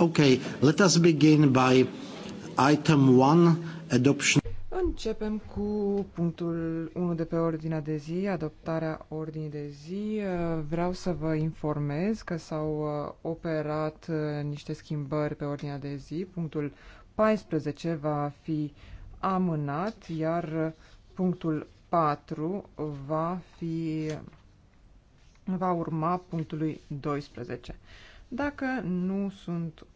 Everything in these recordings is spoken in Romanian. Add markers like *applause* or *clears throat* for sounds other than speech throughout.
Okay, let us begin by item adoption. Începem cu punctul 1 de pe ordinea de zi, adoptarea ordinii de zi. Vreau să vă informez că s-au uh, operat uh, niște schimbări pe ordinea de zi. Punctul 14 va fi amânat, iar punctul 4 va fi va urma punctului 12. Dacă nu sunt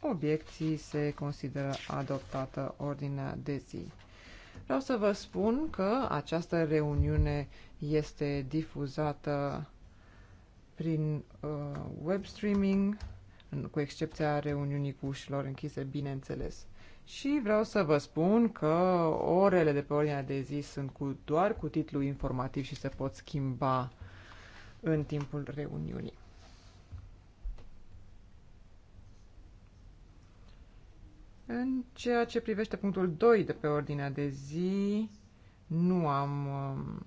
obiecții, se consideră adoptată ordinea de zi. Vreau să vă spun că această reuniune este difuzată prin uh, web streaming, cu excepția reuniunii cu ușilor închise, bineînțeles. Și vreau să vă spun că orele de pe ordinea de zi sunt cu, doar cu titlu informativ și se pot schimba în timpul reuniunii. În ceea ce privește punctul 2 de pe ordinea de zi, nu am um,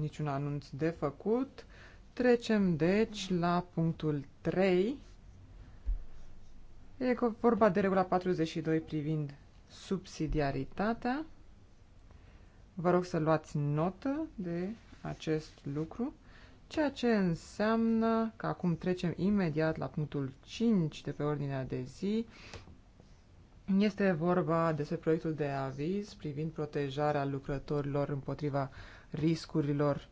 niciun anunț de făcut. Trecem, deci, la punctul 3. E vorba de regula 42 privind subsidiaritatea. Vă rog să luați notă de acest lucru, ceea ce înseamnă că acum trecem imediat la punctul 5 de pe ordinea de zi, este vorba despre proiectul de aviz privind protejarea lucrătorilor împotriva riscurilor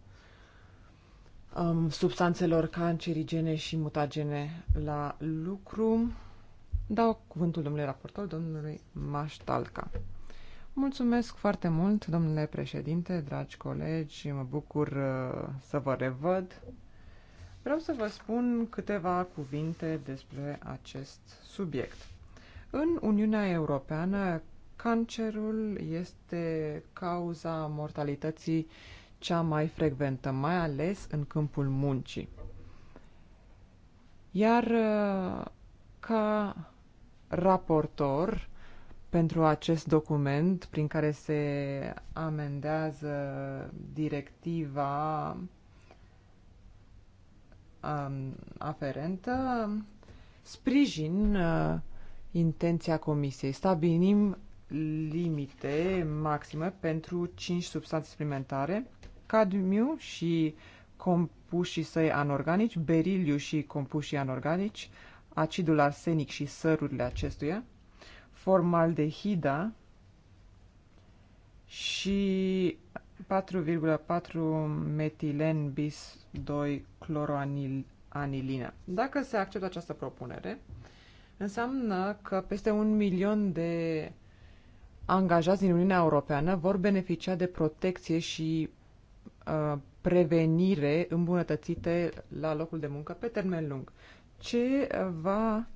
um, substanțelor cancerigene și mutagene la lucru. Dau cuvântul domnului raportor, domnului Maștalca. Mulțumesc foarte mult, domnule președinte, dragi colegi, mă bucur uh, să vă revăd. Vreau să vă spun câteva cuvinte despre acest subiect. În Uniunea Europeană, cancerul este cauza mortalității cea mai frecventă, mai ales în câmpul muncii. Iar uh, ca raportor pentru acest document prin care se amendează directiva um, aferentă, sprijin uh, intenția comisiei. Stabilim limite maxime pentru 5 substanțe suplimentare, cadmiu și compușii săi anorganici, beriliu și compușii anorganici, acidul arsenic și sărurile acestuia, formaldehida și 4,4 metilen bis 2 cloroanilina. Dacă se acceptă această propunere, înseamnă că peste un milion de angajați din Uniunea Europeană vor beneficia de protecție și uh, prevenire îmbunătățite la locul de muncă pe termen lung. Ce va,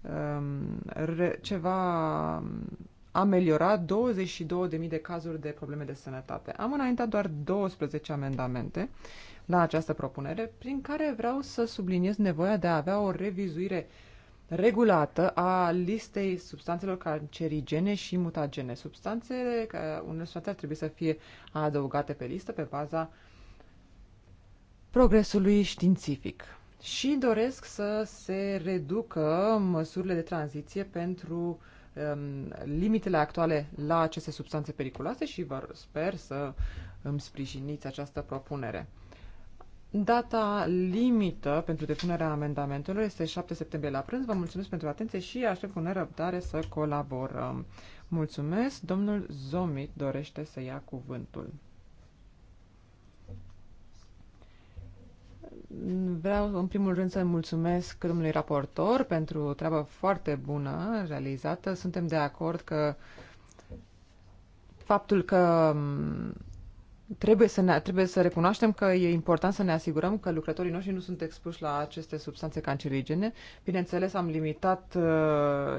um, re, ce va um, ameliora 22.000 de cazuri de probleme de sănătate. Am înaintat doar 12 amendamente la această propunere, prin care vreau să subliniez nevoia de a avea o revizuire uh, regulată a listei substanțelor cancerigene și mutagene. Substanțele, unele substanțe ar trebui să fie adăugate pe listă pe baza progresului științific. Și doresc să se reducă măsurile de tranziție pentru um, limitele actuale la aceste substanțe periculoase și vă sper să îmi sprijiniți această propunere. Data limită pentru depunerea amendamentelor este 7 septembrie la prânz. Vă mulțumesc pentru atenție și aștept cu nerăbdare să colaborăm. Mulțumesc. Domnul Zomit dorește să ia cuvântul. Vreau, în primul rând, să mulțumesc domnului raportor pentru o treabă foarte bună realizată. Suntem de acord că faptul că Trebuie să, ne, trebuie să recunoaștem că e important să ne asigurăm că lucrătorii noștri nu sunt expuși la aceste substanțe cancerigene. Bineînțeles, am limitat uh,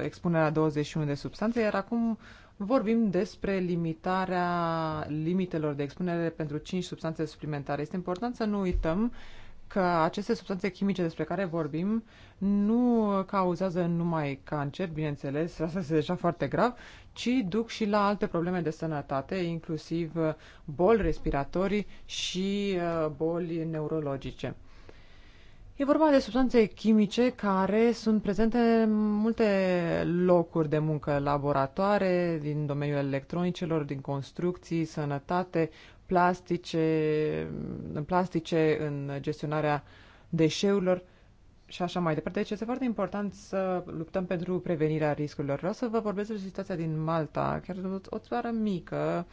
expunerea 21 de substanțe, iar acum vorbim despre limitarea limitelor de expunere pentru 5 substanțe suplimentare. Este important să nu uităm că aceste substanțe chimice despre care vorbim nu cauzează numai cancer, bineînțeles, asta este deja foarte grav, ci duc și la alte probleme de sănătate, inclusiv uh, boli respiratorii și uh, boli neurologice. E vorba de substanțe chimice care sunt prezente în multe locuri de muncă, laboratoare, din domeniul electronicelor, din construcții, sănătate, plastice, plastice în gestionarea deșeurilor și așa mai departe. Deci este foarte important să luptăm pentru prevenirea riscurilor. Vreau să vă vorbesc despre situația din Malta, chiar o țară mică.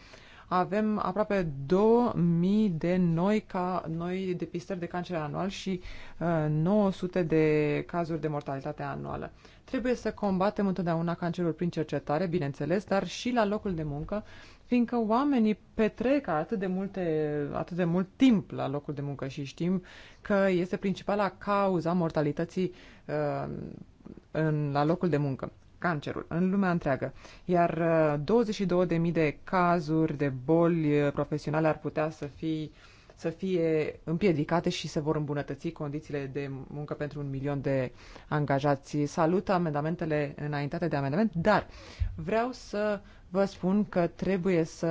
Avem aproape 2000 de noi, ca, noi depistări de cancer anual și uh, 900 de cazuri de mortalitate anuală. Trebuie să combatem întotdeauna cancerul prin cercetare, bineînțeles, dar și la locul de muncă, fiindcă oamenii petrec atât de, multe, atât de mult timp la locul de muncă și știm că este principala cauza mortalității uh, în, la locul de muncă, cancerul, în lumea întreagă. Iar uh, 22.000 de cazuri de boli uh, profesionale ar putea să fie să fie împiedicate și se vor îmbunătăți condițiile de muncă pentru un milion de angajați. Salut amendamentele înaintate de amendament, dar vreau să vă spun că trebuie să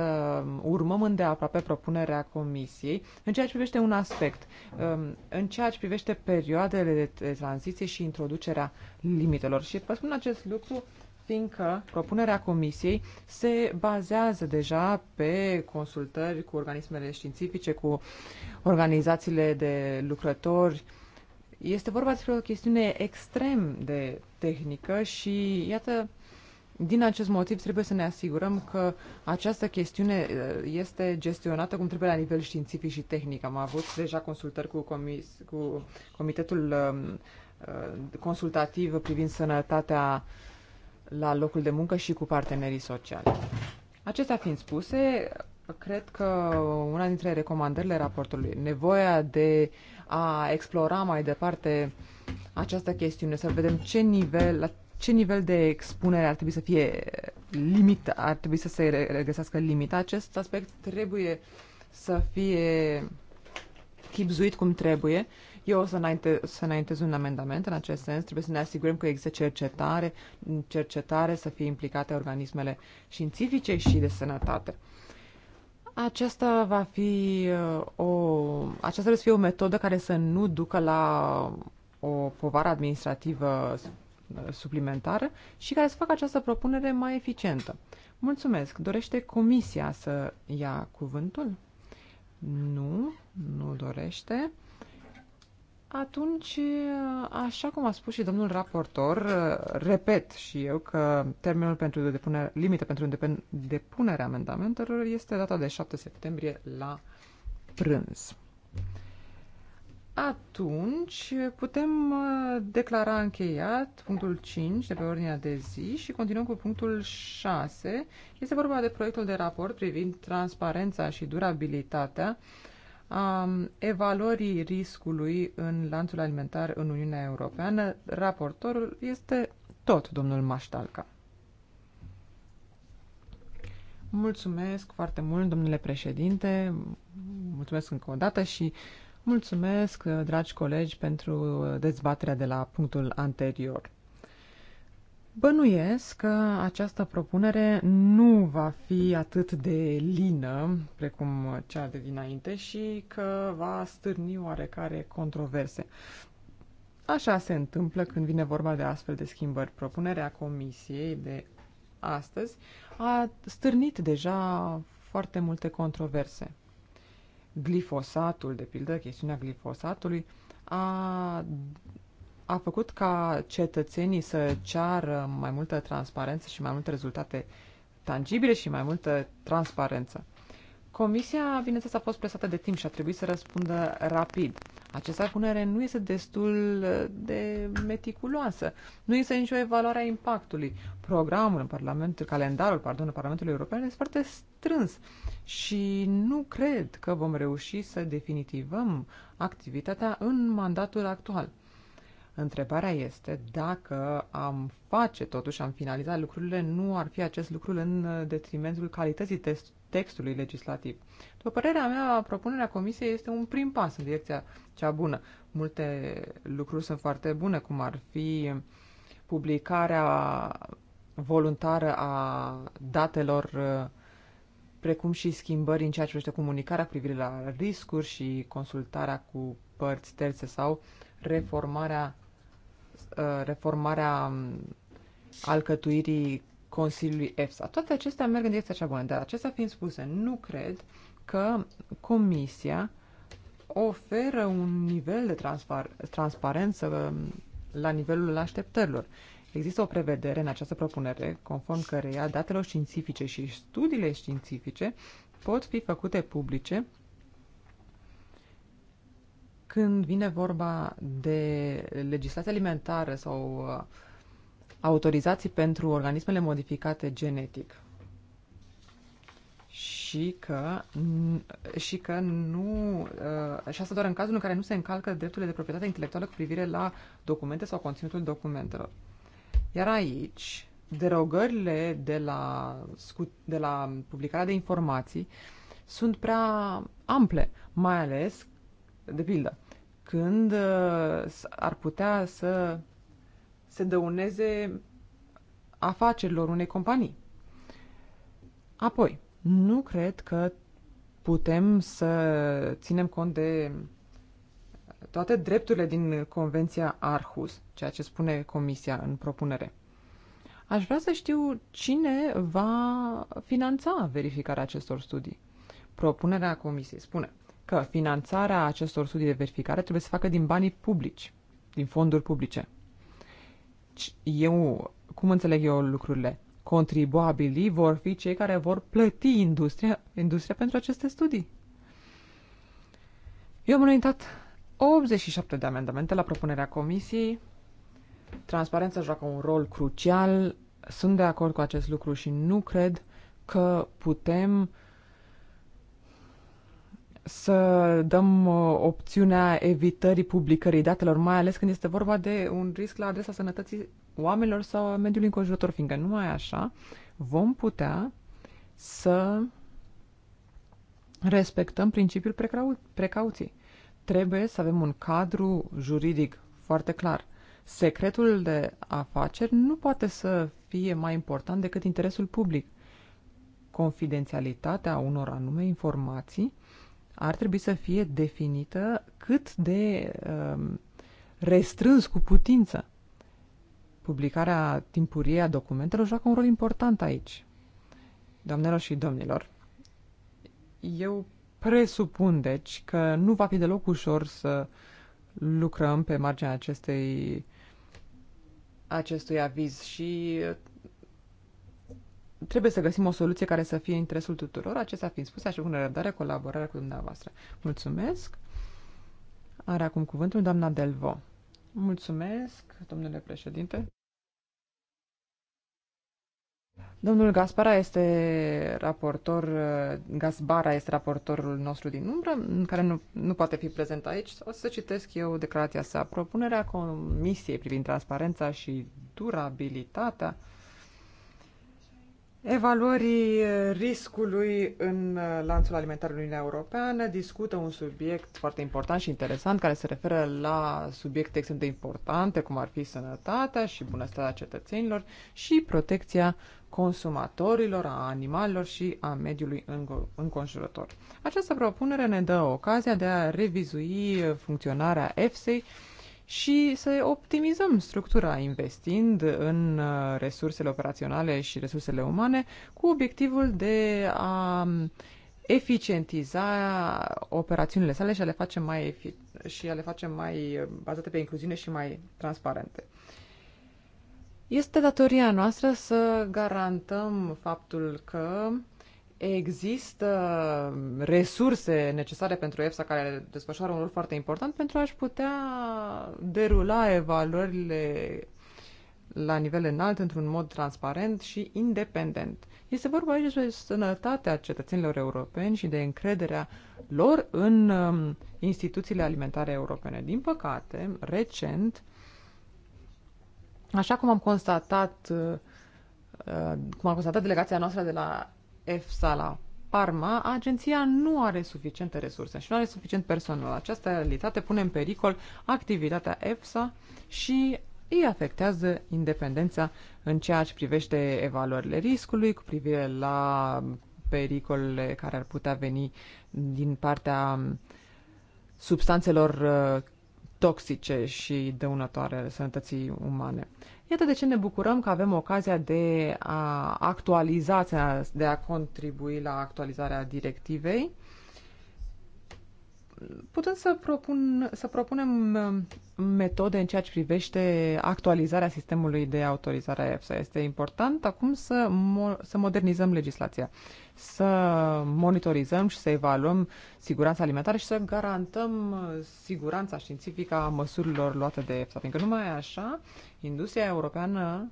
urmăm îndeaproape propunerea Comisiei în ceea ce privește un aspect, um, în ceea ce privește perioadele de tranziție și introducerea limitelor. Și vă spun acest lucru fiindcă propunerea Comisiei se bazează deja pe consultări cu organismele științifice, cu organizațiile de lucrători. Este vorba despre o chestiune extrem de tehnică și, iată, din acest motiv trebuie să ne asigurăm că această chestiune uh, este gestionată cum trebuie la nivel științific și tehnic. Am avut deja consultări cu, comis, cu Comitetul um, uh, Consultativ privind sănătatea la locul de muncă și cu partenerii sociali. Acestea fiind spuse, cred că una dintre recomandările raportului, nevoia de a explora mai departe această chestiune, să vedem ce nivel, la ce nivel de expunere ar trebui să fie limit, ar trebui să se regăsească limita. Acest aspect trebuie să fie chipzuit cum trebuie. Eu o să, înainte, să înaintez un amendament în acest sens. Trebuie să ne asigurăm că există cercetare, cercetare să fie implicate organismele științifice și de sănătate. Aceasta va fi uh, o, aceasta trebuie să fie o metodă care să nu ducă la o povară administrativă Uh, suplimentară și care să facă această propunere mai eficientă. Mulțumesc. Dorește comisia să ia cuvântul? Nu, nu dorește. Atunci, uh, așa cum a spus și domnul raportor, uh, repet și eu că termenul pentru depunere, limită pentru depunerea amendamentelor este data de 7 septembrie la prânz. Atunci putem uh, declara încheiat punctul 5 de pe ordinea de zi și continuăm cu punctul 6. Este vorba de proiectul de raport privind transparența și durabilitatea a um, evaluării riscului în lanțul alimentar în Uniunea Europeană. Raportorul este tot domnul Maștalca. Mulțumesc foarte mult, domnule președinte. Mulțumesc încă o dată și uh, Mulțumesc, dragi colegi, pentru dezbaterea de la punctul anterior. Bănuiesc că această propunere nu va fi atât de lină precum cea de dinainte și că va stârni oarecare controverse. Așa se întâmplă când vine vorba de astfel de schimbări. Propunerea comisiei de astăzi a stârnit deja foarte multe controverse glifosatul, de pildă, chestiunea glifosatului, a, a făcut ca cetățenii să ceară mai multă transparență și mai multe rezultate tangibile și mai multă transparență. Comisia, bineînțeles, a fost presată de timp și a trebuit să răspundă rapid. Această punere nu este destul de meticuloasă. Nu este nicio evaluare a impactului. Programul în Parlamentul, calendarul, pardon, în Parlamentul European este foarte strâns și nu cred că vom reuși să definitivăm activitatea în mandatul actual. Întrebarea este dacă am face totuși, am finalizat lucrurile, nu ar fi acest lucru în detrimentul calității textului legislativ. După părerea mea, propunerea Comisiei este un prim pas în direcția cea bună. Multe lucruri sunt foarte bune, cum ar fi publicarea voluntară a datelor precum și schimbări în ceea ce privește comunicarea cu privire la riscuri și consultarea cu părți terțe sau reformarea Uh, reformarea um, alcătuirii Consiliului EFSA. Toate acestea merg în direcția cea bună, dar acestea fiind spuse, nu cred că Comisia oferă un nivel de transpar- transparență um, la nivelul așteptărilor. Există o prevedere în această propunere conform căreia datele științifice și studiile științifice pot fi făcute publice când vine vorba de legislație alimentară sau uh, autorizații pentru organismele modificate genetic, și că, și că nu. Uh, și asta doar în cazul în care nu se încalcă drepturile de proprietate intelectuală cu privire la documente sau conținutul documentelor. Iar aici, derogările de la, de la publicarea de informații sunt prea ample, mai ales de pildă, când uh, ar putea să se dăuneze afacerilor unei companii. Apoi, nu cred că putem să ținem cont de toate drepturile din Convenția Arhus, ceea ce spune Comisia în propunere. Aș vrea să știu cine va finanța verificarea acestor studii. Propunerea Comisiei spune – că finanțarea acestor studii de verificare trebuie să facă din banii publici, din fonduri publice. Eu, cum înțeleg eu lucrurile? Contribuabilii vor fi cei care vor plăti industria, industria pentru aceste studii. Eu am înaintat 87 de amendamente la propunerea comisiei. Transparența joacă un rol crucial. Sunt de acord cu acest lucru și nu cred că putem uh, să dăm uh, opțiunea evitării publicării datelor, mai ales când este vorba de un risc la adresa sănătății oamenilor sau a mediului înconjurător, fiindcă numai așa vom putea să respectăm principiul precau- precauției. Trebuie să avem un cadru juridic foarte clar. Secretul de afaceri nu poate să fie mai important decât interesul public. Confidențialitatea unor anume informații ar trebui să fie definită cât de um, restrâns cu putință. Publicarea timpurie a documentelor joacă un rol important aici. Doamnelor și domnilor, eu presupun, deci, că nu va fi deloc ușor să lucrăm pe marginea acestei acestui aviz și trebuie să găsim o soluție care să fie interesul tuturor. Acestea fiind spuse, aștept cu nerăbdare colaborarea cu dumneavoastră. Mulțumesc! Are acum cuvântul doamna Delvo. Mulțumesc, domnule președinte. Domnul Gaspara este raportor, Gaspara este raportorul nostru din umbră, care nu, nu poate fi prezent aici. O să citesc eu declarația sa. Propunerea Comisiei privind transparența și durabilitatea evaluării riscului în uh, lanțul alimentar în Uniunea Europeană discută un subiect foarte important și interesant care se referă la subiecte extrem de importante cum ar fi sănătatea și bunăstarea cetățenilor și protecția consumatorilor, a animalelor și a mediului înconjurător. Această propunere ne dă ocazia de a revizui funcționarea EFSA și să optimizăm structura, investind în uh, resursele operaționale și resursele umane cu obiectivul de a um, eficientiza operațiunile sale și a le face mai, efic- și a le face mai uh, bazate pe incluziune și mai transparente. Este datoria noastră să garantăm faptul că există um, resurse necesare pentru EFSA care desfășoară un rol foarte important pentru a-și putea derula evaluările la nivel înalt într-un mod transparent și independent. Este vorba aici despre sănătatea cetățenilor europeni și de încrederea lor în um, instituțiile alimentare europene. Din păcate, recent, așa cum am constatat uh, cum a constatat delegația noastră de la EFSA la Parma, agenția nu are suficiente resurse și nu are suficient personal. Această realitate pune în pericol activitatea EFSA și îi afectează independența în ceea ce privește evaluările riscului cu privire la pericolele care ar putea veni din partea substanțelor uh, toxice și dăunătoare ale sănătății umane. Iată de ce ne bucurăm că avem ocazia de a actualiza, de a contribui la actualizarea directivei, Putem să, propun, să propunem um, metode în ceea ce privește actualizarea sistemului de autorizare a EFSA. Este important acum să, mo- să modernizăm legislația să monitorizăm și să evaluăm siguranța alimentară și să garantăm siguranța științifică a măsurilor luate de EFSA. Pentru că numai așa, industria europeană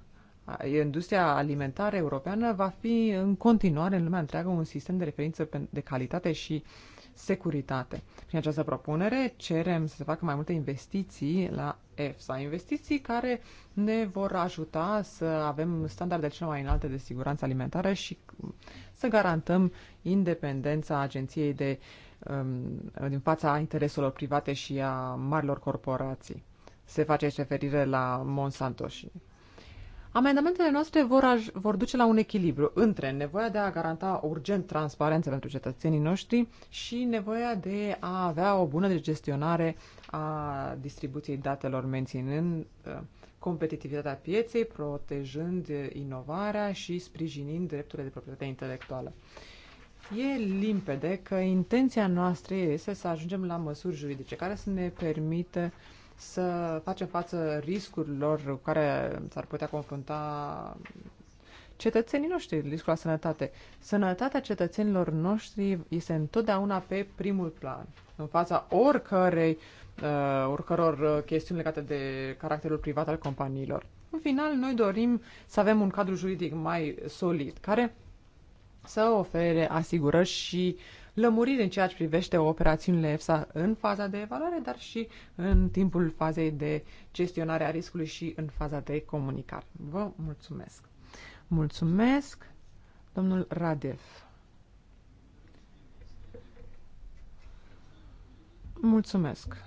industria alimentară europeană va fi în continuare în lumea întreagă un sistem de referință de calitate și uh, securitate. Prin această propunere cerem să se facă mai multe investiții la EFSA, investiții care ne vor ajuta să avem standarde cele mai înalte de siguranță alimentară și să garantăm independența agenției de, um, din fața intereselor private și a marilor corporații. Se face referire la Monsanto și Amendamentele noastre vor, aj- vor duce la un echilibru între nevoia de a garanta urgent transparență pentru cetățenii noștri și nevoia de a avea o bună gestionare a distribuției datelor, menținând uh, competitivitatea pieței, protejând inovarea și sprijinind drepturile de proprietate intelectuală. E limpede că intenția noastră este să ajungem la măsuri juridice care să ne permită uh, să facem față riscurilor cu care s-ar putea confrunta cetățenii noștri, riscul la sănătate. Sănătatea cetățenilor noștri este întotdeauna pe primul plan, în fața oricărei, uh, oricăror uh, chestiuni legate de caracterul privat al companiilor. În final, noi dorim să avem un cadru juridic mai solid, care să ofere asigurări și lămuriri în ceea ce privește operațiunile EFSA în faza de evaluare, dar și în timpul fazei de gestionare a riscului și în faza de comunicare. Vă mulțumesc! Mulțumesc, domnul Radev. Mulțumesc.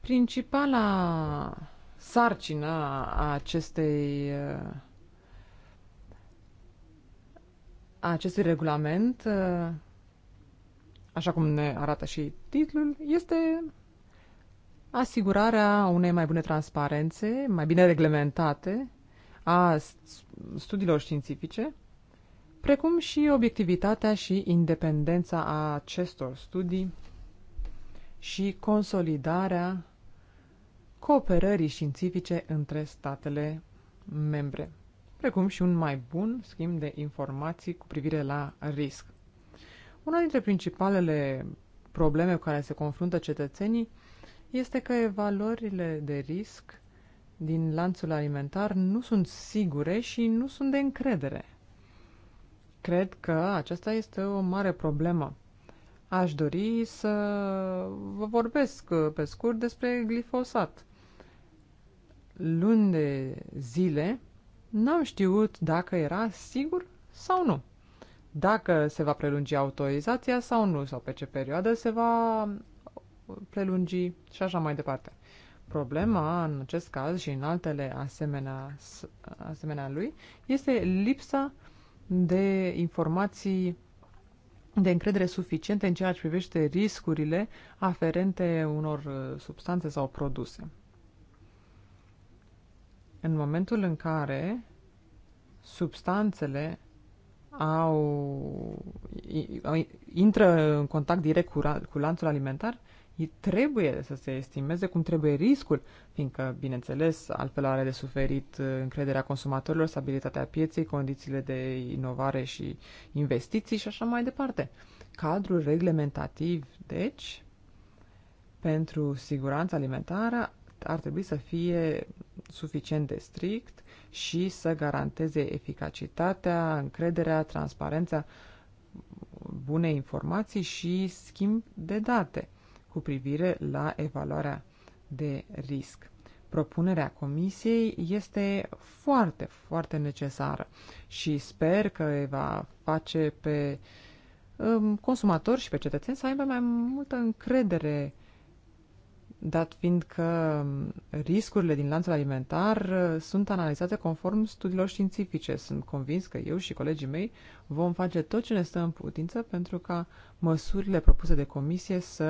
Principala sarcină a acestei uh, acestui regulament, uh, așa cum ne arată și titlul, este asigurarea unei mai bune transparențe, mai bine reglementate a studiilor științifice, precum și obiectivitatea și independența a acestor studii și consolidarea cooperării științifice între statele membre precum și un mai bun schimb de informații cu privire la risc. Una dintre principalele probleme cu care se confruntă cetățenii este că valorile de risc din lanțul alimentar nu sunt sigure și nu sunt de încredere. Cred că aceasta este o mare problemă. Aș dori să vă vorbesc uh, pe scurt despre glifosat. Luni de zile N-am știut dacă era sigur sau nu. Dacă se va prelungi autorizația sau nu, sau pe ce perioadă se va prelungi și așa mai departe. Problema în acest caz și în altele asemenea, asemenea lui este lipsa de informații de încredere suficiente în ceea ce privește riscurile aferente unor uh, substanțe sau produse. În momentul în care substanțele au, intră în contact direct cu, cu lanțul alimentar, trebuie să se estimeze cum trebuie riscul, fiindcă, bineînțeles, altfel are de suferit uh, încrederea consumatorilor, stabilitatea pieței, condițiile de inovare și investiții și așa mai departe. Cadrul reglementativ, deci, pentru siguranța alimentară ar trebui să fie suficient de strict și să garanteze eficacitatea, încrederea, transparența, bune informații și schimb de date cu privire la evaluarea de risc. Propunerea comisiei este foarte, foarte necesară și sper că va face pe um, consumatori și pe cetățeni să aibă mai multă încredere dat fiind că riscurile din lanțul alimentar uh, sunt analizate conform studiilor științifice. Sunt convins că eu și colegii mei vom face tot ce ne stă în putință pentru ca măsurile propuse de comisie să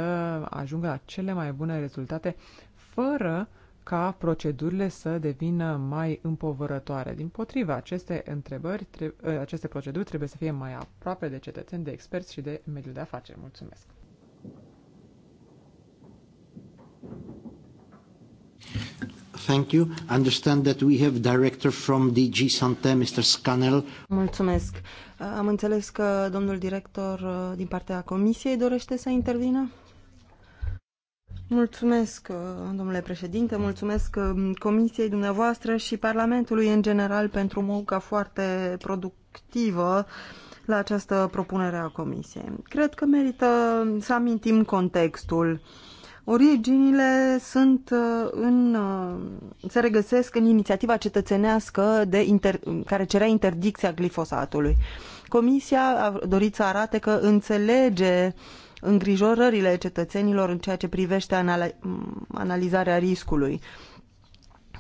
ajungă la cele mai bune rezultate fără ca procedurile să devină mai împovărătoare. Din potriva, aceste, întrebări, tre- uh, aceste proceduri trebuie să fie mai aproape de cetățeni, de experți și de mediul de afaceri. Mulțumesc! Thank you. Understand that we have director from DG Santé, Mr. Scanel. Mulțumesc. Uh, am înțeles că domnul director uh, din partea comisiei dorește să intervină? Mulțumesc, uh, domnule președinte, mulțumesc comisiei dumneavoastră și Parlamentului în general pentru munca foarte productivă la această propunere a comisiei. Cred că merită să amintim contextul uh, Originile sunt uh, în, uh, se regăsesc în inițiativa cetățenească de inter, care cerea interdicția glifosatului. Comisia a dorit să arate că înțelege îngrijorările cetățenilor în ceea ce privește analizarea riscului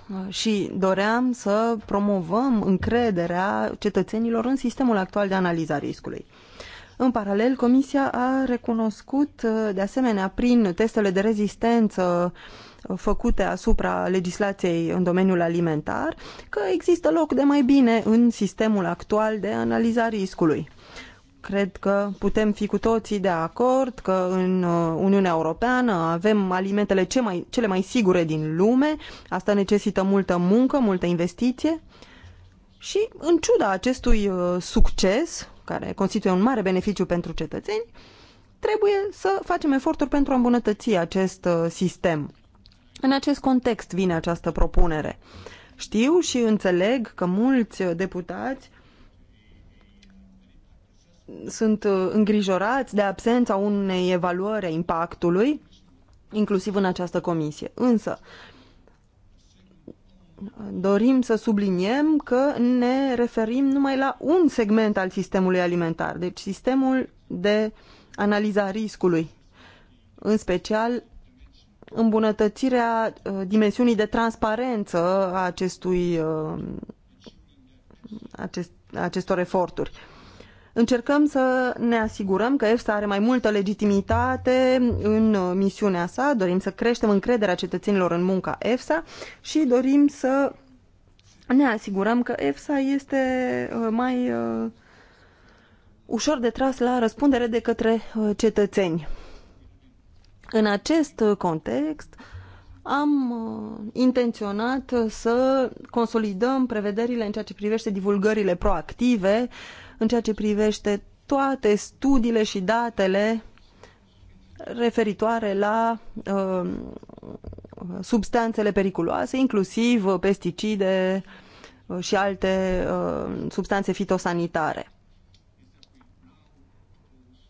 uh, și doream să promovăm încrederea cetățenilor în sistemul actual de analiză a riscului. În paralel, Comisia a recunoscut, uh, de asemenea, prin testele de rezistență uh, făcute asupra legislației în domeniul alimentar, că există loc de mai bine în sistemul actual de analiza riscului. Cred că putem fi cu toții de acord că în uh, Uniunea Europeană avem alimentele ce mai, cele mai sigure din lume, asta necesită multă muncă, multă investiție și în ciuda acestui succes, care constituie un mare beneficiu pentru cetățeni, trebuie să facem eforturi pentru a îmbunătăți acest uh, sistem. În acest context vine această propunere. Știu și înțeleg că mulți deputați sunt uh, îngrijorați de absența unei evaluări a impactului, inclusiv în această comisie. Însă, dorim să subliniem că ne referim numai la un segment al sistemului alimentar, deci sistemul de analiza riscului, în special îmbunătățirea uh, dimensiunii de transparență a acestui, uh, acest, acestor eforturi. Încercăm să ne asigurăm că EFSA are mai multă legitimitate în uh, misiunea sa, dorim să creștem încrederea cetățenilor în munca EFSA și dorim să ne asigurăm că EFSA este uh, mai uh, ușor de tras la răspundere de către cetățeni. În acest context, am intenționat să consolidăm prevederile în ceea ce privește divulgările proactive uh, în ceea ce privește toate studiile și datele referitoare la uh, substanțele periculoase, inclusiv uh, pesticide uh, și alte uh, substanțe fitosanitare.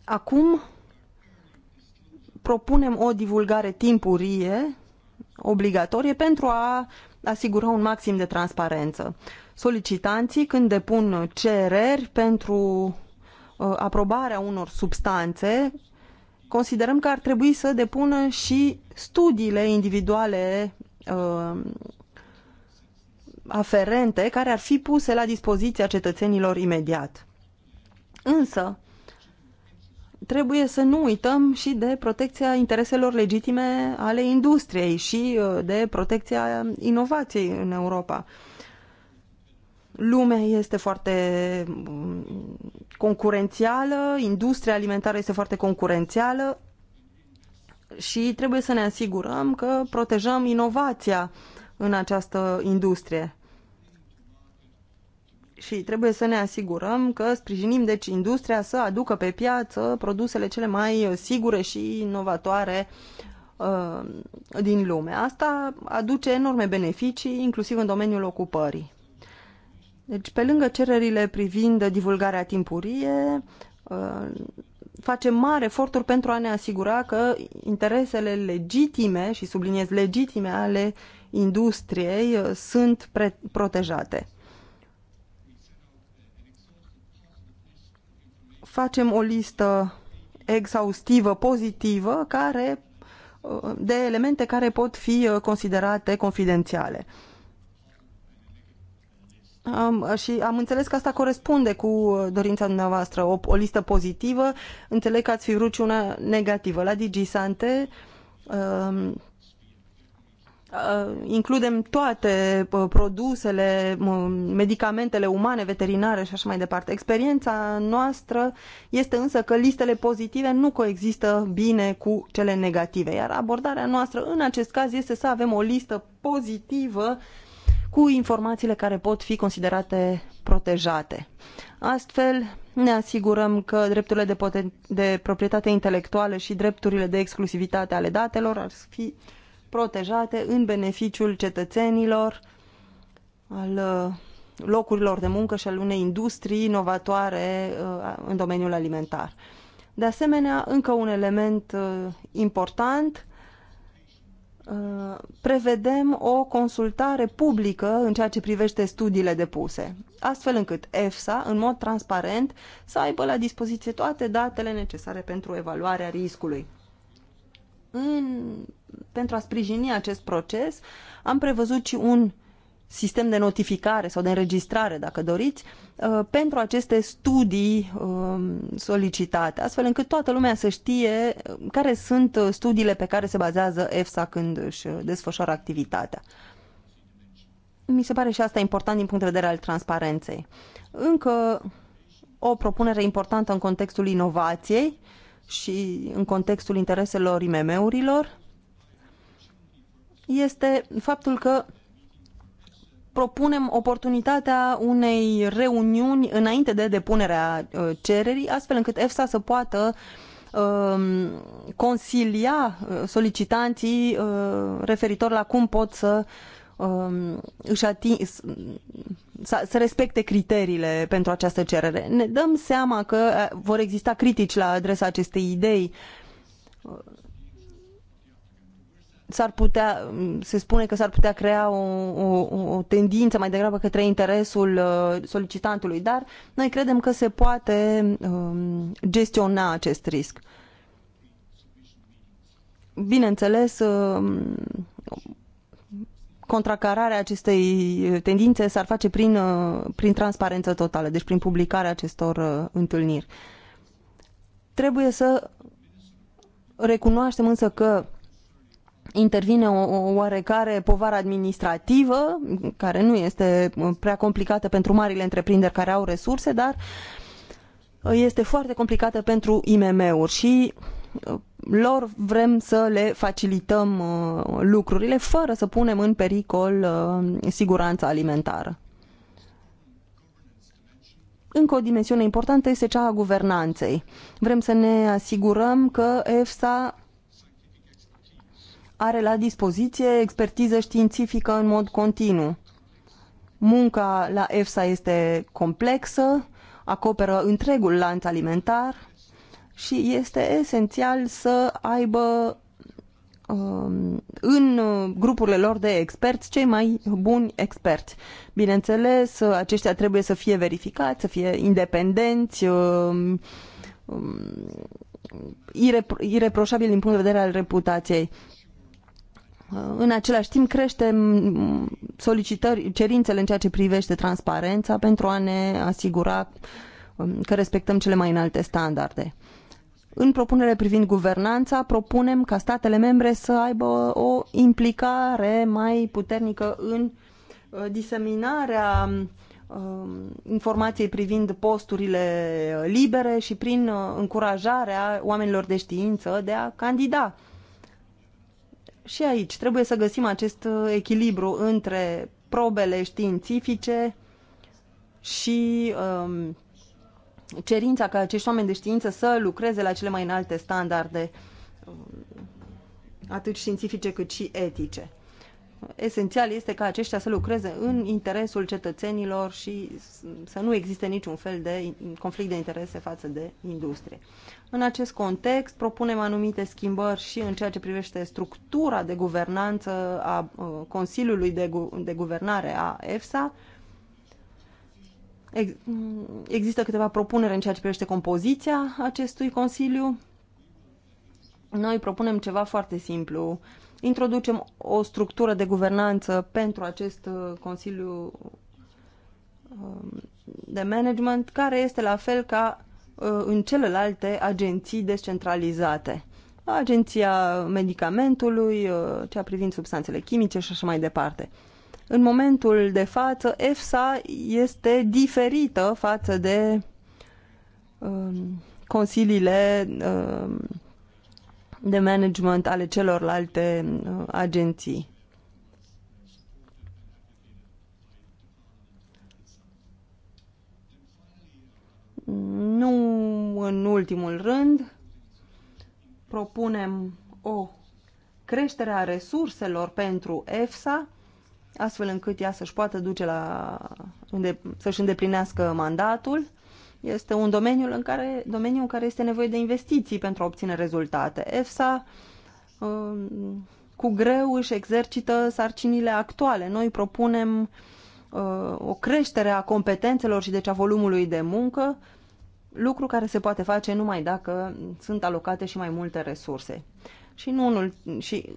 Acum propunem o divulgare timpurie obligatorie pentru a asigura un maxim de transparență solicitanții când depun cereri pentru uh, aprobarea unor substanțe, considerăm că ar trebui să depună și studiile individuale uh, aferente care ar fi puse la dispoziția cetățenilor imediat. Însă, trebuie să nu uităm și de protecția intereselor legitime ale industriei și uh, de protecția inovației în Europa lumea este foarte mm, concurențială, industria alimentară este foarte concurențială și trebuie să ne asigurăm că protejăm inovația în această industrie. Și trebuie să ne asigurăm că sprijinim deci industria să aducă pe piață produsele cele mai sigure și inovatoare uh, din lume. Asta aduce enorme beneficii, inclusiv în domeniul ocupării. Deci, pe lângă cererile privind divulgarea timpurie, uh, facem mari eforturi pentru a ne asigura că interesele legitime, și subliniez legitime, ale industriei uh, sunt protejate. Facem o listă exhaustivă, pozitivă, care, uh, de elemente care pot fi considerate confidențiale. Um, și am înțeles că asta corespunde cu dorința dumneavoastră, o, o listă pozitivă. Înțeleg că ați fi vrut și una negativă. La DigiSante um, uh, includem toate uh, produsele, medicamentele umane, veterinare și așa mai departe. Experiența noastră este însă că listele pozitive nu coexistă bine cu cele negative, iar abordarea noastră în acest caz este să avem o listă pozitivă uh, cu informațiile care pot fi considerate protejate. Astfel, ne asigurăm că drepturile de, de proprietate intelectuală și drepturile de exclusivitate ale datelor ar fi protejate în beneficiul cetățenilor, al uh, locurilor de muncă și al unei industrii inovatoare uh, în domeniul alimentar. De asemenea, încă un element uh, important Uh, prevedem o consultare publică în ceea ce privește studiile depuse, astfel încât EFSA, în mod transparent, să aibă la dispoziție toate datele necesare pentru evaluarea riscului. În, pentru a sprijini acest proces, am prevăzut și un sistem de notificare sau de înregistrare, dacă doriți, uh, pentru aceste studii um, solicitate, astfel încât toată lumea să știe uh, care sunt uh, studiile pe care se bazează EFSA când își desfășoară activitatea. Mi se pare și asta important din punct de vedere al transparenței. Încă o propunere importantă în contextul inovației și în contextul intereselor IMM-urilor este faptul că propunem oportunitatea unei reuniuni înainte de depunerea uh, cererii, astfel încât EFSA să poată um, consilia uh, solicitanții uh, referitor la cum pot să um, își ating, să, să respecte criteriile pentru această cerere. Ne dăm seama că vor exista critici la adresa acestei idei s-ar putea, se spune că s-ar putea crea o, o, o tendință mai degrabă către interesul uh, solicitantului, dar noi credem că se poate um, gestiona acest risc. Bineînțeles, um, contracararea acestei tendințe s-ar face prin, uh, prin transparență totală, deci prin publicarea acestor uh, întâlniri. Trebuie să recunoaștem însă că intervine o, o oarecare povară administrativă, care nu este uh, prea complicată pentru marile întreprinderi care au resurse, dar uh, este foarte complicată pentru IMM-uri și uh, lor vrem să le facilităm lucrurile fără să punem în pericol siguranța alimentară. Încă o dimensiune importantă este cea a guvernanței. Vrem să ne asigurăm că EFSA are la dispoziție expertiză științifică în mod continuu. Munca la EFSA este complexă, acoperă întregul lanț alimentar și este esențial să aibă um, în grupurile lor de experți cei mai buni experți. Bineînțeles, aceștia trebuie să fie verificați, să fie independenți, um, um, irepro ireproșabili din punct de vedere al reputației. În același timp creștem solicitări, cerințele în ceea ce privește transparența pentru a ne asigura um, că respectăm cele mai înalte standarde. În propunere privind guvernanța, propunem ca statele membre să aibă o implicare mai puternică în uh, diseminarea um, informației privind posturile libere și prin uh, încurajarea oamenilor de știință de a candida și aici trebuie să găsim acest uh, echilibru între probele științifice și um, cerința ca acești oameni de știință să lucreze la cele mai înalte standarde, um, atât științifice cât și etice esențial este ca aceștia să lucreze în interesul cetățenilor și să nu existe niciun fel de conflict de interese față de industrie. În acest context, propunem anumite schimbări și în ceea ce privește structura de guvernanță a uh, Consiliului de, Gu- de Guvernare a EFSA. Există câteva propuneri în ceea ce privește compoziția acestui Consiliu. Noi propunem ceva foarte simplu. Uh, introducem o structură de guvernanță pentru acest uh, Consiliu um, de Management, care este la fel ca uh, în celelalte agenții descentralizate. Agenția medicamentului, uh, cea privind substanțele chimice și așa mai departe. În momentul de față, EFSA este diferită față de uh, consiliile uh, de management ale celorlalte uh, agenții. Nu în ultimul rând, propunem o creștere a resurselor pentru EFSA, astfel încât ea să-și poată duce la, să-și îndeplinească mandatul. Este un domeniu în care, domeniu în care este nevoie de investiții pentru a obține rezultate. EFSA um, cu greu își exercită sarcinile actuale. Noi propunem uh, o creștere a competențelor și deci a volumului de muncă, lucru care se poate face numai dacă sunt alocate și mai multe resurse. Și, nu în, și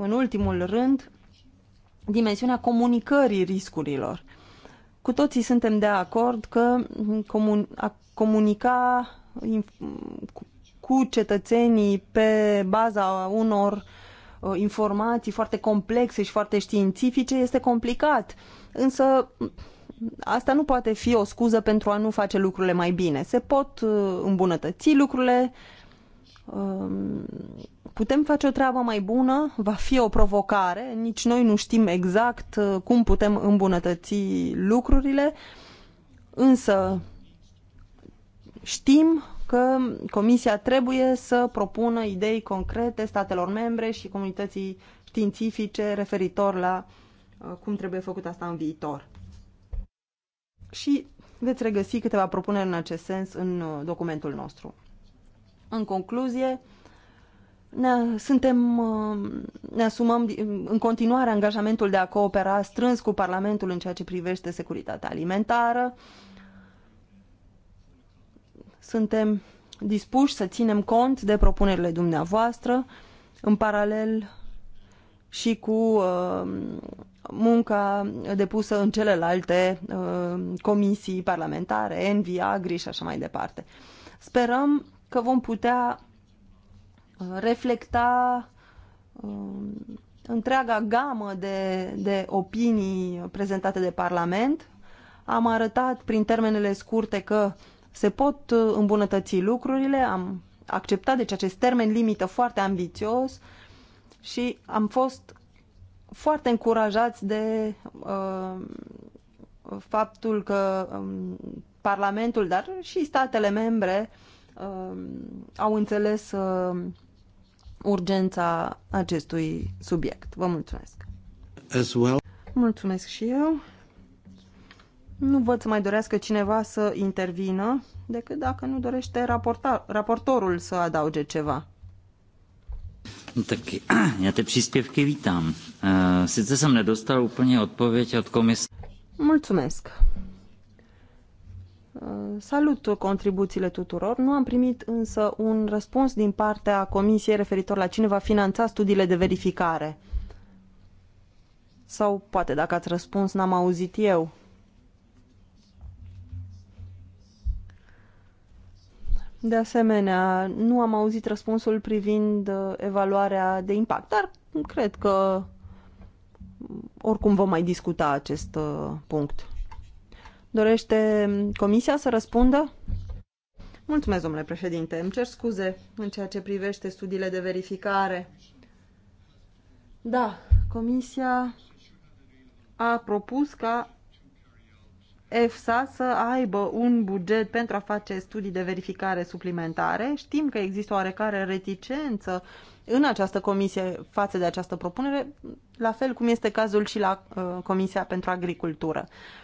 în ultimul rând, dimensiunea comunicării riscurilor. Cu toții suntem de acord că comun, a comunica cu cetățenii pe baza unor uh, informații foarte complexe și foarte științifice este complicat. Însă asta nu poate fi o scuză pentru a nu face lucrurile mai bine. Se pot uh, îmbunătăți lucrurile um, putem face o treabă mai bună, va fi o provocare, nici noi nu știm exact uh, cum putem îmbunătăți lucrurile, însă știm că Comisia trebuie să propună idei concrete statelor membre și comunității științifice referitor la uh, cum trebuie făcut asta în viitor. Și veți regăsi câteva propuneri în acest sens în uh, documentul nostru. În concluzie, ne, suntem, uh, ne asumăm în continuare angajamentul de a coopera strâns cu Parlamentul în ceea ce privește securitatea alimentară. Suntem dispuși să ținem cont de propunerile dumneavoastră, în paralel și cu uh, munca depusă în celelalte uh, comisii parlamentare, Envi, Agri și așa mai departe. Sperăm că vom putea reflecta um, întreaga gamă de, de opinii prezentate de Parlament. Am arătat prin termenele scurte că se pot uh, îmbunătăți lucrurile, am acceptat deci acest termen limită foarte ambițios și am fost foarte încurajați de uh, faptul că um, Parlamentul, dar și statele membre uh, au înțeles uh, urgența acestui subiect. Vă mulțumesc! As well. Mulțumesc și eu! Nu văd să mai dorească cineva să intervină, decât dacă nu dorește raporta- raportorul să adauge ceva. Tak *clears throat* já ty příspěvky vítám. Eh, sice jsem nedostal úplně odpověď od komise. Mulțumesc. Eh, salut contribuțiile tuturor. Nu am primit însă un răspuns din partea Comisiei referitor la cine va finanța studiile de verificare. Sau poate dacă ați răspuns, n-am auzit eu. De asemenea, nu am auzit răspunsul privind eh, evaluarea de impact, dar cred că oricum vom mai discuta acest eh, punct. Dorește Comisia să răspundă? Mulțumesc, domnule președinte. Îmi cer scuze în ceea ce privește studiile de verificare. Da, Comisia a propus ca EFSA să aibă un buget pentru a face studii de verificare suplimentare. Știm că există oarecare reticență în această comisie față de această propunere, la fel cum este cazul și la uh, Comisia pentru Agricultură. Uh,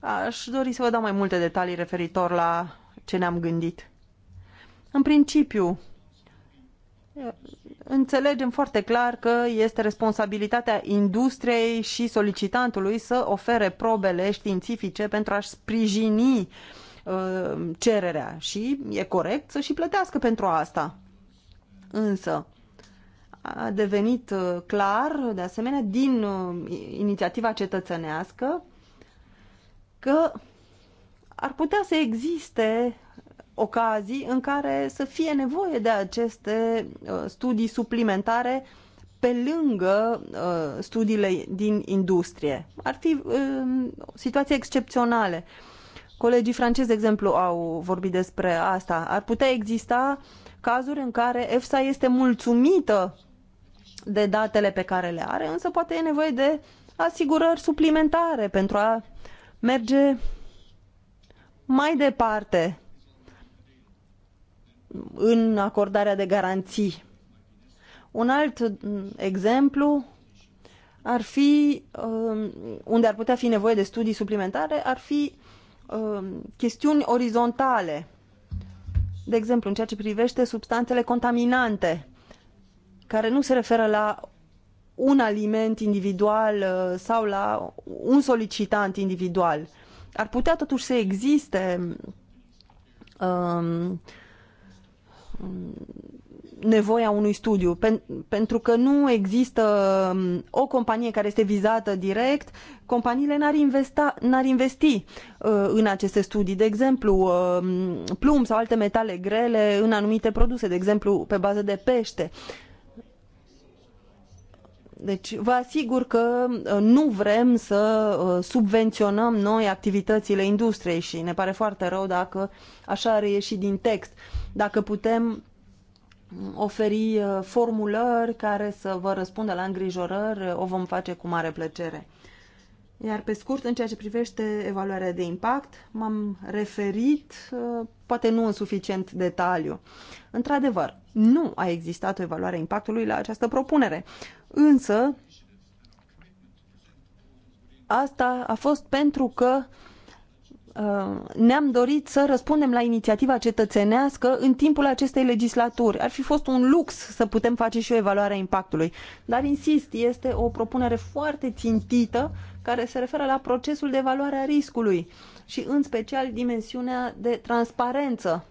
Aș dori să vă dau mai multe detalii referitor la ce ne-am gândit. În principiu, înțelegem foarte clar că este responsabilitatea industriei și solicitantului să ofere probele științifice pentru a-și sprijini uh, cererea și e corect să și plătească pentru asta. Însă, a devenit uh, clar, de asemenea, din uh, inițiativa cetățenească că ar putea să existe ocazii în care să fie nevoie de aceste uh, studii suplimentare pe lângă uh, studiile din industrie. Ar fi um, situații excepționale. Colegii francezi, de exemplu, au vorbit despre asta. Ar putea exista cazuri în care EFSA este mulțumită de datele pe care le are, însă poate e nevoie de asigurări suplimentare pentru a merge mai departe în acordarea de garanții. Un alt exemplu ar fi, um, unde ar putea fi nevoie de studii suplimentare, ar fi um, chestiuni orizontale. De exemplu, în ceea ce privește substanțele contaminante, care nu se referă la un aliment individual uh, sau la un solicitant individual. Ar putea totuși să existe um, nevoia unui studiu, pen, pentru că nu există um, o companie care este vizată direct, companiile n-ar, investa, n-ar investi uh, în aceste studii. De exemplu, uh, plumb sau alte metale grele în anumite produse, de exemplu, pe bază de pește. Uh, deci vă asigur că uh, nu vrem să uh, subvenționăm noi activitățile industriei și ne pare foarte rău dacă așa reieși din text. Dacă putem mm, oferi uh, formulări care să vă răspundă la îngrijorări, o vom face cu mare plăcere. Iar pe scurt, în ceea ce privește evaluarea de impact, m-am referit, poate nu în suficient detaliu. Într-adevăr, nu a existat o evaluare a impactului la această propunere însă asta a fost pentru că uh, ne-am dorit să răspundem la inițiativa cetățenească în timpul acestei legislaturi. Ar fi fost un lux să putem face și o evaluare a impactului. Dar, insist, este o propunere foarte țintită care se referă la procesul de evaluare a riscului și, în special, dimensiunea de transparență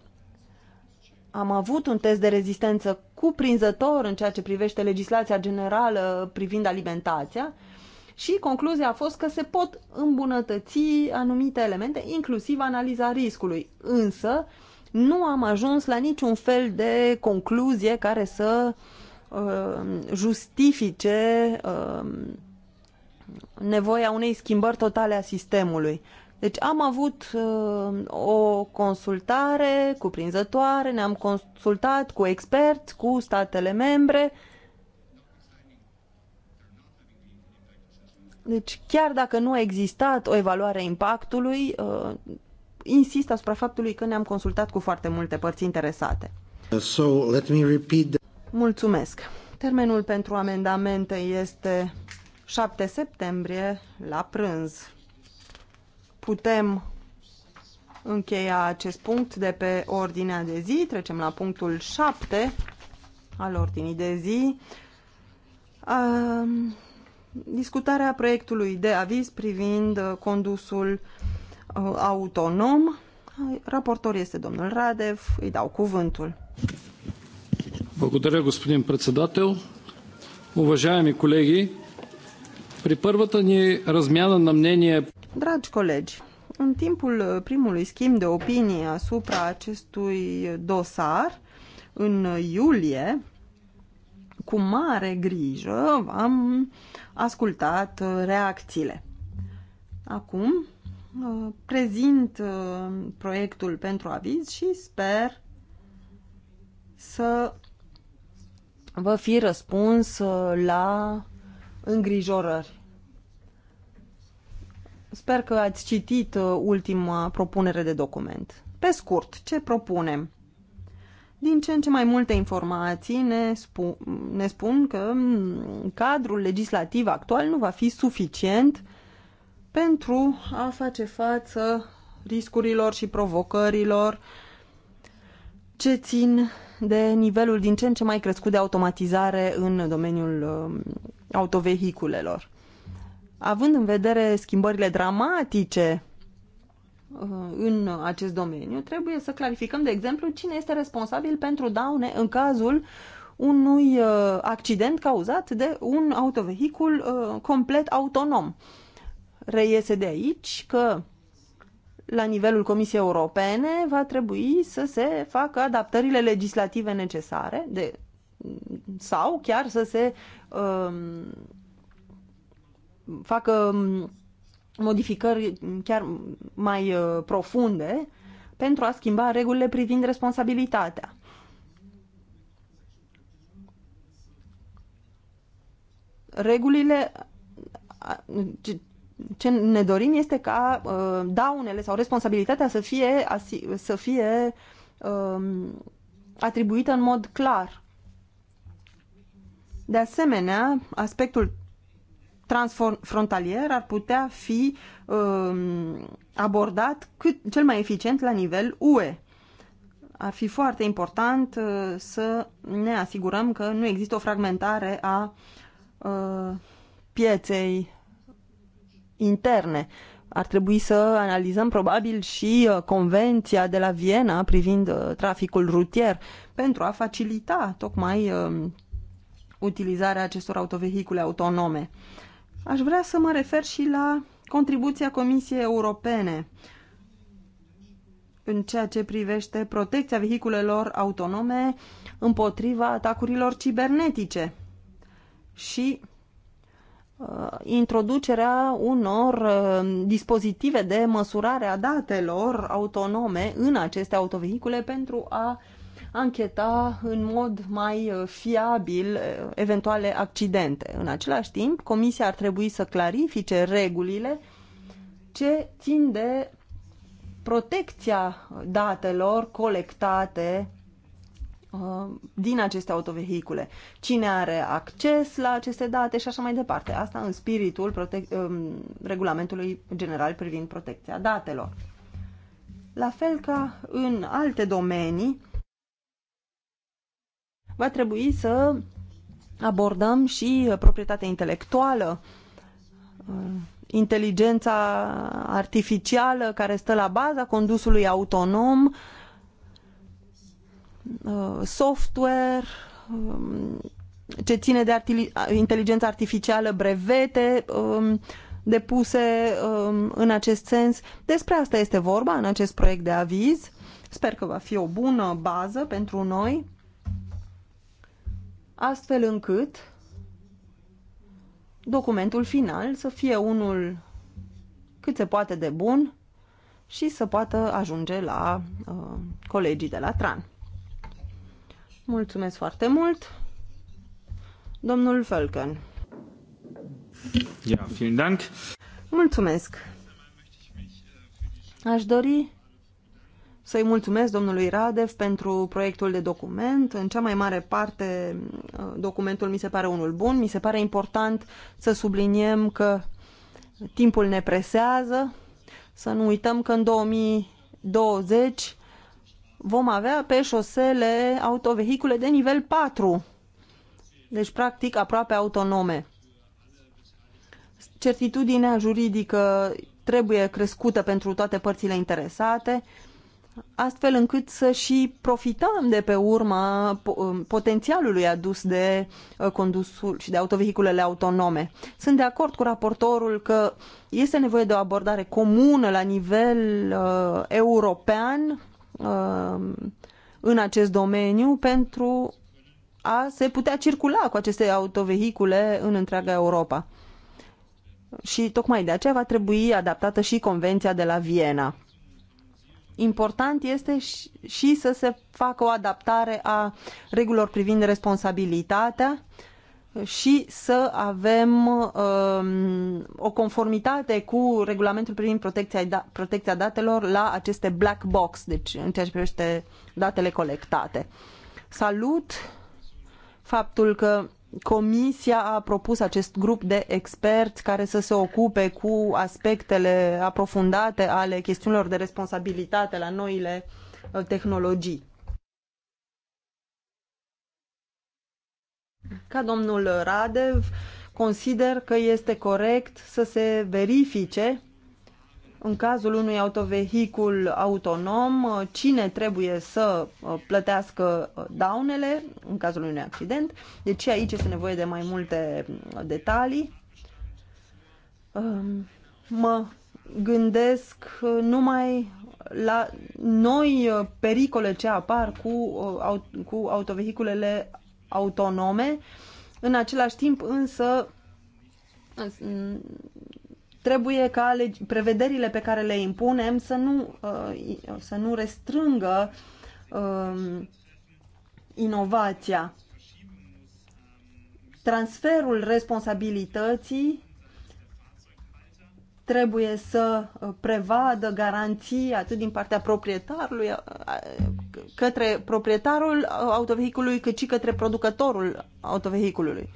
am avut un test de rezistență cuprinzător în ceea ce privește legislația generală privind alimentația și concluzia a fost că se pot îmbunătăți anumite elemente, inclusiv analiza riscului. Însă, nu am ajuns la niciun fel de concluzie care să uh, justifice uh, nevoia unei schimbări totale a sistemului. Deci am avut uh, o consultare cuprinzătoare, ne-am consultat cu experți, cu statele membre. Deci chiar dacă nu a existat o evaluare a impactului, uh, insist asupra faptului că ne-am consultat cu foarte multe părți interesate. So, let me repeat Mulțumesc. Termenul pentru amendamente este 7 septembrie la prânz putem încheia acest punct de pe ordinea de zi. Trecem la punctul 7 al ordinii de zi. Uh, discutarea proiectului de aviz privind uh, condusul uh, autonom. Raportor este domnul Radev. Îi dau cuvântul. Vă mulțumesc, господин председател. Уважаеми колеги, при първата ни размяна на мнение Dragi colegi, în timpul primului schimb de opinie asupra acestui dosar, în iulie, cu mare grijă am ascultat reacțiile. Acum uh, prezint uh, proiectul pentru aviz și sper să vă fi răspuns uh, la îngrijorări. Sper că ați citit uh, ultima propunere de document. Pe scurt, ce propunem? Din ce în ce mai multe informații ne, spu- ne spun că mm, cadrul legislativ actual nu va fi suficient pentru a face față riscurilor și provocărilor ce țin de nivelul din ce în ce mai crescut de automatizare în domeniul uh, autovehiculelor având în vedere schimbările dramatice uh, în acest domeniu, trebuie să clarificăm, de exemplu, cine este responsabil pentru daune în cazul unui uh, accident cauzat de un autovehicul uh, complet autonom. Reiese de aici că la nivelul Comisiei Europene va trebui să se facă adaptările legislative necesare de, sau chiar să se um, facă mm, modificări chiar mai uh, profunde pentru a schimba regulile privind responsabilitatea. Regulile ce ne dorim este ca uh, daunele sau responsabilitatea să fie, să fie um, atribuită în mod clar. De asemenea, aspectul transfrontalier ar putea fi uh, abordat cât cel mai eficient la nivel UE. Ar fi foarte important uh, să ne asigurăm că nu există o fragmentare a uh, pieței interne. Ar trebui să analizăm probabil și uh, convenția de la Viena privind uh, traficul rutier pentru a facilita tocmai uh, utilizarea acestor autovehicule autonome. Uh, Aș vrea să mă refer și la contribuția Comisiei Europene în ceea ce privește protecția vehiculelor autonome împotriva atacurilor cibernetice și uh, introducerea unor uh, dispozitive de măsurare a datelor autonome în aceste autovehicule pentru a uh, ancheta în mod mai uh, fiabil uh, eventuale accidente. În același timp, Comisia ar trebui să clarifice regulile ce țin de protecția datelor colectate uh, din aceste autovehicule. Cine are acces la aceste date și așa mai departe. Asta în spiritul um, regulamentului general privind protecția datelor. La fel ca în alte domenii, va trebui să abordăm și uh, proprietatea intelectuală, uh, inteligența artificială care stă la baza condusului autonom, uh, software, um, ce ține de arti inteligența artificială, brevete um, depuse um, în acest sens. Despre asta este vorba în acest proiect de aviz. Sper că va fi o bună bază pentru noi astfel încât documentul final să fie unul cât se poate de bun și să poată ajunge la uh, colegii de la TRAN. Mulțumesc foarte mult! Domnul Fölken. Ja, vielen Dank. Mulțumesc! Aș dori să-i mulțumesc domnului Radev pentru proiectul de document. În cea mai mare parte uh, documentul mi se pare unul bun. Mi se pare important să subliniem că timpul ne presează. Să nu uităm că în 2020 vom avea pe șosele autovehicule de nivel 4, deci practic aproape autonome. Certitudinea juridică trebuie crescută pentru toate părțile interesate astfel încât să și profităm de pe urma potențialului adus de uh, condusul și de autovehiculele autonome. Sunt de acord cu raportorul că este nevoie de o abordare comună la nivel uh, european uh, în acest domeniu pentru a se putea circula cu aceste autovehicule în întreaga Europa. Și tocmai de aceea va trebui adaptată și Convenția de la Viena Important este și să se facă o adaptare a regulilor privind responsabilitatea și să avem um, o conformitate cu regulamentul privind protecția, da, protecția datelor la aceste black box, deci în ceea ce privește datele colectate. Salut faptul că Comisia a propus acest grup de experți care să se ocupe cu aspectele aprofundate ale chestiunilor de responsabilitate la noile uh, tehnologii. Ca domnul Radev, consider că este corect să se verifice în cazul unui autovehicul autonom, uh, cine trebuie să uh, plătească uh, daunele în cazul unui accident. Deci aici este nevoie de mai multe detalii. Um, mă gândesc numai la noi pericole ce apar cu, cu autovehiculele autonome. În același timp însă trebuie ca prevederile pe care le impunem să nu, uh, să nu restrângă um, inovația. Transferul responsabilității trebuie să prevadă garanții atât din partea proprietarului uh, către proprietarul autovehicului, cât și către producătorul autovehiculului.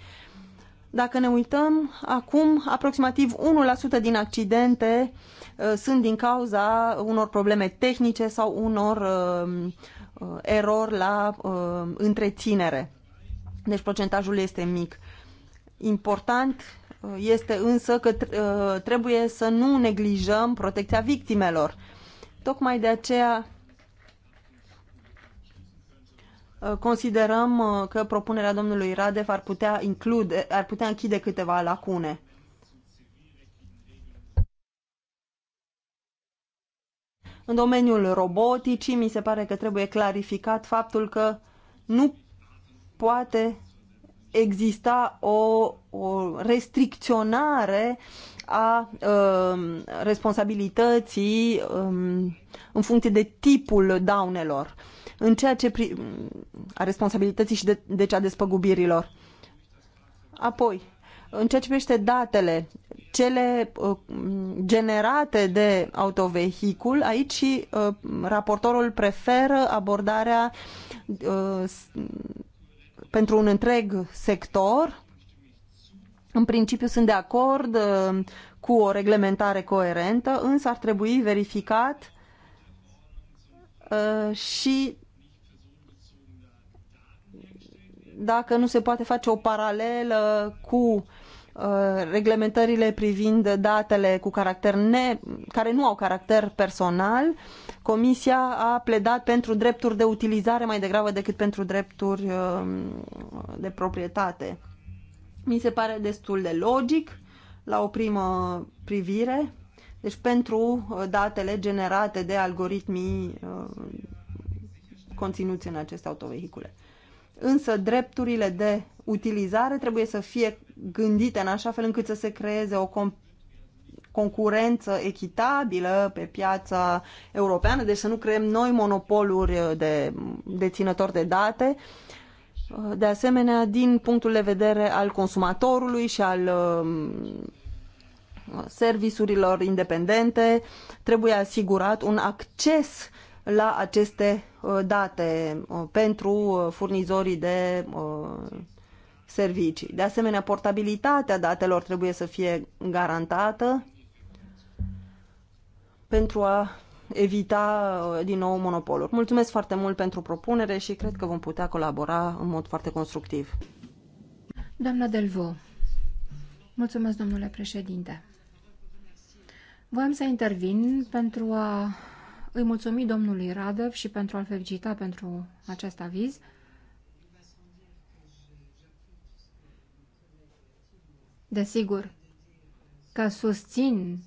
Dacă ne uităm, acum aproximativ 1% din accidente uh, sunt din cauza unor probleme tehnice sau unor uh, uh, erori la întreținere. Deci procentajul este mic. Important este însă că trebuie să nu neglijăm protecția victimelor. Tocmai de aceea Uh, considerăm uh, că propunerea domnului Radev ar putea, include, ar putea închide câteva lacune. În domeniul roboticii, mi se pare că trebuie clarificat faptul că nu poate exista o, o restricționare a um, responsabilității um, în funcție de tipul daunelor, în ceea ce pri- a responsabilității și de, de deci cea despăgubirilor. Apoi, în ceea ce privește datele, cele uh, generate de autovehicul, aici și uh, raportorul preferă abordarea uh, pentru un întreg sector în principiu sunt de acord uh, cu o reglementare coerentă, însă ar trebui verificat uh, și dacă nu se poate face o paralelă cu uh, reglementările privind datele cu caracter ne, care nu au caracter personal, Comisia a pledat pentru drepturi de utilizare mai degrabă decât pentru drepturi de proprietate. Mi se pare destul de logic la o primă privire. Deci pentru uh, datele generate de algoritmii uh, conținuți în aceste autovehicule. Însă drepturile de utilizare trebuie să fie gândite în așa fel încât să se creeze o concurență echitabilă pe piața europeană, deci să nu creăm noi monopoluri uh, de deținători de date, Uh, de asemenea din punctul de vedere al consumatorului și al um, serviciurilor independente, trebuie asigurat un acces la aceste uh, date uh, pentru furnizorii de servicii. De asemenea, portabilitatea datelor trebuie să fie garantată pentru a evita uh, din nou monopolul. Mulțumesc foarte mult pentru propunere și cred că vom putea colabora în mod foarte constructiv. Doamna Delvo, mulțumesc, domnule președinte. Voiam să intervin pentru a îi mulțumi domnului Radev și pentru a-l felicita pentru acest aviz. Desigur că susțin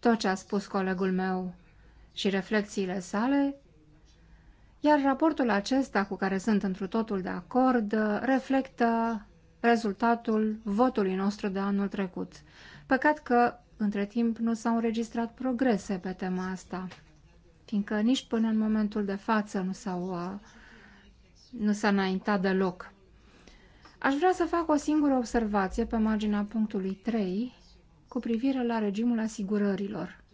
tot ce a spus colegul meu și reflexiile sale, iar raportul acesta, cu care sunt întru totul de acord, uh, reflectă rezultatul votului nostru de anul trecut. Păcat că, între timp, nu s-au înregistrat progrese pe tema asta, fiindcă nici până în momentul de față nu, s-au, uh, nu s-a înaintat deloc. Aș vrea să fac o singură observație pe marginea punctului 3 cu privire la regimul asigurărilor.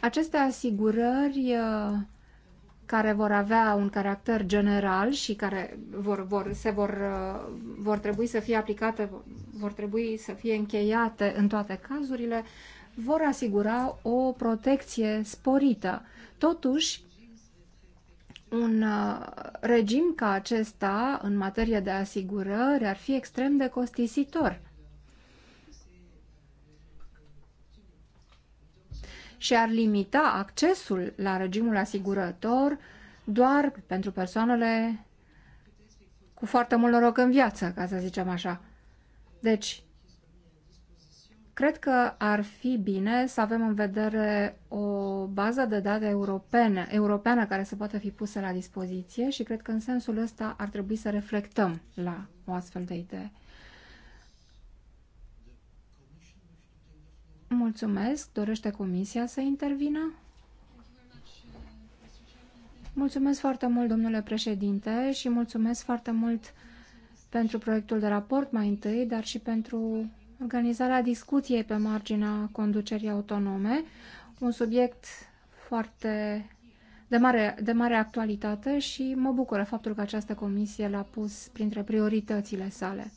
Aceste asigurări uh, care vor avea un caracter general și care vor, vor, se vor, uh, vor trebui să fie aplicate, vor trebui să fie încheiate în toate cazurile, vor asigura o protecție sporită. Totuși, un uh, regim ca acesta în materie de asigurări ar fi extrem de costisitor – și ar limita accesul la regimul asigurător doar pentru persoanele cu foarte mult noroc în viață, ca să zicem așa. Deci, cred că ar fi bine să avem în vedere o bază de date europene, europeană care să poată fi pusă la dispoziție și cred că în sensul ăsta ar trebui să reflectăm la o astfel de idee. Mulțumesc. Dorește Comisia să intervină? Mulțumesc foarte mult, domnule președinte, și mulțumesc foarte mult pentru proiectul de raport mai întâi, dar și pentru organizarea discuției pe marginea conducerii autonome, un subiect foarte de mare, de mare actualitate și mă bucură faptul că această comisie l-a pus printre prioritățile sale.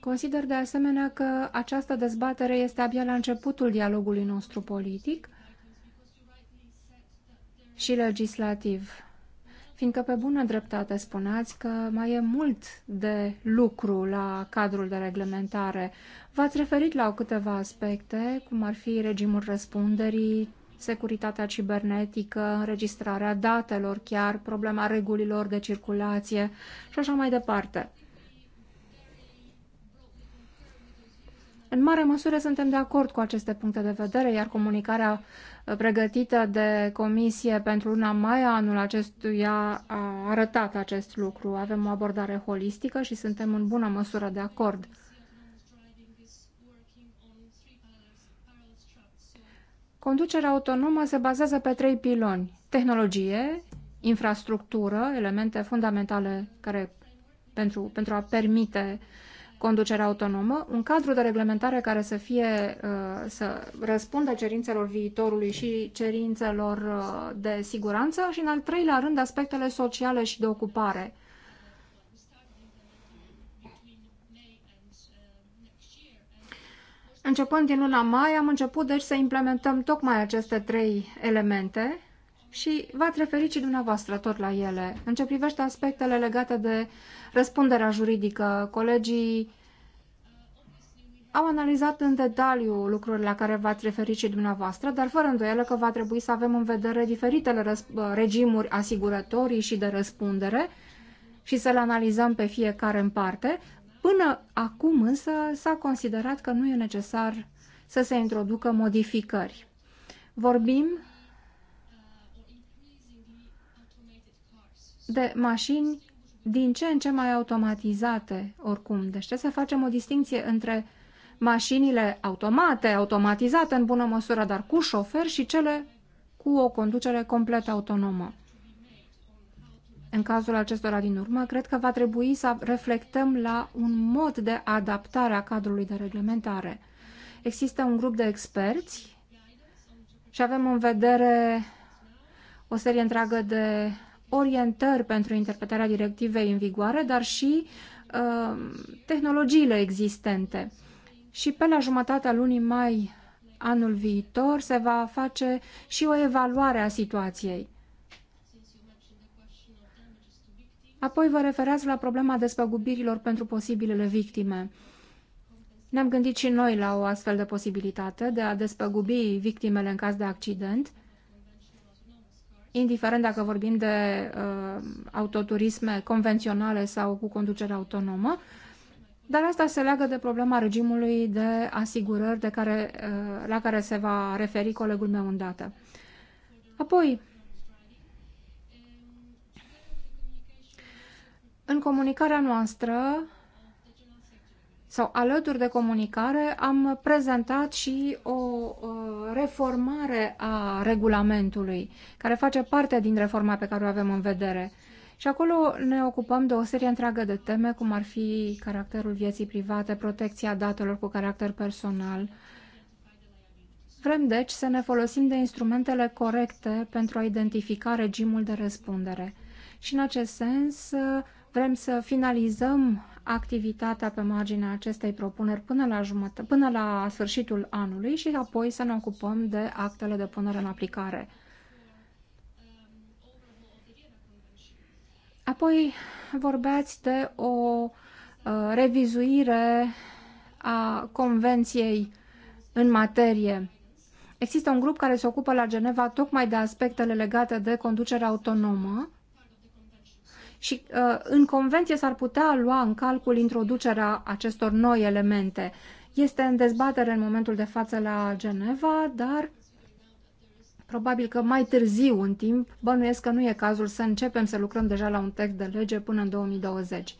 Consider de asemenea că această dezbatere este abia la începutul dialogului nostru politic și legislativ, fiindcă pe bună dreptate spuneați că mai e mult de lucru la cadrul de reglementare. V-ați referit la câteva aspecte, cum ar fi regimul răspunderii, securitatea cibernetică, înregistrarea datelor chiar, problema regulilor de circulație și așa mai departe. În mare măsură suntem de acord cu aceste puncte de vedere, iar comunicarea pregătită de comisie pentru luna mai anul acestuia a arătat acest lucru. Avem o abordare holistică și suntem în bună măsură de acord. Conducerea autonomă se bazează pe trei piloni. Tehnologie, infrastructură, elemente fundamentale care, pentru, pentru a permite uh, conducerea autonomă, un cadru de reglementare care să fie, uh, să răspundă cerințelor viitorului și cerințelor uh, de siguranță și, în al treilea rând, aspectele sociale și de ocupare. Începând din luna mai, am început deci să implementăm tocmai aceste trei elemente și v-ați referit și dumneavoastră tot la ele. În ce privește aspectele legate de răspunderea juridică, colegii au analizat în detaliu lucrurile la care v-ați referit și dumneavoastră, dar fără îndoială că va trebui să avem în vedere diferitele regimuri asigurătorii și de răspundere și să le analizăm pe fiecare în parte. Până acum însă s-a considerat că nu e necesar să se introducă modificări. Vorbim de mașini din ce în ce mai automatizate oricum. Deci trebuie să facem o distinție între mașinile automate, automatizate în bună măsură, dar cu șofer și cele cu o conducere complet autonomă. În cazul acestora din urmă, cred că va trebui să reflectăm la un mod de adaptare a cadrului de reglementare. Există un grup de experți și avem în vedere o serie întreagă de orientări pentru interpretarea directivei în vigoare, dar și uh, tehnologiile existente. Și pe la jumătatea lunii mai anul viitor se va face și o evaluare a situației. Apoi vă referați la problema despăgubirilor pentru posibilele victime. Ne-am gândit și noi la o astfel de posibilitate de a despăgubi victimele în caz de accident, indiferent dacă vorbim de uh, autoturisme convenționale sau cu conducere autonomă, dar asta se leagă de problema regimului de asigurări de care, uh, la care se va referi colegul meu îndată. Apoi, în comunicarea noastră, sau alături de comunicare am prezentat și o reformare a regulamentului, care face parte din reforma pe care o avem în vedere. Și acolo ne ocupăm de o serie întreagă de teme, cum ar fi caracterul vieții private, protecția datelor cu caracter personal. Vrem, deci, să ne folosim de instrumentele corecte pentru a identifica regimul de răspundere. Și, în acest sens, vrem să finalizăm activitatea pe marginea acestei propuneri până la, jumătă, până la sfârșitul anului și apoi să ne ocupăm de actele de punere în aplicare. Apoi vorbeați de o uh, revizuire a convenției în materie. Există un grup care se ocupă la Geneva tocmai de aspectele legate de conducerea autonomă și uh, în convenție s-ar putea lua în calcul introducerea acestor noi elemente. Este în dezbatere în momentul de față la Geneva, dar probabil că mai târziu în timp, bănuiesc că nu e cazul să începem să lucrăm deja la un text de lege până în 2020.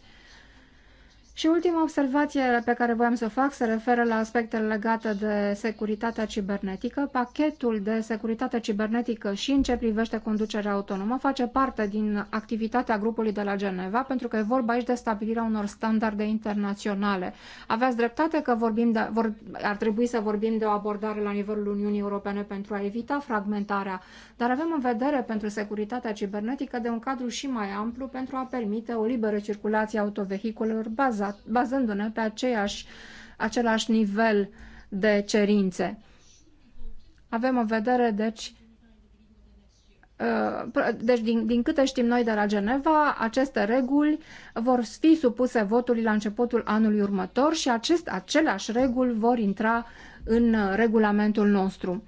Și ultima observație pe care voiam să o fac se referă la aspectele legate de securitatea cibernetică. Pachetul de securitate cibernetică și în ce privește conducerea autonomă face parte din activitatea grupului de la Geneva, pentru că e vorba aici de stabilirea unor standarde internaționale. Aveați dreptate că vorbim de, vor, ar trebui să vorbim de o abordare la nivelul Uniunii Europene pentru a evita fragmentarea, dar avem în vedere pentru securitatea cibernetică de un cadru și mai amplu pentru a permite o liberă circulație autovehiculelor bazate bazându-ne pe aceeași, același nivel de cerințe. Avem o vedere, deci, uh, deci din, din câte știm noi de la Geneva, aceste reguli vor fi supuse votului la începutul anului următor și acest, aceleași reguli vor intra în uh, regulamentul nostru.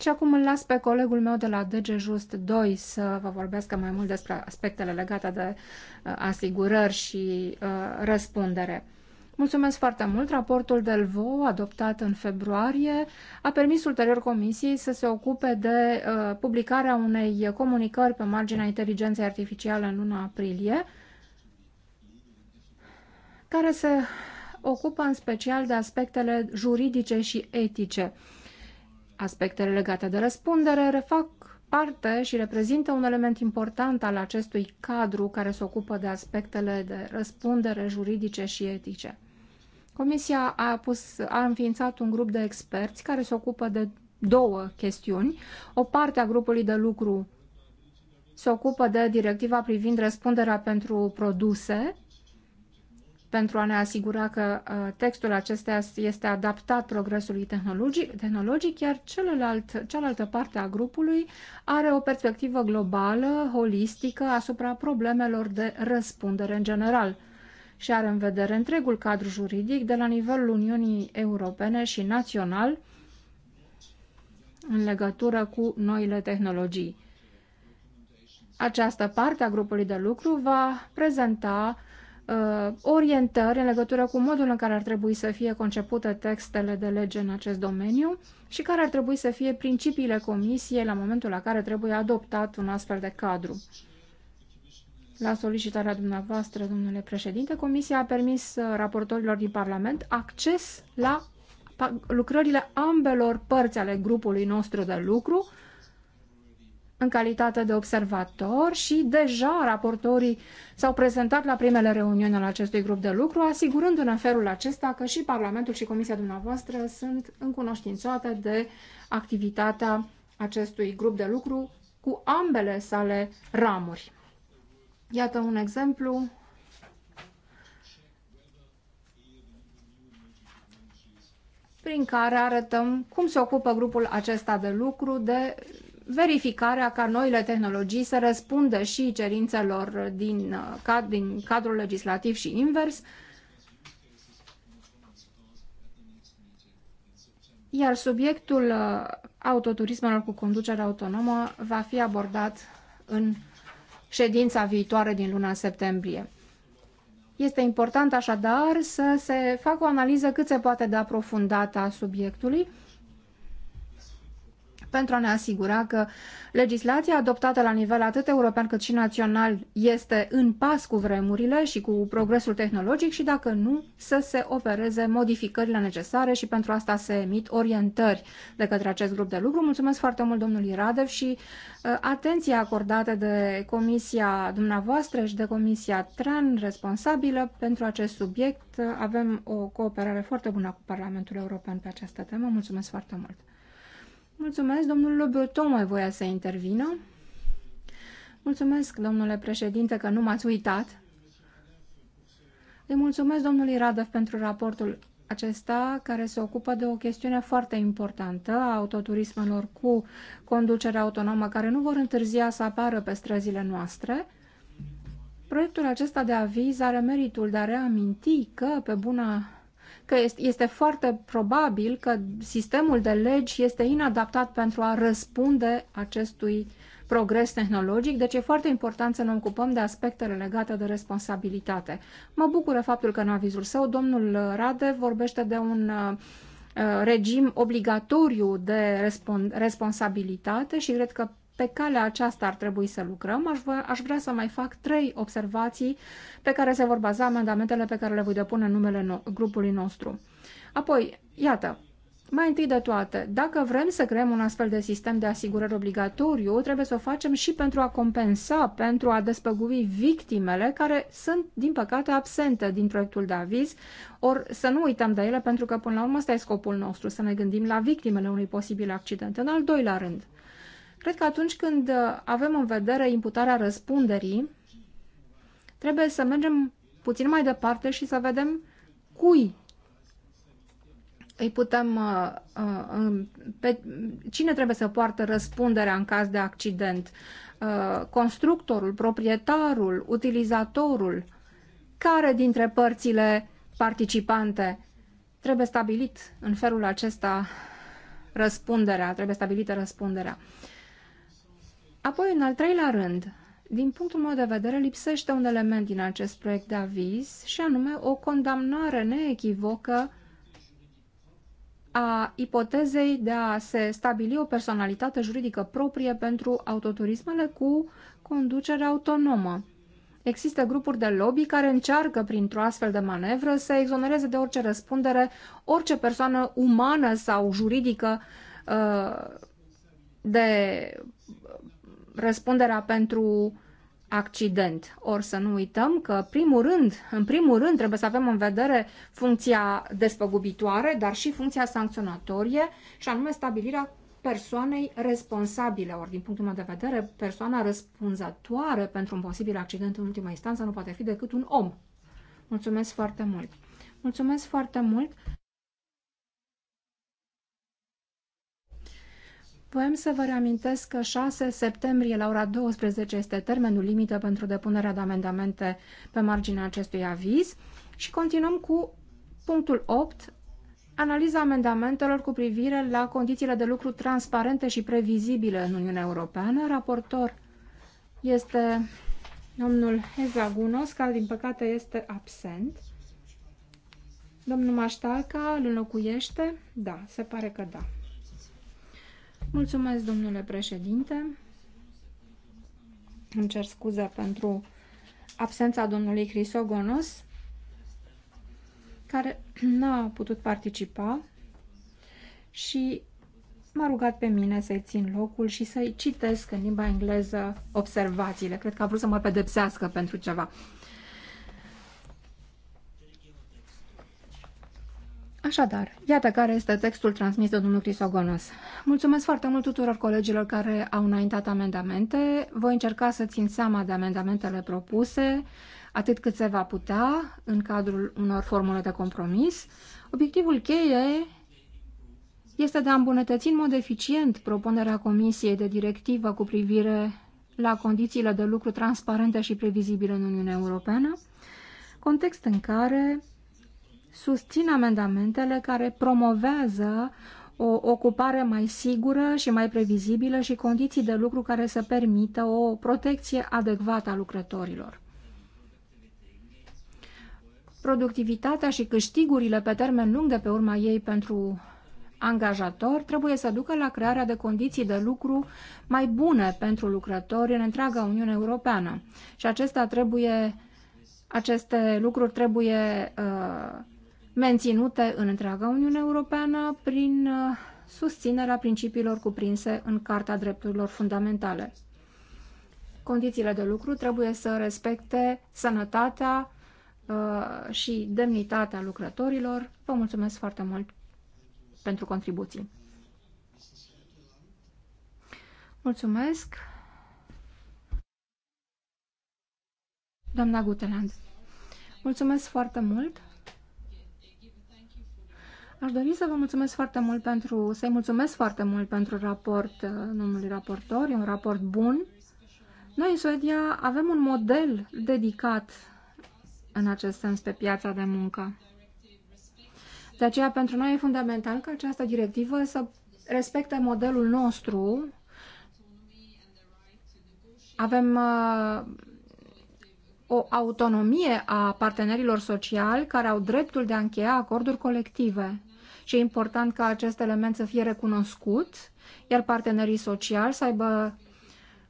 Și acum îl las pe colegul meu de la DG Just 2 să vă vorbească mai mult despre aspectele legate de uh, asigurări și uh, răspundere. Mulțumesc foarte mult! Raportul Delvo, adoptat în februarie, a permis ulterior comisiei să se ocupe de uh, publicarea unei comunicări pe marginea inteligenței artificiale în luna aprilie, care se ocupă în special de aspectele juridice și etice Aspectele legate de răspundere refac parte și reprezintă un element important al acestui cadru care se ocupă de aspectele de răspundere juridice și etice. Comisia a, pus, a înființat un grup de experți care se ocupă de două chestiuni. O parte a grupului de lucru se ocupă de directiva privind răspunderea pentru produse pentru a ne asigura că uh, textul acesta este adaptat progresului tehnologic, tehnologic iar celălalt, cealaltă parte a grupului are o perspectivă globală, holistică, asupra problemelor de răspundere în general și are în vedere întregul cadru juridic de la nivelul Uniunii Europene și național în legătură cu noile tehnologii. Această parte a grupului de lucru va prezenta uh, orientări în legătură cu modul în care ar trebui să fie concepute textele de lege în acest domeniu și care ar trebui să fie principiile comisiei la momentul la care trebuie adoptat un astfel de cadru. La solicitarea dumneavoastră, domnule președinte, Comisia a permis uh, raportorilor din Parlament acces la lucrările ambelor părți ale grupului nostru de lucru, în calitate de observator și deja raportorii s-au prezentat la primele reuniuni ale acestui grup de lucru, asigurându-ne în felul acesta că și Parlamentul și Comisia dumneavoastră sunt încunoștințate de activitatea acestui grup de lucru cu ambele sale ramuri. Iată un exemplu prin care arătăm cum se ocupă grupul acesta de lucru de verificarea ca noile tehnologii să răspundă și cerințelor din, uh, din cadrul legislativ și invers, iar subiectul uh, autoturismelor cu conducere autonomă va fi abordat în ședința viitoare din luna septembrie. Este important așadar să se facă o analiză cât se poate de aprofundată a subiectului, pentru a ne asigura că legislația adoptată la nivel atât european cât și național este în pas cu vremurile și cu progresul tehnologic și dacă nu, să se opereze modificările necesare și pentru asta se emit orientări de către acest grup de lucru. Mulțumesc foarte mult domnului Radev și uh, atenția acordată de comisia dumneavoastră și de comisia TRAN responsabilă pentru acest subiect. Avem o cooperare foarte bună cu Parlamentul European pe această temă. Mulțumesc foarte mult! Mulțumesc, domnul Lobeton mai voia să intervină. Mulțumesc, domnule președinte, că nu m-ați uitat. Îi mulțumesc domnului Radev pentru raportul acesta care se ocupă de o chestiune foarte importantă a autoturismelor cu conducere autonomă care nu vor întârzia să apară pe străzile noastre. Proiectul acesta de aviz are meritul de a reaminti că, pe bună că este foarte probabil că sistemul de legi este inadaptat pentru a răspunde acestui progres tehnologic, deci e foarte important să ne ocupăm de aspectele legate de responsabilitate. Mă bucură faptul că în avizul său domnul Rade vorbește de un uh, regim obligatoriu de responsabilitate și cred că pe calea aceasta ar trebui să lucrăm. Aș, vă, aș vrea să mai fac trei observații pe care se vor baza amendamentele pe care le voi depune în numele no- grupului nostru. Apoi, iată, mai întâi de toate, dacă vrem să creăm un astfel de sistem de asigurări obligatoriu, trebuie să o facem și pentru a compensa, pentru a despăgui victimele care sunt, din păcate, absente din proiectul de aviz, ori să nu uităm de ele, pentru că, până la urmă, ăsta e scopul nostru, să ne gândim la victimele unui posibil accident. În al doilea rând, Cred că atunci când uh, avem în vedere imputarea răspunderii, trebuie să mergem puțin mai departe și să vedem cui îi putem, uh, uh, um, pe cine trebuie să poartă răspunderea în caz de accident, constructorul, proprietarul, utilizatorul, care dintre părțile participante trebuie stabilit în felul acesta răspunderea, trebuie stabilită răspunderea. Uh, Apoi, în al treilea rând, din punctul meu de vedere, lipsește un element din acest proiect de aviz și anume o condamnare neechivocă a ipotezei de a se stabili o personalitate juridică proprie pentru autoturismele cu conducere autonomă. Există grupuri de lobby care încearcă printr-o astfel de manevră să exonereze de orice răspundere orice persoană umană sau juridică uh, de răspunderea pentru accident. Or să nu uităm că, primul rând, în primul rând, trebuie să avem în vedere funcția despăgubitoare, dar și funcția sancționatorie, și anume stabilirea persoanei responsabile. Ori, din punctul meu de vedere, persoana răspunzătoare pentru un posibil accident în ultima instanță nu poate fi decât un om. Mulțumesc foarte mult! Mulțumesc foarte mult! Voiam să vă reamintesc că 6 septembrie la ora 12 este termenul limită pentru depunerea de amendamente pe marginea acestui aviz și continuăm cu punctul 8, analiza amendamentelor cu privire la condițiile de lucru transparente și previzibile în Uniunea Europeană. Raportor este domnul Ezagunos, care din păcate este absent. Domnul Maștalca îl înlocuiește? Da, se pare că da. Mulțumesc, domnule președinte. Îmi cer scuze pentru absența domnului Crisogonos, care *clears throat* n-a putut participa și m-a rugat pe mine să-i țin locul și să-i citesc în limba engleză observațiile. Cred că a vrut să mă pedepsească pentru ceva. Așadar, iată care este textul transmis de domnul Crisogonos. Mulțumesc foarte mult tuturor colegilor care au înaintat amendamente. Voi încerca să țin seama de amendamentele propuse, atât cât se va putea, în cadrul unor formule de compromis. Obiectivul cheie este de a îmbunătăți în mod eficient propunerea Comisiei de directivă cu privire la condițiile de lucru transparente și previzibile în Uniunea Europeană, context în care susțin amendamentele care promovează o ocupare mai sigură și mai previzibilă și condiții de lucru care să permită o protecție adecvată a lucrătorilor. Productivitatea și câștigurile pe termen lung de pe urma ei pentru angajator trebuie să ducă la crearea de condiții de lucru mai bune pentru lucrători în întreaga Uniune Europeană. Și acestea trebuie, aceste lucruri trebuie uh, menținute în întreaga Uniune Europeană prin uh, susținerea principiilor cuprinse în Carta Drepturilor Fundamentale. Condițiile de lucru trebuie să respecte sănătatea uh, și demnitatea lucrătorilor. Vă mulțumesc foarte mult pentru contribuții. Mulțumesc. Doamna Guteland, mulțumesc foarte mult. Aș dori să vă mulțumesc foarte mult pentru, să-i mulțumesc foarte mult pentru raport, uh, domnului raportor, e un raport bun. Noi în Suedia avem un model dedicat în acest sens pe piața de muncă. De aceea, pentru noi e fundamental ca această directivă să respecte modelul nostru. Avem uh, o autonomie a partenerilor sociali care au dreptul de a încheia acorduri colective și e important ca acest element să fie recunoscut, iar partenerii sociali să aibă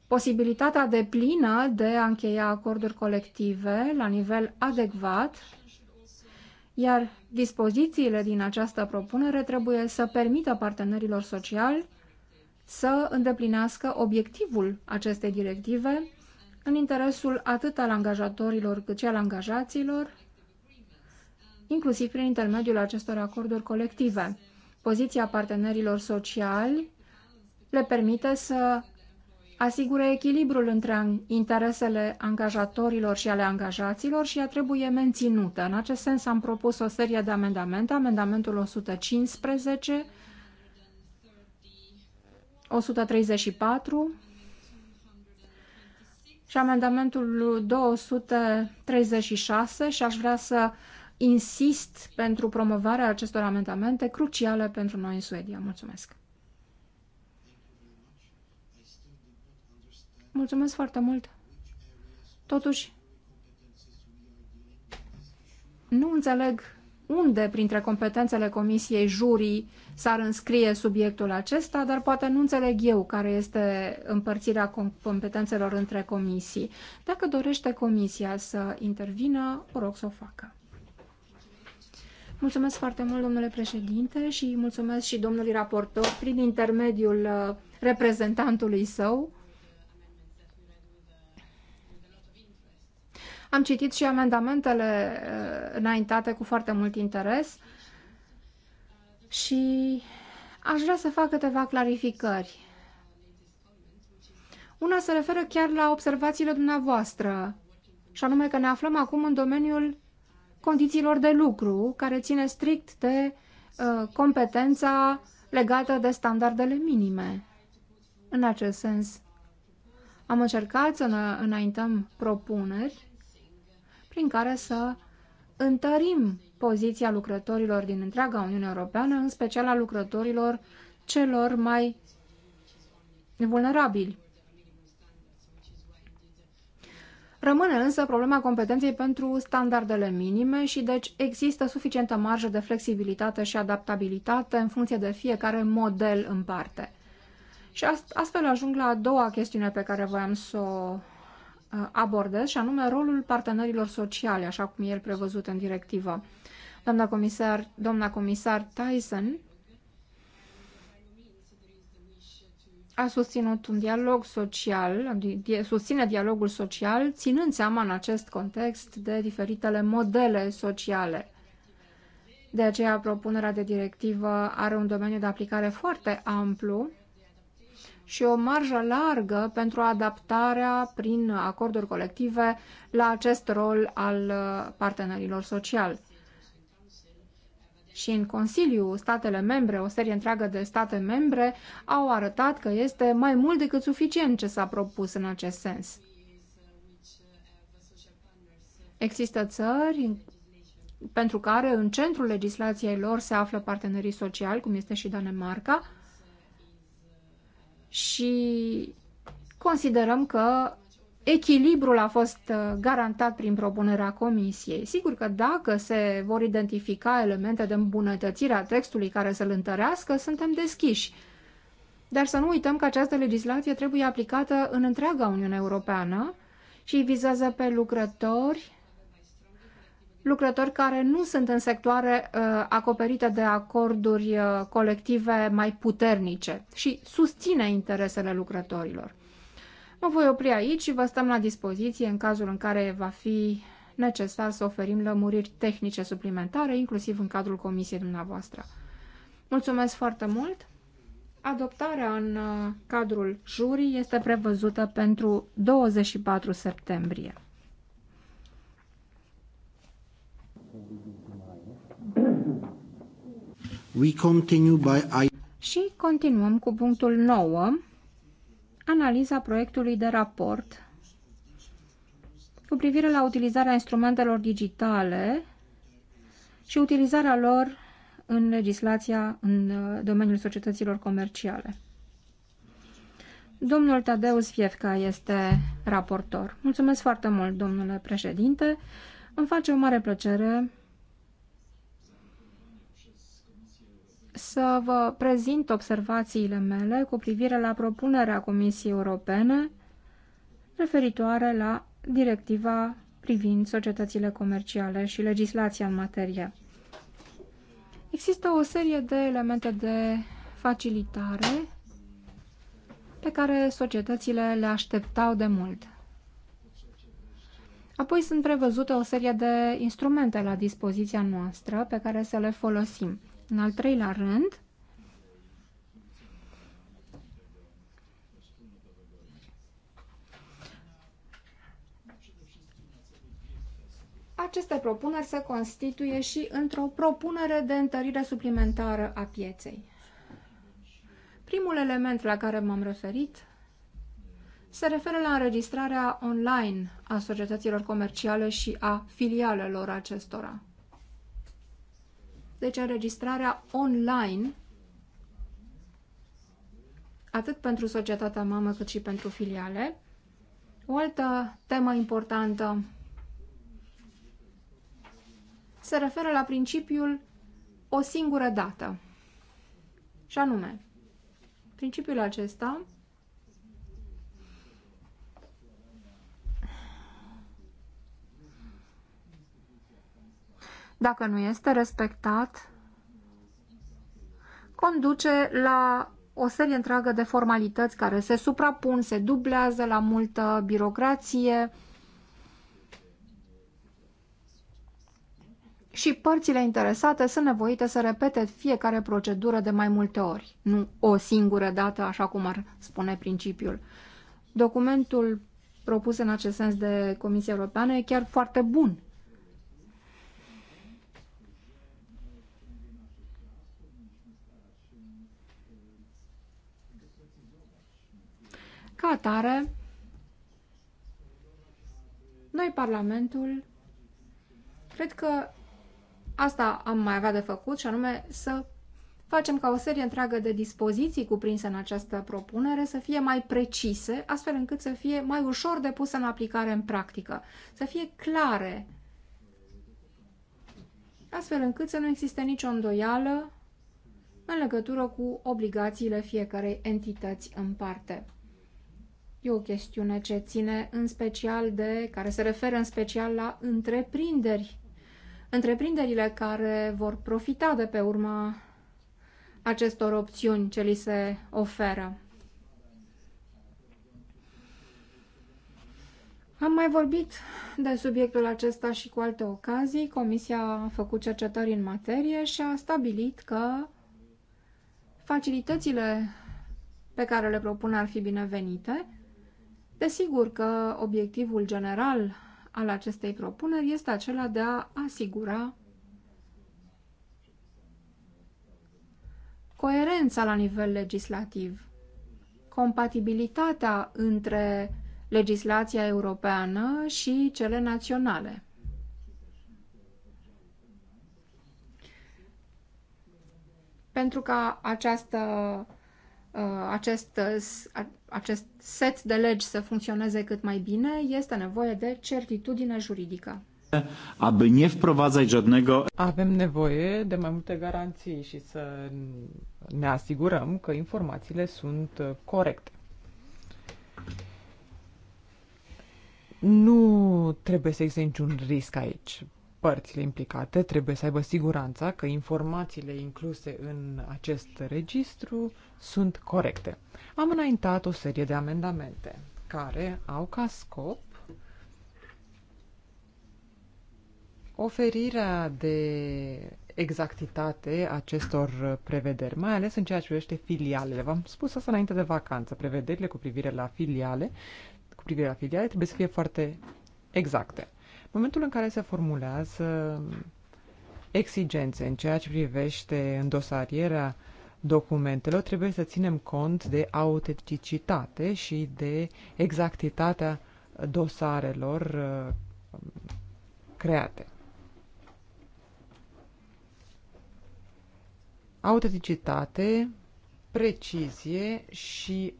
posibilitatea de plină de a încheia acorduri colective la nivel adecvat, iar dispozițiile din această propunere trebuie să permită partenerilor sociali să îndeplinească obiectivul acestei directive în interesul atât al angajatorilor cât și al angajaților, inclusiv prin intermediul acestor acorduri colective. Poziția partenerilor sociali le permite să asigure echilibrul între interesele angajatorilor și ale angajaților și ea trebuie menținută. În acest sens am propus o serie de amendamente, amendamentul 115, 134 și amendamentul 236 și aș vrea să insist pentru promovarea acestor amendamente cruciale pentru noi în Suedia. Mulțumesc! Mulțumesc foarte mult! Totuși, nu înțeleg unde printre competențele Comisiei Jurii s-ar înscrie subiectul acesta, dar poate nu înțeleg eu care este împărțirea competențelor între comisii. Dacă dorește Comisia să intervină, o rog să o facă. Mulțumesc foarte mult, domnule președinte, și mulțumesc și domnului raportor prin intermediul uh, reprezentantului său. Am citit și amendamentele uh, înaintate cu foarte mult interes și aș vrea să fac câteva clarificări. Una se referă chiar la observațiile dumneavoastră, și anume că ne aflăm acum în domeniul condițiilor de lucru, care ține strict de uh, competența legată de standardele minime. În acest sens, am încercat să înaintăm propuneri prin care să întărim poziția lucrătorilor din întreaga Uniune Europeană, în special a lucrătorilor celor mai vulnerabili. Rămâne însă problema competenței pentru standardele minime și deci există suficientă marjă de flexibilitate și adaptabilitate în funcție de fiecare model în parte. Și astfel ajung la a doua chestiune pe care voiam să o uh, abordez, și anume rolul partenerilor sociale, așa cum e el prevăzut în directivă. Doamna comisar, doamna comisar Tyson a susținut un dialog social, susține dialogul social, ținând seama în acest context de diferitele modele sociale. De aceea, propunerea de directivă are un domeniu de aplicare foarte amplu și o marjă largă pentru adaptarea prin acorduri colective la acest rol al uh, partenerilor sociali și în Consiliu statele membre, o serie întreagă de state membre, au arătat că este mai mult decât suficient ce s-a propus în acest sens. Există țări pentru care în centrul legislației lor se află partenerii sociali, cum este și Danemarca, și considerăm că echilibrul a fost uh, garantat prin propunerea comisiei. Sigur că dacă se vor identifica elemente de îmbunătățire a textului care să-l întărească, suntem deschiși. Dar să nu uităm că această legislație trebuie aplicată în întreaga Uniune Europeană și vizează pe lucrători, lucrători care nu sunt în sectoare uh, acoperite de acorduri uh, colective mai puternice și susține interesele lucrătorilor. Mă voi opri aici și vă stăm la dispoziție în cazul în care va fi necesar să oferim lămuriri tehnice suplimentare, inclusiv în cadrul comisiei dumneavoastră. Mulțumesc foarte mult! Adoptarea în uh, cadrul jurii este prevăzută pentru 24 septembrie. We continue by... Și continuăm cu punctul 9, analiza proiectului de raport cu privire la utilizarea instrumentelor digitale și utilizarea lor în legislația în uh, domeniul societăților comerciale. Domnul Tadeus Fiefca este raportor. Mulțumesc foarte mult, domnule președinte. Îmi face o mare plăcere să vă prezint observațiile mele cu privire la propunerea Comisiei Europene referitoare la directiva privind societățile comerciale și legislația în materie. Există o serie de elemente de facilitare pe care societățile le așteptau de mult. Apoi sunt prevăzute o serie de instrumente la dispoziția noastră pe care să le folosim. În al treilea rând, aceste propuneri se constituie și într-o propunere de întărire suplimentară a pieței. Primul element la care m-am referit se referă la înregistrarea online a societăților comerciale și a filialelor acestora deci înregistrarea online, atât pentru societatea mamă cât și pentru filiale. O altă temă importantă se referă la principiul o singură dată. Și anume, principiul acesta dacă nu este respectat, conduce la o serie întreagă de formalități care se suprapun, se dublează la multă birocrație și părțile interesate sunt nevoite să repete fiecare procedură de mai multe ori, nu o singură dată, așa cum ar spune principiul. Documentul propus în acest sens de Comisia Europeană e chiar foarte bun Ca atare, noi, Parlamentul, cred că asta am mai avea de făcut și anume să facem ca o serie întreagă de dispoziții cuprinse în această propunere să fie mai precise, astfel încât să fie mai ușor de pus în aplicare în practică, să fie clare, astfel încât să nu existe nicio îndoială în legătură cu obligațiile fiecarei entități în parte. E o chestiune ce ține în special de, care se referă în special la întreprinderi. Întreprinderile care vor profita de pe urma acestor opțiuni ce li se oferă. Am mai vorbit de subiectul acesta și cu alte ocazii. Comisia a făcut cercetări în materie și a stabilit că facilitățile pe care le propun ar fi binevenite, Desigur că obiectivul general al acestei propuneri este acela de a asigura coerența la nivel legislativ, compatibilitatea între legislația europeană și cele naționale. Pentru ca această, uh, acest, acest set de legi să funcționeze cât mai bine, este nevoie de certitudine juridică. Aby nie wprowadzać żadnego... Avem nevoie de mai multe garanții și să ne asigurăm că informațiile sunt corecte. Nu trebuie să existe niciun risc aici, părțile implicate trebuie să aibă siguranța că informațiile incluse în acest registru sunt corecte. Am înaintat o serie de amendamente care au ca scop oferirea de exactitate acestor prevederi, mai ales în ceea ce privește filialele. V-am spus asta înainte de vacanță. Prevederile cu privire la filiale, cu privire la filiale trebuie să fie foarte exacte momentul în care se formulează exigențe în ceea ce privește îndosarierea documentelor, trebuie să ținem cont de autenticitate și de exactitatea dosarelor uh, create. Autenticitate, precizie și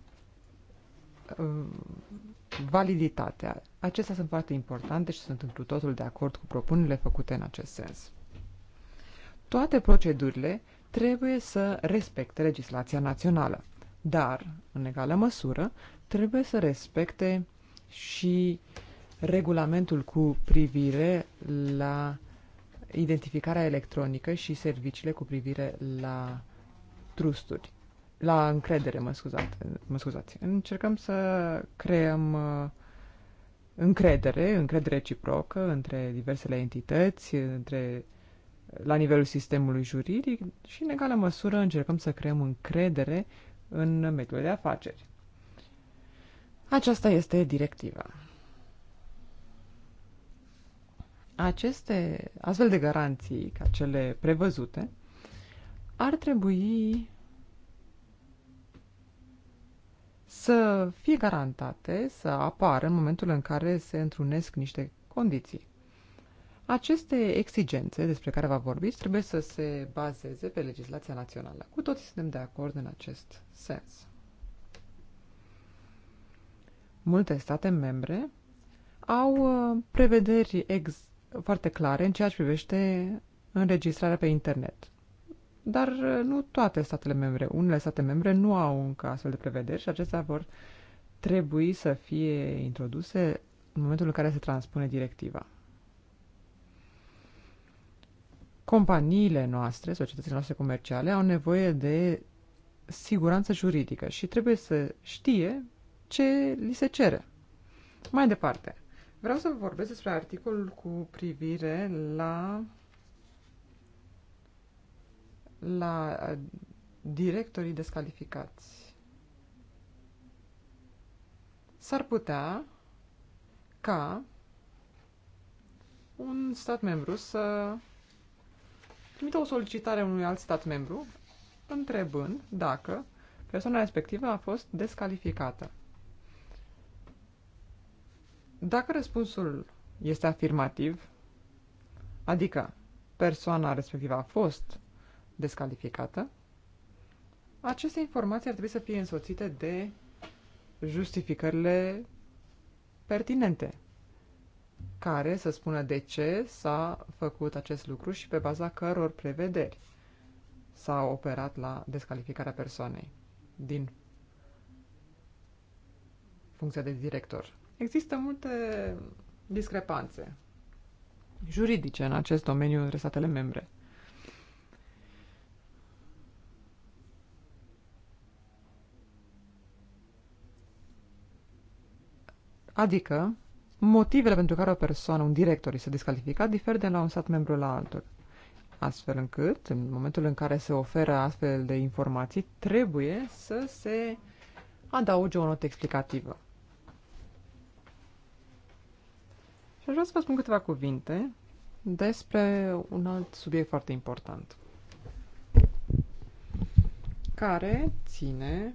uh, validitatea. Acestea sunt foarte importante și sunt întru totul de acord cu propunerile făcute în acest sens. Toate procedurile trebuie să respecte legislația națională, dar, în egală măsură, trebuie să respecte și regulamentul cu privire la identificarea electronică și serviciile cu privire la trusturi la încredere, mă, scuzat, mă scuzați. Încercăm să creăm uh, încredere, încredere reciprocă între diversele entități, între, la nivelul sistemului juridic și, în egală măsură, încercăm să creăm încredere în mediul de afaceri. Aceasta este directiva. Aceste astfel de garanții, ca cele prevăzute, ar trebui să fie garantate, să apară în momentul în care se întrunesc niște condiții. Aceste exigențe despre care vă vorbiți trebuie să se bazeze pe legislația națională. Cu toții suntem de acord în acest sens. Multe state membre au uh, prevederi ex- foarte clare în ceea ce privește înregistrarea pe internet dar uh, nu toate statele membre. Unele state membre nu au încă astfel de prevederi și acestea vor trebui să fie introduse în momentul în care se transpune directiva. Companiile noastre, societățile noastre comerciale, au nevoie de siguranță juridică și trebuie să știe ce li se cere. Mai departe, vreau să vorbesc despre articolul cu privire la la uh, directorii descalificați. S-ar putea ca un stat membru să trimită o solicitare unui alt stat membru întrebând dacă persoana respectivă a fost descalificată. Dacă răspunsul este afirmativ, adică persoana respectivă a fost descalificată, aceste informații ar trebui să fie însoțite de justificările pertinente, care să spună de ce s-a făcut acest lucru și pe baza căror prevederi s-a operat la descalificarea persoanei din funcția de director. Există multe discrepanțe juridice în acest domeniu între statele membre. Adică, motivele pentru care o persoană, un director, este descalificat diferă de la un stat membru la altul. Astfel încât, în momentul în care se oferă astfel de informații, trebuie să se adauge o notă explicativă. Și aș vrea să vă spun câteva cuvinte despre un alt subiect foarte important, care ține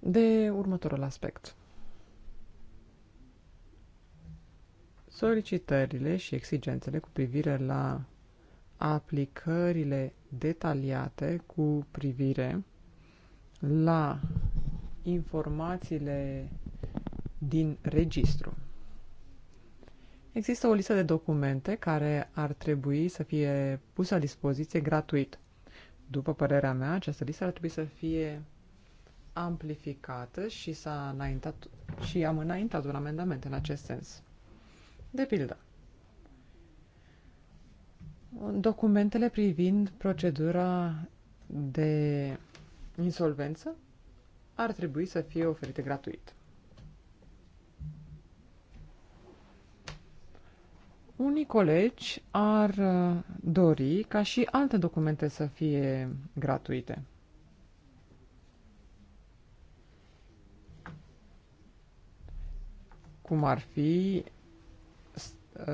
de următorul aspect. Solicitările și exigențele cu privire la aplicările detaliate cu privire la informațiile din registru. Există o listă de documente care ar trebui să fie pusă la dispoziție gratuit. După părerea mea, această listă ar trebui să fie amplificată și s-a înaintat și am înaintat un amendament în acest sens. De pildă, documentele privind procedura de insolvență ar trebui să fie oferite gratuit. Unii colegi ar dori ca și alte documente să fie gratuite. cum ar fi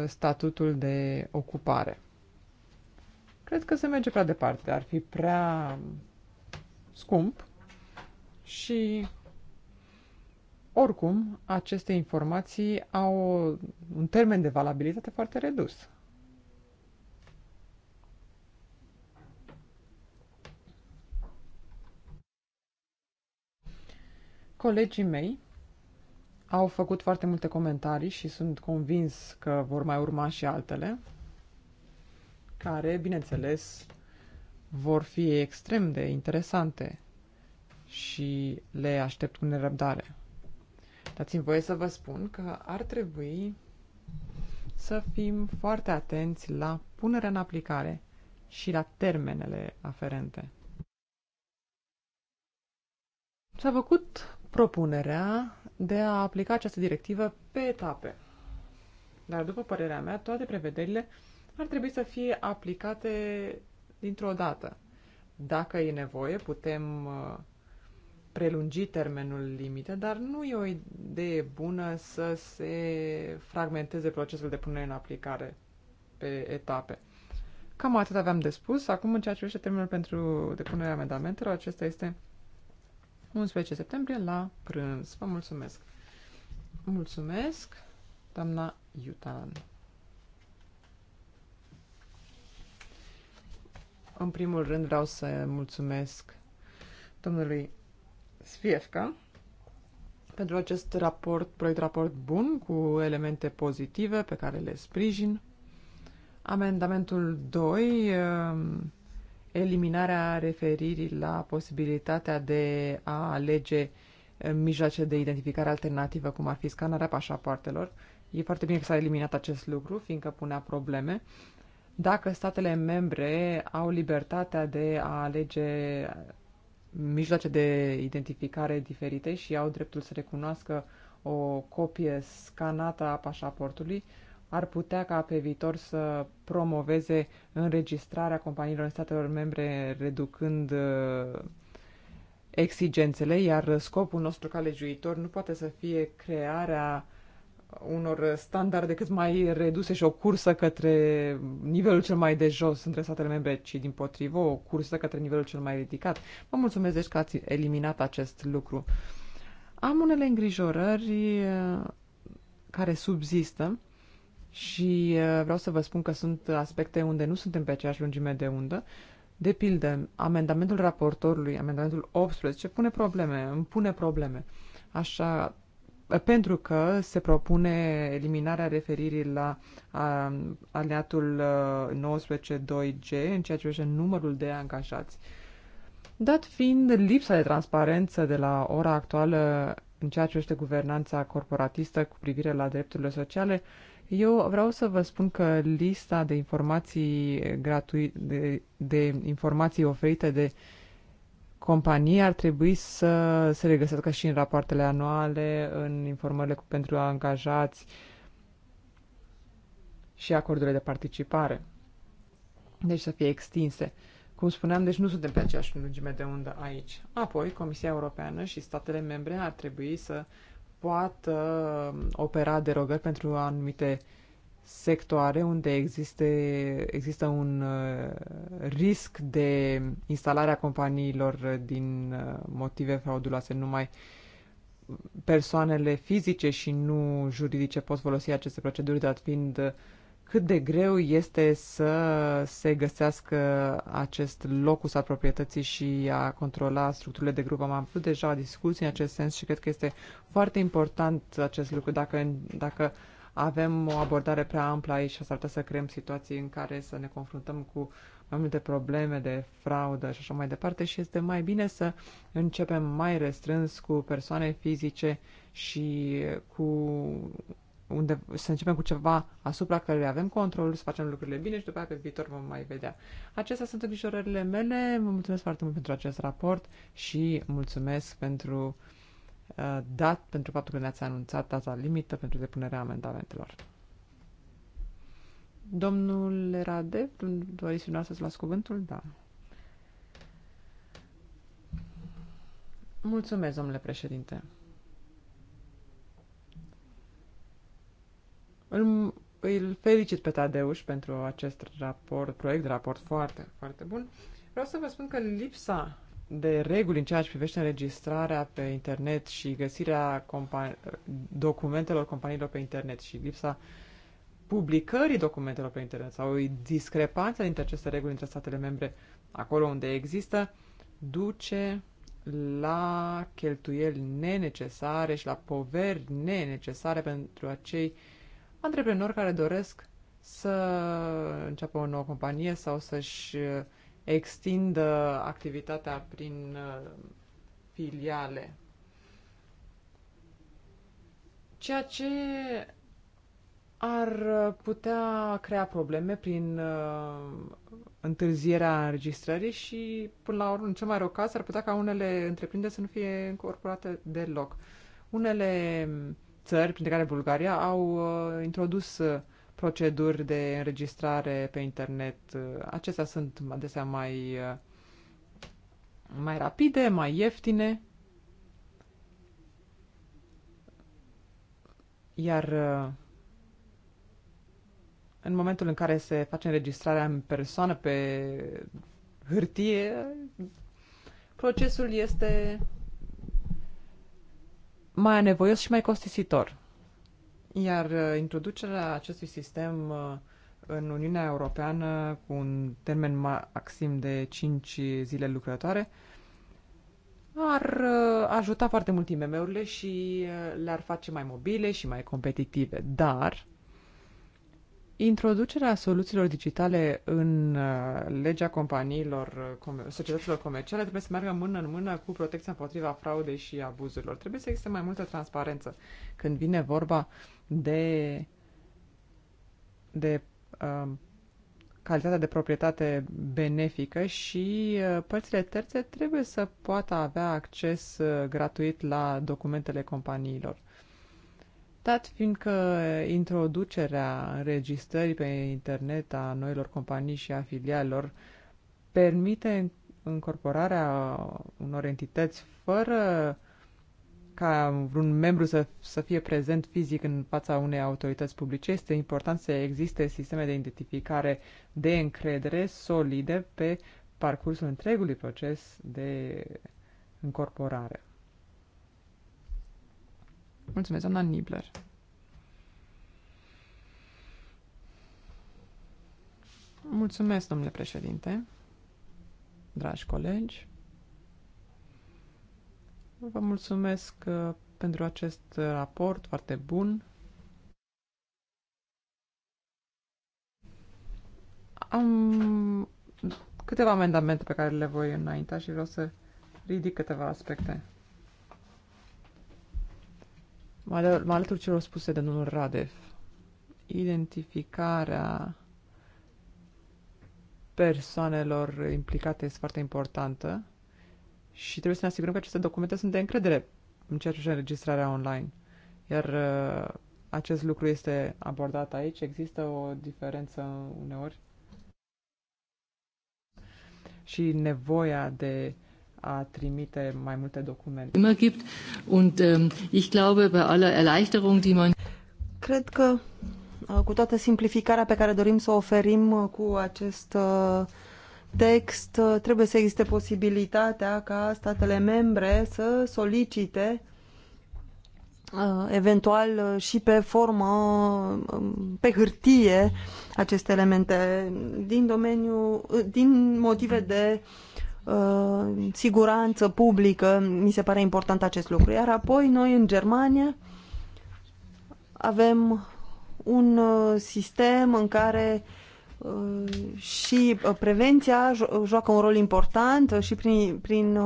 statutul de ocupare. Cred că se merge prea departe, ar fi prea scump și oricum aceste informații au un termen de valabilitate foarte redus. Colegii mei au făcut foarte multe comentarii și sunt convins că vor mai urma și altele, care, bineînțeles, vor fi extrem de interesante și le aștept cu nerăbdare. Dați-mi voie să vă spun că ar trebui să fim foarte atenți la punerea în aplicare și la termenele aferente. S-a făcut propunerea de a aplica această directivă pe etape. Dar, după părerea mea, toate prevederile ar trebui să fie aplicate dintr-o dată. Dacă e nevoie, putem uh, prelungi termenul limite, dar nu e o idee bună să se fragmenteze procesul de punere în aplicare pe etape. Cam atât aveam de spus. Acum, în ceea ce privește termenul pentru depunerea amendamentelor, acesta este 11 septembrie la prânz. Vă mulțumesc! Mulțumesc, doamna Iutalan. În primul rând vreau să mulțumesc domnului Sfiefca pentru acest raport, proiect raport bun cu elemente pozitive pe care le sprijin. Amendamentul 2 eliminarea referirii la posibilitatea de a alege eh, mijloace de identificare alternativă, cum ar fi scanarea pașapoartelor. E foarte bine că s-a eliminat acest lucru, fiindcă punea probleme. Dacă statele membre au libertatea de a alege mijloace de identificare diferite și au dreptul să recunoască o copie scanată a pașaportului, ar putea ca pe viitor să promoveze înregistrarea companiilor în statelor membre, reducând uh, exigențele, iar scopul nostru ca legiuitor nu poate să fie crearea unor standarde cât mai reduse și o cursă către nivelul cel mai de jos între statele membre, ci din potrivă o cursă către nivelul cel mai ridicat. Vă mulțumesc deci că ați eliminat acest lucru. Am unele îngrijorări uh, care subzistă și uh, vreau să vă spun că sunt aspecte unde nu suntem pe aceeași lungime de undă. De pildă, amendamentul raportorului, amendamentul 18, pune probleme, îmi pune probleme. Așa, pentru că se propune eliminarea referirii la a, aliatul 19.2G uh, în ceea ce privește numărul de angajați. Dat fiind lipsa de transparență de la ora actuală în ceea ce privește guvernanța corporatistă cu privire la drepturile sociale, eu vreau să vă spun că lista de informații gratuite, de, de informații oferite de companii ar trebui să se regăsească și în rapoartele anuale, în informările pentru angajați și acordurile de participare. Deci să fie extinse. Cum spuneam, deci nu suntem pe aceeași lungime de undă aici. Apoi, Comisia Europeană și statele membre ar trebui să poată um, opera derogări pentru anumite sectoare unde existe, există un uh, risc de instalare a companiilor din uh, motive frauduloase. Numai persoanele fizice și nu juridice pot folosi aceste proceduri, dat fiind uh, cât de greu este să se găsească acest locus al proprietății și a controla structurile de grup. Am avut deja discuții în acest sens și cred că este foarte important acest lucru. Dacă, dacă avem o abordare prea amplă aici, s-ar putea să creăm situații în care să ne confruntăm cu mai multe probleme de fraudă și așa mai departe și este mai bine să începem mai restrâns cu persoane fizice și cu unde să începem cu ceva asupra care avem control, să facem lucrurile bine și după aceea pe viitor vom mai vedea. Acestea sunt îngrijorările mele. Vă mulțumesc foarte mult pentru acest raport și mulțumesc pentru uh, dat, pentru faptul că ne-ați anunțat data limită pentru depunerea amendamentelor. Domnul Radev, doriți dumneavoastră să las cuvântul? Da. Mulțumesc, domnule președinte. Îl, îl felicit pe Tadeuș pentru acest raport, proiect de raport foarte, foarte bun. Vreau să vă spun că lipsa de reguli în ceea ce privește înregistrarea pe internet și găsirea compa- documentelor companiilor pe internet și lipsa publicării documentelor pe internet sau discrepanța dintre aceste reguli între statele membre acolo unde există, duce la cheltuieli nenecesare și la poveri nenecesare pentru acei antreprenori care doresc să înceapă o nouă companie sau să-și uh, extindă activitatea prin uh, filiale. Ceea ce ar uh, putea crea probleme prin uh, întârzierea înregistrării și, până la urmă, în cel mai rău caz, ar putea ca unele întreprinderi să nu fie încorporate deloc. Unele țări, printre care Bulgaria, au uh, introdus uh, proceduri de înregistrare pe internet. Uh, acestea sunt adesea mai, mai rapide, mai ieftine. Iar în momentul în care se face înregistrarea în persoană pe hârtie, procesul este mai anevoios și mai costisitor. Iar uh, introducerea acestui sistem uh, în Uniunea Europeană cu un termen maxim de 5 zile lucrătoare ar uh, ajuta foarte mult IMM-urile și le-ar face mai mobile și mai competitive. Dar Introducerea soluțiilor digitale în uh, legea companiilor, uh, societăților comerciale trebuie să meargă mână în mână cu protecția împotriva fraudei și abuzurilor. Trebuie să existe mai multă transparență când vine vorba de, de um, calitatea de proprietate benefică și uh, părțile terțe trebuie să poată avea acces gratuit la documentele companiilor dat fiindcă introducerea înregistrării pe internet a noilor companii și a filialelor permite încorporarea unor entități fără ca vreun membru să, să fie prezent fizic în fața unei autorități publice, este important să existe sisteme de identificare de încredere solide pe parcursul întregului proces de încorporare. Mulțumesc, doamna Nibler. Mulțumesc, domnule președinte, dragi colegi. Vă mulțumesc uh, pentru acest raport foarte bun. Am câteva amendamente pe care le voi înainta și vreau să ridic câteva aspecte. Mă alătur celor spuse de domnul Radev. Identificarea persoanelor implicate este foarte importantă și trebuie să ne asigurăm că aceste documente sunt de încredere în ceea ce privește înregistrarea online. Iar uh, acest lucru este abordat aici. Există o diferență uneori și nevoia de a trimite mai multe documente. Immer gibt und ähm, ich glaube bei aller Erleichterung, die man Cred că uh, cu toată simplificarea pe care dorim să o oferim uh, cu acest uh, text, trebuie să existe posibilitatea ca statele membre să solicite eventual și pe formă, um, pe hârtie, aceste elemente din domeniu, din motive de uh, siguranță publică, mi se pare important acest lucru. Iar apoi noi în Germania avem un uh, sistem în care uh, și uh, prevenția joacă un rol important și prin, prin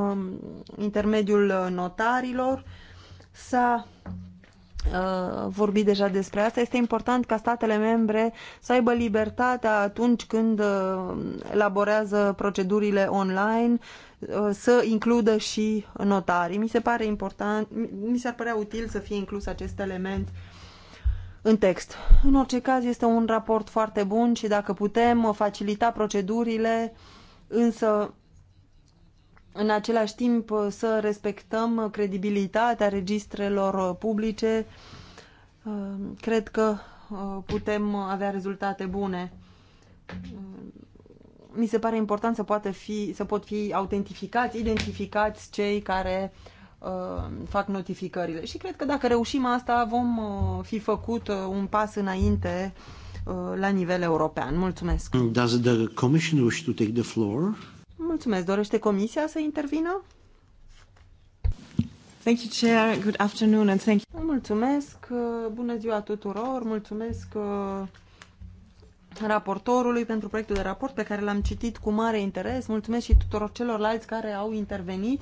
intermediul notarilor s-a Uh, vorbit deja despre asta, este important ca statele membre să aibă libertatea atunci când uh, elaborează procedurile online uh, să includă și notarii. Mi se pare important, mi s-ar părea util să fie inclus acest element în text. În orice caz este un raport foarte bun și dacă putem facilita procedurile, însă în același timp uh, să respectăm credibilitatea registrelor uh, publice, uh, cred că putem avea rezultate bune. Mi se pare important să, poată fi, să pot fi autentificați, identificați cei care fac notificările. Și cred că dacă reușim asta, vom fi făcut un pas înainte la nivel european. Mulțumesc. Does the commission wish to take the floor? Mulțumesc. Dorește Comisia să intervină? Thank you, Chair. Good afternoon and thank you. Mulțumesc. Bună ziua tuturor. Mulțumesc uh, raportorului pentru proiectul de raport pe care l-am citit cu mare interes. Mulțumesc și tuturor celorlalți care au intervenit.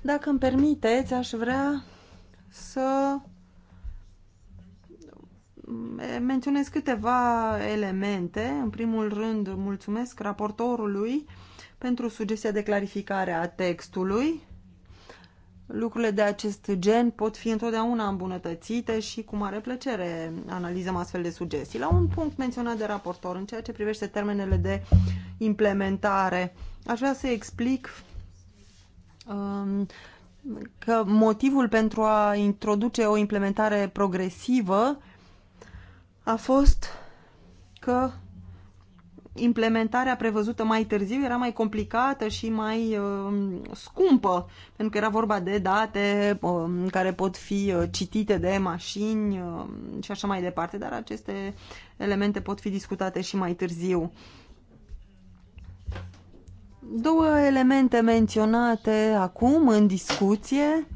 Dacă îmi permiteți, aș vrea să menționez câteva elemente. În primul rând, mulțumesc raportorului pentru sugestia de clarificare a textului. Lucrurile de acest gen pot fi întotdeauna îmbunătățite și cu mare plăcere analizăm astfel de sugestii. La un punct menționat de raportor în ceea ce privește termenele de implementare, aș vrea să explic um, că motivul pentru a introduce o implementare progresivă a fost că implementarea prevăzută mai târziu era mai complicată și mai um, scumpă, pentru că era vorba de date um, care pot fi uh, citite de mașini um, și așa mai departe, dar aceste elemente pot fi discutate și mai târziu. Două elemente menționate acum în discuție.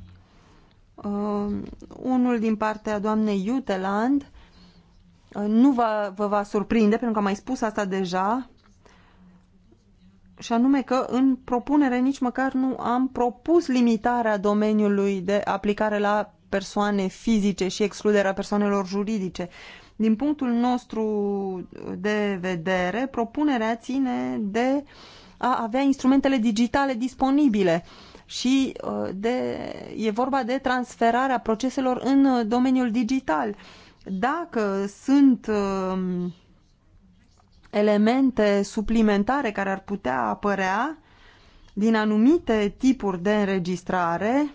Uh, unul din partea doamnei Juteland Uh, nu vă, vă va surprinde, pentru că am mai spus asta deja, și anume că în propunere nici măcar nu am propus limitarea domeniului de aplicare la persoane fizice și excluderea persoanelor juridice. Din punctul nostru de vedere, propunerea ține de a avea instrumentele digitale disponibile și uh, de, e vorba de transferarea proceselor în uh, domeniul digital dacă sunt um, elemente suplimentare care ar putea apărea din anumite tipuri de înregistrare,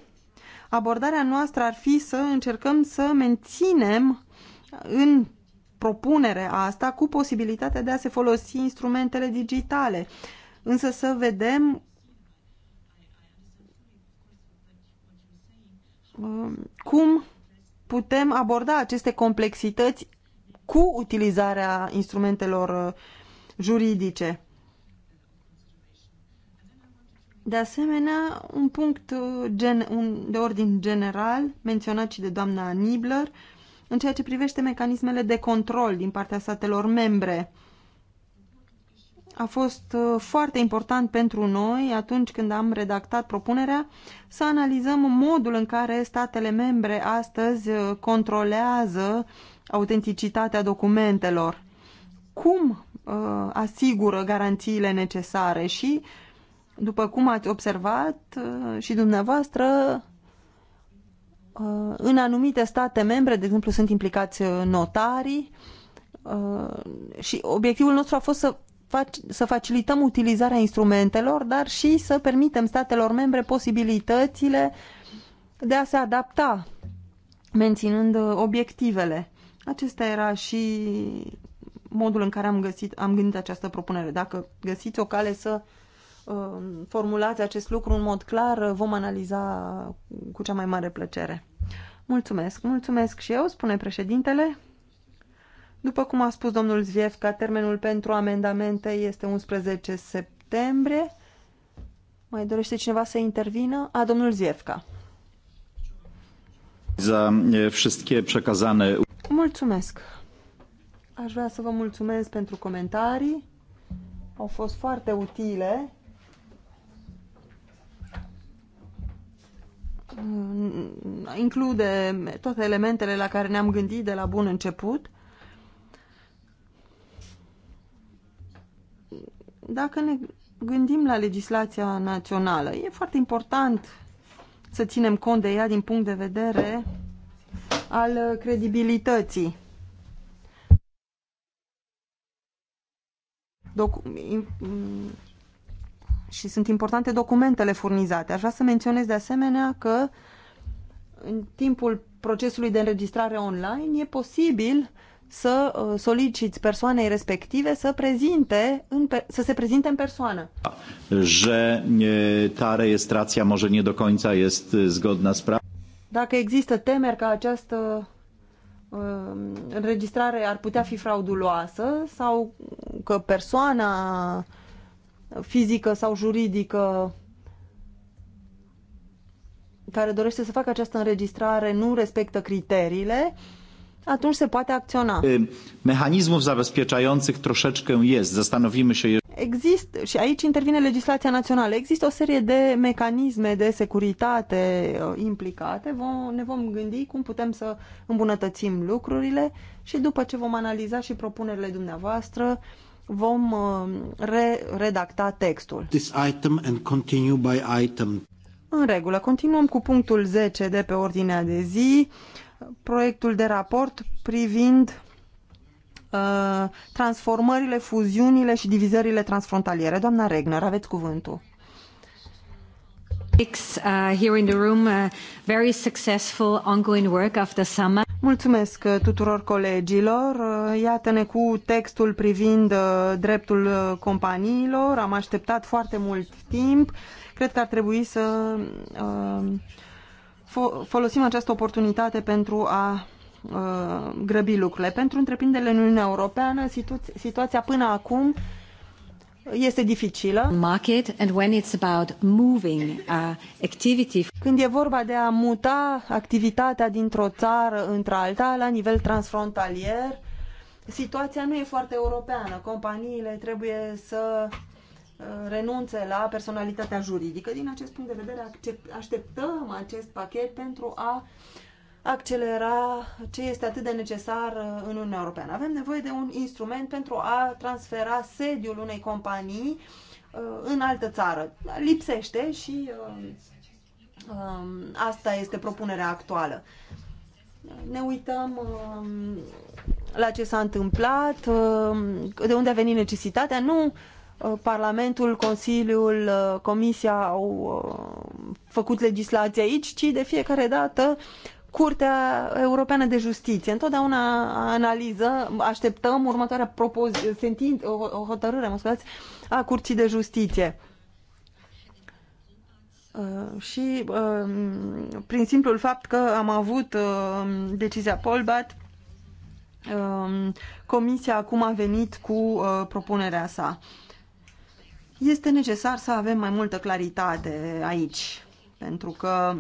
abordarea noastră ar fi să încercăm să menținem în propunerea asta cu posibilitatea de a se folosi instrumentele digitale. Însă să vedem um, cum putem aborda aceste complexități cu utilizarea instrumentelor uh, juridice. De asemenea, un punct uh, gen, un, de ordin general, menționat și de doamna Nibler, în ceea ce privește mecanismele de control din partea statelor membre, uh, a fost uh, foarte important pentru noi atunci când am redactat propunerea să analizăm modul în care statele membre astăzi uh, controlează autenticitatea documentelor. Cum uh, asigură garanțiile necesare și, după cum ați observat uh, și dumneavoastră, uh, în anumite state membre, de exemplu, sunt implicați uh, notarii, și obiectivul nostru a fost să să facilităm utilizarea instrumentelor, dar și să permitem statelor membre posibilitățile de a se adapta, menținând uh, obiectivele. Acesta era și modul în care am, găsit, am gândit această propunere. Dacă găsiți o cale să uh, formulați acest lucru în mod clar, uh, vom analiza cu cea mai mare plăcere. Mulțumesc, mulțumesc și eu, spune președintele. După cum a spus domnul Zviefka, termenul pentru amendamente este 11 septembrie. Mai dorește cineva să intervină? A, domnul Zviefka. Za wszystkie przekazane. Mulțumesc. Aș vrea să vă mulțumesc pentru comentarii. Au fost foarte utile. Include toate elementele la care ne-am gândit de la bun început. Dacă ne gândim la legislația națională, e foarte important să ținem cont de ea din punct de vedere al credibilității. Docu și sunt importante documentele furnizate. Aș vrea să menționez de asemenea că în timpul procesului de înregistrare online e posibil să uh, soliciți persoanei respective să, prezinte în, să se prezinte în persoană. Że ta rejestracja może nie do końca jest zgodna z prawem. Dacă există temeri că această um, înregistrare ar putea fi frauduloasă sau că persoana fizică sau juridică care dorește să facă această înregistrare nu respectă criteriile, uh, atunci se poate acționa. Mecanismów zabezpieczających troszeczkę jest. Zastanowimy się Există, și aici intervine legislația națională, există o serie de mecanisme de securitate implicate, vom, ne vom gândi cum putem să îmbunătățim lucrurile și după ce vom analiza și propunerile dumneavoastră, vom re redacta textul. This item and continue by item. În regulă, continuăm cu punctul 10 de pe ordinea de zi, proiectul de raport privind uh, transformările, fuziunile și divizările transfrontaliere. Doamna Regner, aveți cuvântul. Mulțumesc tuturor colegilor. Uh, iată-ne cu textul privind uh, dreptul uh, companiilor. Am așteptat foarte mult timp. Cred că ar trebui să uh, folosim această oportunitate pentru a uh, grăbi lucrurile. Pentru întreprinderile în Uniunea Europeană, situ situația până acum este dificilă. Market and when it's about moving, uh, activity. Când e vorba de a muta activitatea dintr-o țară într-alta la nivel transfrontalier, situația nu e foarte europeană. Companiile trebuie să renunțe la personalitatea juridică. Din acest punct de vedere, așteptăm acest pachet pentru a accelera ce este atât de necesar uh, în Uniunea Europeană. Avem nevoie de un instrument pentru a transfera sediul unei companii uh, în altă țară. Lipsește și uh, um, asta este propunerea actuală. Ne uităm um, la ce s-a întâmplat, de unde a venit necesitatea. Nu Uh, Parlamentul, Consiliul, uh, Comisia au uh, făcut legislație aici, ci de fiecare dată Curtea Europeană de Justiție. Întotdeauna analiză, așteptăm următoarea propoziție, sentin, o hotărâre, mă scuzați, a Curții de Justiție. Și prin simplul fapt că am avut decizia Polbat, Comisia acum a venit cu propunerea sa. Este necesar să avem mai multă claritate aici, pentru că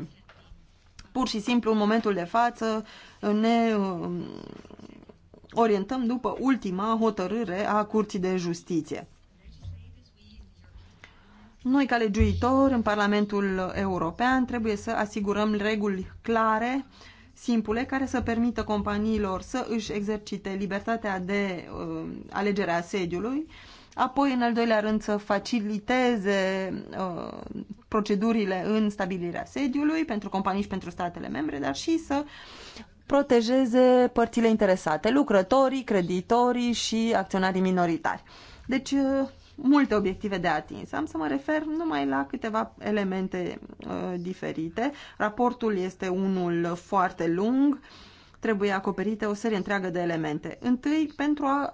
pur și simplu în momentul de față ne uh, orientăm după ultima hotărâre a Curții de Justiție. Noi, ca legiuitori în Parlamentul European, trebuie să asigurăm reguli clare, simple, care să permită companiilor să își exercite libertatea de uh, alegere a sediului uh, apoi, în al doilea rând, să faciliteze uh, procedurile în stabilirea sediului pentru companii și pentru statele membre, dar și să protejeze părțile interesate, lucrătorii, creditorii și acționarii minoritari. Deci, uh, multe obiective de atins. Am să mă refer numai la câteva elemente uh, diferite. Raportul este unul foarte lung, trebuie acoperită o serie întreagă de elemente. Întâi, pentru a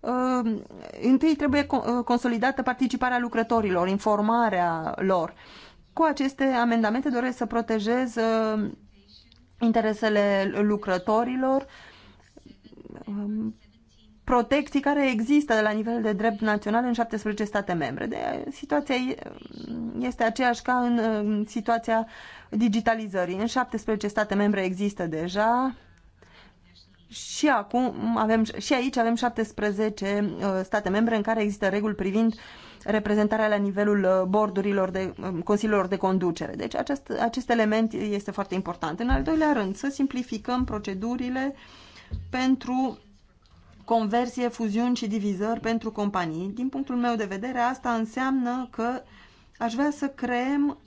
uh, întâi trebuie eh, consolidată participarea lucrătorilor, informarea lor. Cu aceste amendamente doresc să protejez uh, interesele lucrătorilor, ehm, protecții care există la nivel de drept național în 17 state membre. De, situația este aceeași ca în, în situația digitalizării. În 17 state membre există deja și acum avem, și aici avem 17 uh, state membre în care există reguli privind reprezentarea la nivelul uh, bordurilor de um, consiliilor de conducere. Deci acest, acest element este foarte important. În al doilea rând, să simplificăm procedurile pentru conversie, fuziuni și divizări pentru companii. Din punctul meu de vedere, asta înseamnă că aș vrea să creăm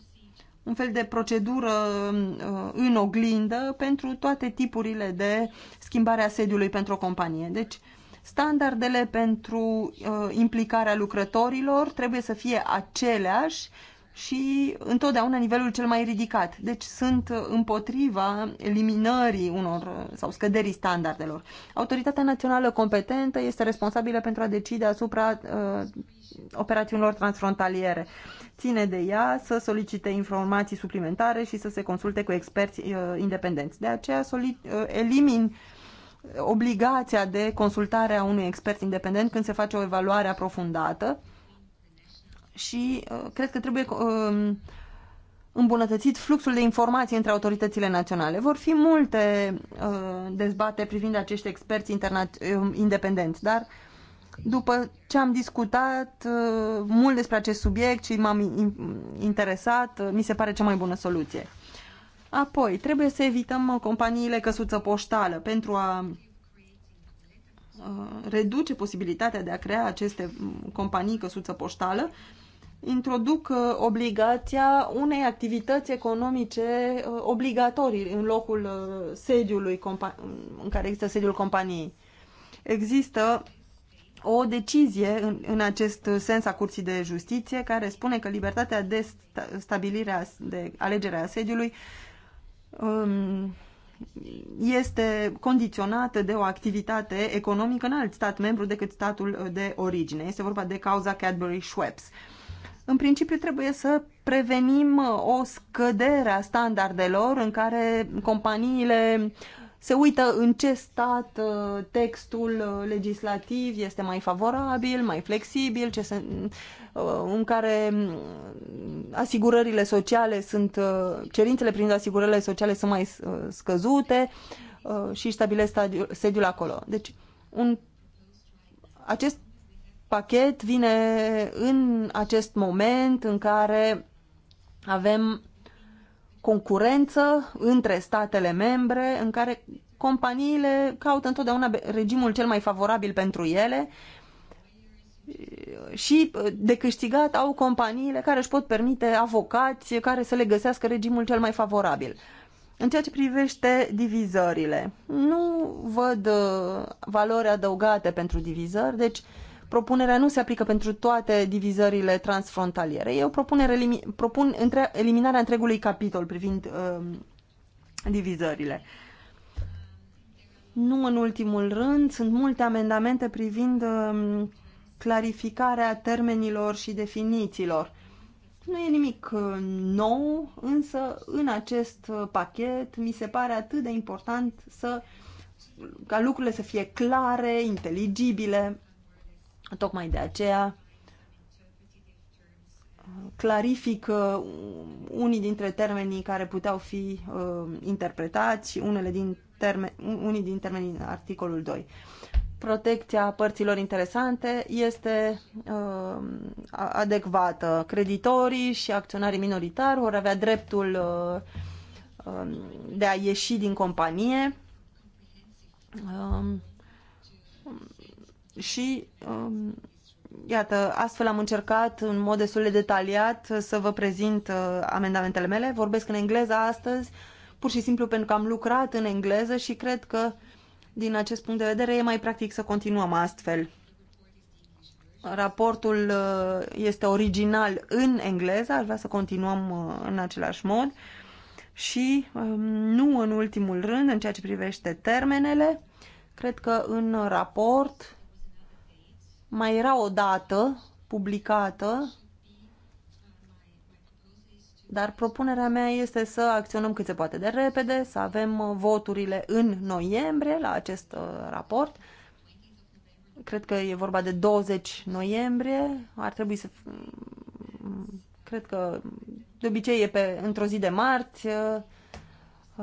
un fel de procedură uh, în oglindă pentru toate tipurile de schimbare a sediului pentru o companie. Deci, standardele pentru uh, implicarea lucrătorilor trebuie să fie aceleași și întotdeauna nivelul cel mai ridicat. Deci sunt împotriva eliminării unor uh, sau scăderii standardelor. Autoritatea națională competentă este responsabilă pentru a decide asupra uh, operațiunilor transfrontaliere. Ține de ea să solicite informații suplimentare și să se consulte cu experți uh, independenți. De aceea uh, elimin obligația de consultare a unui expert independent când se face o evaluare aprofundată și uh, cred că trebuie uh, îmbunătățit fluxul de informații între autoritățile naționale. Vor fi multe uh, dezbate privind acești experți uh, independenți, dar uh, după ce am discutat uh, mult despre acest subiect și m-am interesat, uh, mi se pare cea mai bună soluție. Apoi, trebuie să evităm uh, companiile căsuță poștală pentru a reduce posibilitatea de a crea aceste mm, companii căsuță poștală, introduc obligația unei activități economice obligatorii în locul sediului în care există sediul companiei. Există o decizie în, în acest sens a Curții de Justiție care spune că libertatea de sta, stabilire, de alegerea sediului um, este condiționată de o activitate economică în alt stat membru decât statul de origine. Este vorba de cauza Cadbury-Schweppes. În principiu trebuie să prevenim o scădere a standardelor în care companiile se uită în ce stat uh, textul uh, legislativ este mai favorabil, mai flexibil, ce se, uh, în care mm, asigurările sociale sunt, cerințele prin asigurările sociale sunt mai scăzute și stabilesc sediul acolo. Deci, un, acest pachet vine în acest moment în care avem concurență între statele membre în care companiile caută întotdeauna regimul cel mai favorabil pentru ele și uh, de câștigat au companiile care își pot permite avocați care să le găsească regimul cel mai favorabil. În ceea ce privește divizările, nu văd uh, valori adăugate pentru divizări, deci propunerea nu se aplică pentru toate divizările transfrontaliere. Eu propunere, propun între, eliminarea întregului capitol privind uh, divizările. Nu în ultimul rând, sunt multe amendamente privind uh, clarificarea termenilor și definițiilor. Nu e nimic uh, nou, însă în acest uh, pachet mi se pare atât de important să ca lucrurile să fie clare, inteligibile. Tocmai de aceea clarific uh, unii dintre termenii care puteau fi uh, interpretați și unele din termen, unii din termenii în articolul 2. Protecția părților interesante este uh, adecvată. Creditorii și acționarii minoritari vor avea dreptul uh, um, de a ieși din companie. Uh, și um, Iată, astfel am încercat în mod destul de detaliat să vă prezint uh, amendamentele mele. Vorbesc în engleză astăzi, pur și simplu pentru că am lucrat în engleză și cred că, din acest punct de vedere, e mai practic să continuăm astfel. Raportul uh, este original în engleză, aș vrea să continuăm uh, în același mod. Și, um, nu în ultimul rând, în ceea ce privește termenele, cred că în raport mai era o dată publicată, dar propunerea mea este să acționăm cât se poate de repede, să avem uh, voturile în noiembrie la acest uh, raport. Cred că e vorba de 20 noiembrie, ar trebui să mm, cred că de obicei e pe, într-o zi de marți, uh,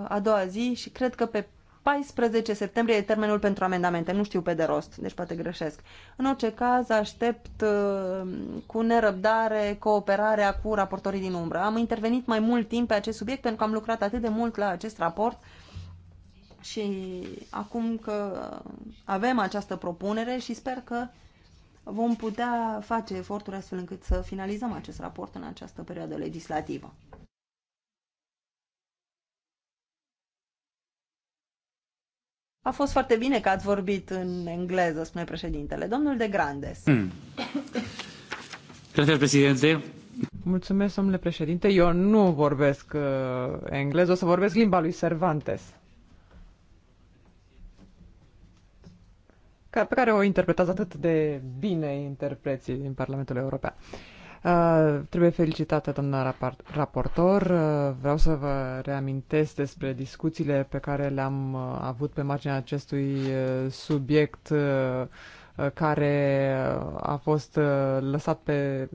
a doua zi și cred că pe 14 septembrie e termenul pentru amendamente, nu știu pe de rost, deci poate greșesc. În orice caz, aștept uh, cu nerăbdare cooperarea cu raportorii din umbră. Am intervenit mai mult timp pe acest subiect pentru că am lucrat atât de mult la acest raport și acum că avem această propunere și sper că vom putea face eforturi astfel încât să finalizăm acest raport în această perioadă legislativă. A fost foarte bine că ați vorbit în engleză, spune președintele. Domnul de Grandes. Mm. Gracias, președinte. Mulțumesc, domnule președinte. Eu nu vorbesc uh, engleză, o să vorbesc limba lui Cervantes. Ca, pe care o interpretați atât de bine interpreții din Parlamentul European. Uh, Uh, trebuie felicitată, doamna raportor. Uh, vreau să vă reamintesc despre discuțiile pe care le-am uh, avut pe marginea acestui subiect care a fost lăsat pe,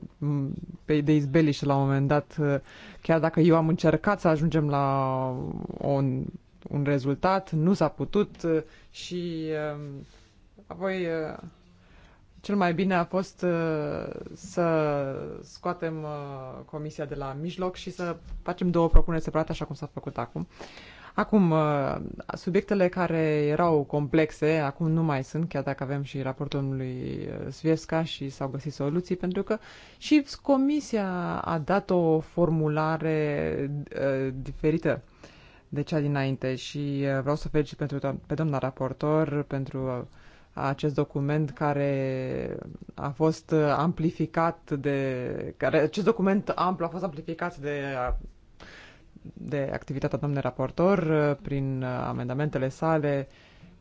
pe de izbeliș la un moment dat, chiar dacă eu am încercat să ajungem la un, un rezultat, nu s-a putut și apoi cel mai bine a fost uh, să scoatem uh, comisia de la mijloc și să facem două propuneri separate, așa cum s-a făcut acum. Acum, uh, subiectele care erau complexe, acum nu mai sunt, chiar dacă avem și raportul lui Sviesca și s-au găsit soluții, pentru că și Comisia a dat o formulare diferită de cea dinainte și vreau să felicit pentru, pe doamna raportor pentru acest document care a fost amplificat de... Care, acest document amplu a fost amplificat de de activitatea domnului raportor prin amendamentele sale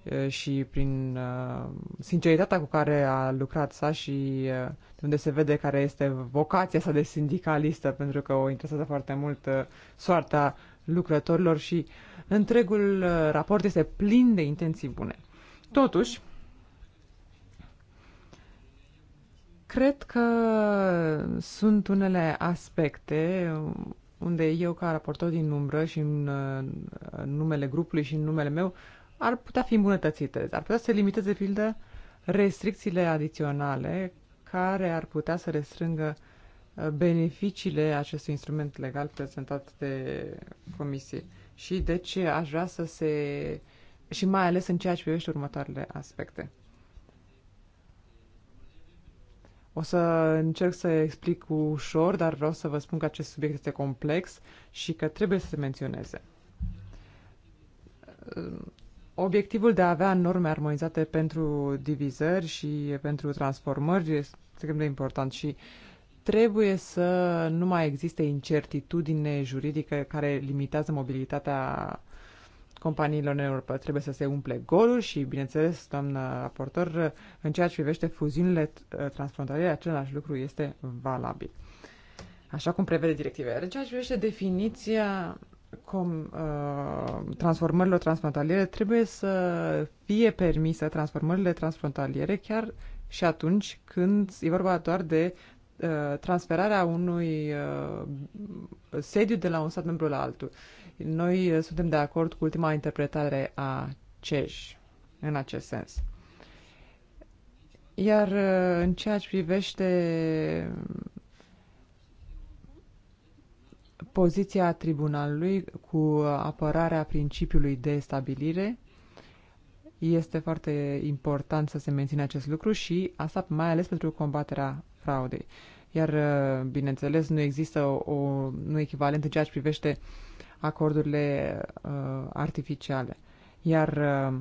eh, și prin eh, sinceritatea cu care a lucrat sa și eh, de unde se vede care este vocația sa de sindicalistă, pentru că o interesează foarte mult soarta lucrătorilor și întregul raport este plin de intenții bune. Totuși, Cred că sunt unele aspecte unde eu, ca raportor din umbră și în, în numele grupului și în numele meu, ar putea fi îmbunătățite. Ar putea să se limiteze, pildă, restricțiile adiționale care ar putea să restrângă uh, beneficiile acestui instrument legal prezentat de comisie. Și ce aș vrea să se... și mai ales în ceea ce privește următoarele aspecte. O să încerc să explic ușor, dar vreau să vă spun că acest subiect este complex și că trebuie să se menționeze. Obiectivul de a avea norme armonizate pentru divizări și pentru transformări este extrem de important și trebuie să nu mai existe incertitudine juridică care limitează mobilitatea companiilor în Europa. Trebuie să se umple golul și, bineînțeles, doamnă raportor, în ceea ce privește fuziunile ă, transfrontaliere, același lucru este valabil. Așa cum prevede directiva. În ceea ce privește definiția com, uh, transformărilor transfrontaliere, trebuie să fie permisă transformările transfrontaliere chiar și atunci când e vorba doar de Uh, transferarea unui uh, sediu de la un stat membru la altul. Noi uh, suntem de acord cu ultima interpretare a CEJ în acest sens. Iar în ceea ce privește poziția tribunalului cu apărarea principiului de stabilire, este foarte important să se mențină acest lucru și asta mai ales pentru combaterea fraudei. Iar, uh, bineînțeles, nu există o, o nu echivalent în ceea ce privește acordurile uh, artificiale. Iar uh,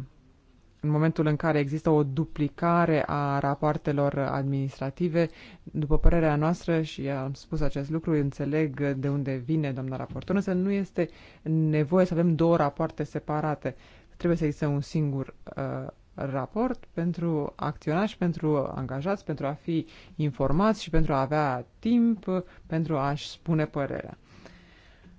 în momentul în care există o duplicare a rapoartelor administrative, după părerea noastră, și am spus acest lucru, înțeleg de unde vine doamna raportor, însă nu este nevoie să avem două rapoarte separate. Trebuie să existe un singur uh, raport pentru acționați pentru angajați, pentru a fi informați și pentru a avea timp pentru a-și spune părerea.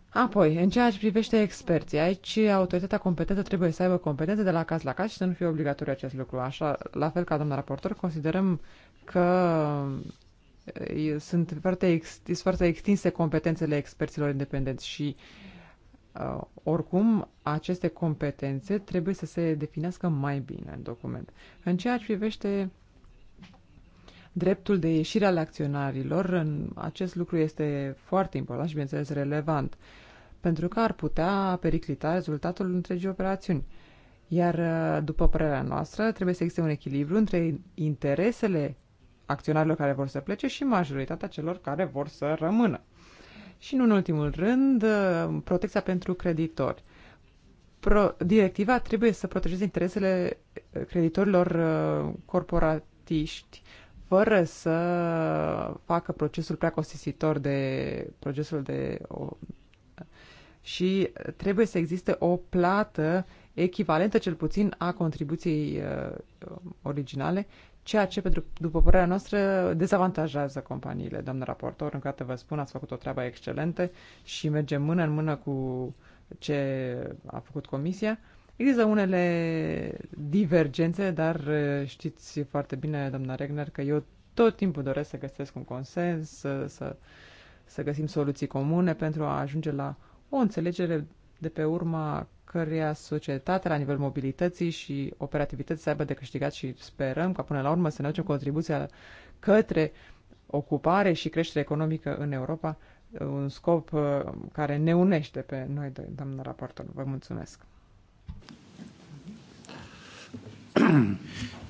Apoi, în ceea ce privește experții, aici autoritatea competentă trebuie să aibă competențe de la caz la caz și să nu fie obligatoriu acest lucru. Așa, la fel ca domnul raportor, considerăm că sunt foarte, ex, sunt foarte extinse competențele experților independenți și uh, Uh, oricum, aceste competențe trebuie să se definească mai bine în document. În ceea ce privește dreptul de ieșire al acționarilor, în acest lucru este foarte important și, bineînțeles, relevant, pentru că ar putea periclita rezultatul întregii operațiuni. Iar, uh, după părerea noastră, trebuie să existe un echilibru între interesele acționarilor care vor să plece și majoritatea celor care vor să rămână. Și, în ultimul rând, uh, protecția pentru creditori. Pro, directiva trebuie să protejeze interesele uh, creditorilor uh, corporatiști fără să facă procesul prea costisitor de procesul de o, și trebuie să existe o plată echivalentă cel puțin a contribuției originale ceea ce, pentru, după părerea noastră, dezavantajează companiile. Doamnă raportor, încă dată vă spun, ați făcut o treabă excelentă și merge mână în mână cu ce a făcut comisia. Există unele divergențe, dar uh, știți foarte bine, doamna Regner, că eu tot timpul doresc să găsesc un consens, să, să, să găsim soluții comune pentru a ajunge la o înțelegere de pe urma căreia societatea la nivel mobilității și operativității să aibă de câștigat și sperăm ca până la urmă să ne aducem contribuția către ocupare și creștere economică în Europa, un scop uh, care ne unește pe noi doi, doamnă raportor. Vă mulțumesc. *clears throat*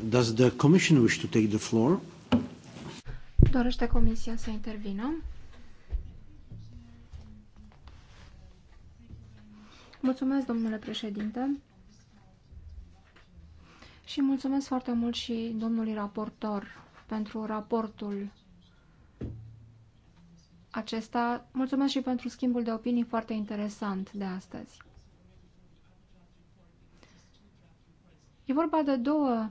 Does the commission wish to take the floor? Dorește comisia să intervină? Mulțumesc, domnule președinte. Și mulțumesc foarte mult și domnului raportor pentru raportul acesta. Mulțumesc și pentru schimbul de opinii foarte interesant de astăzi. E vorba de două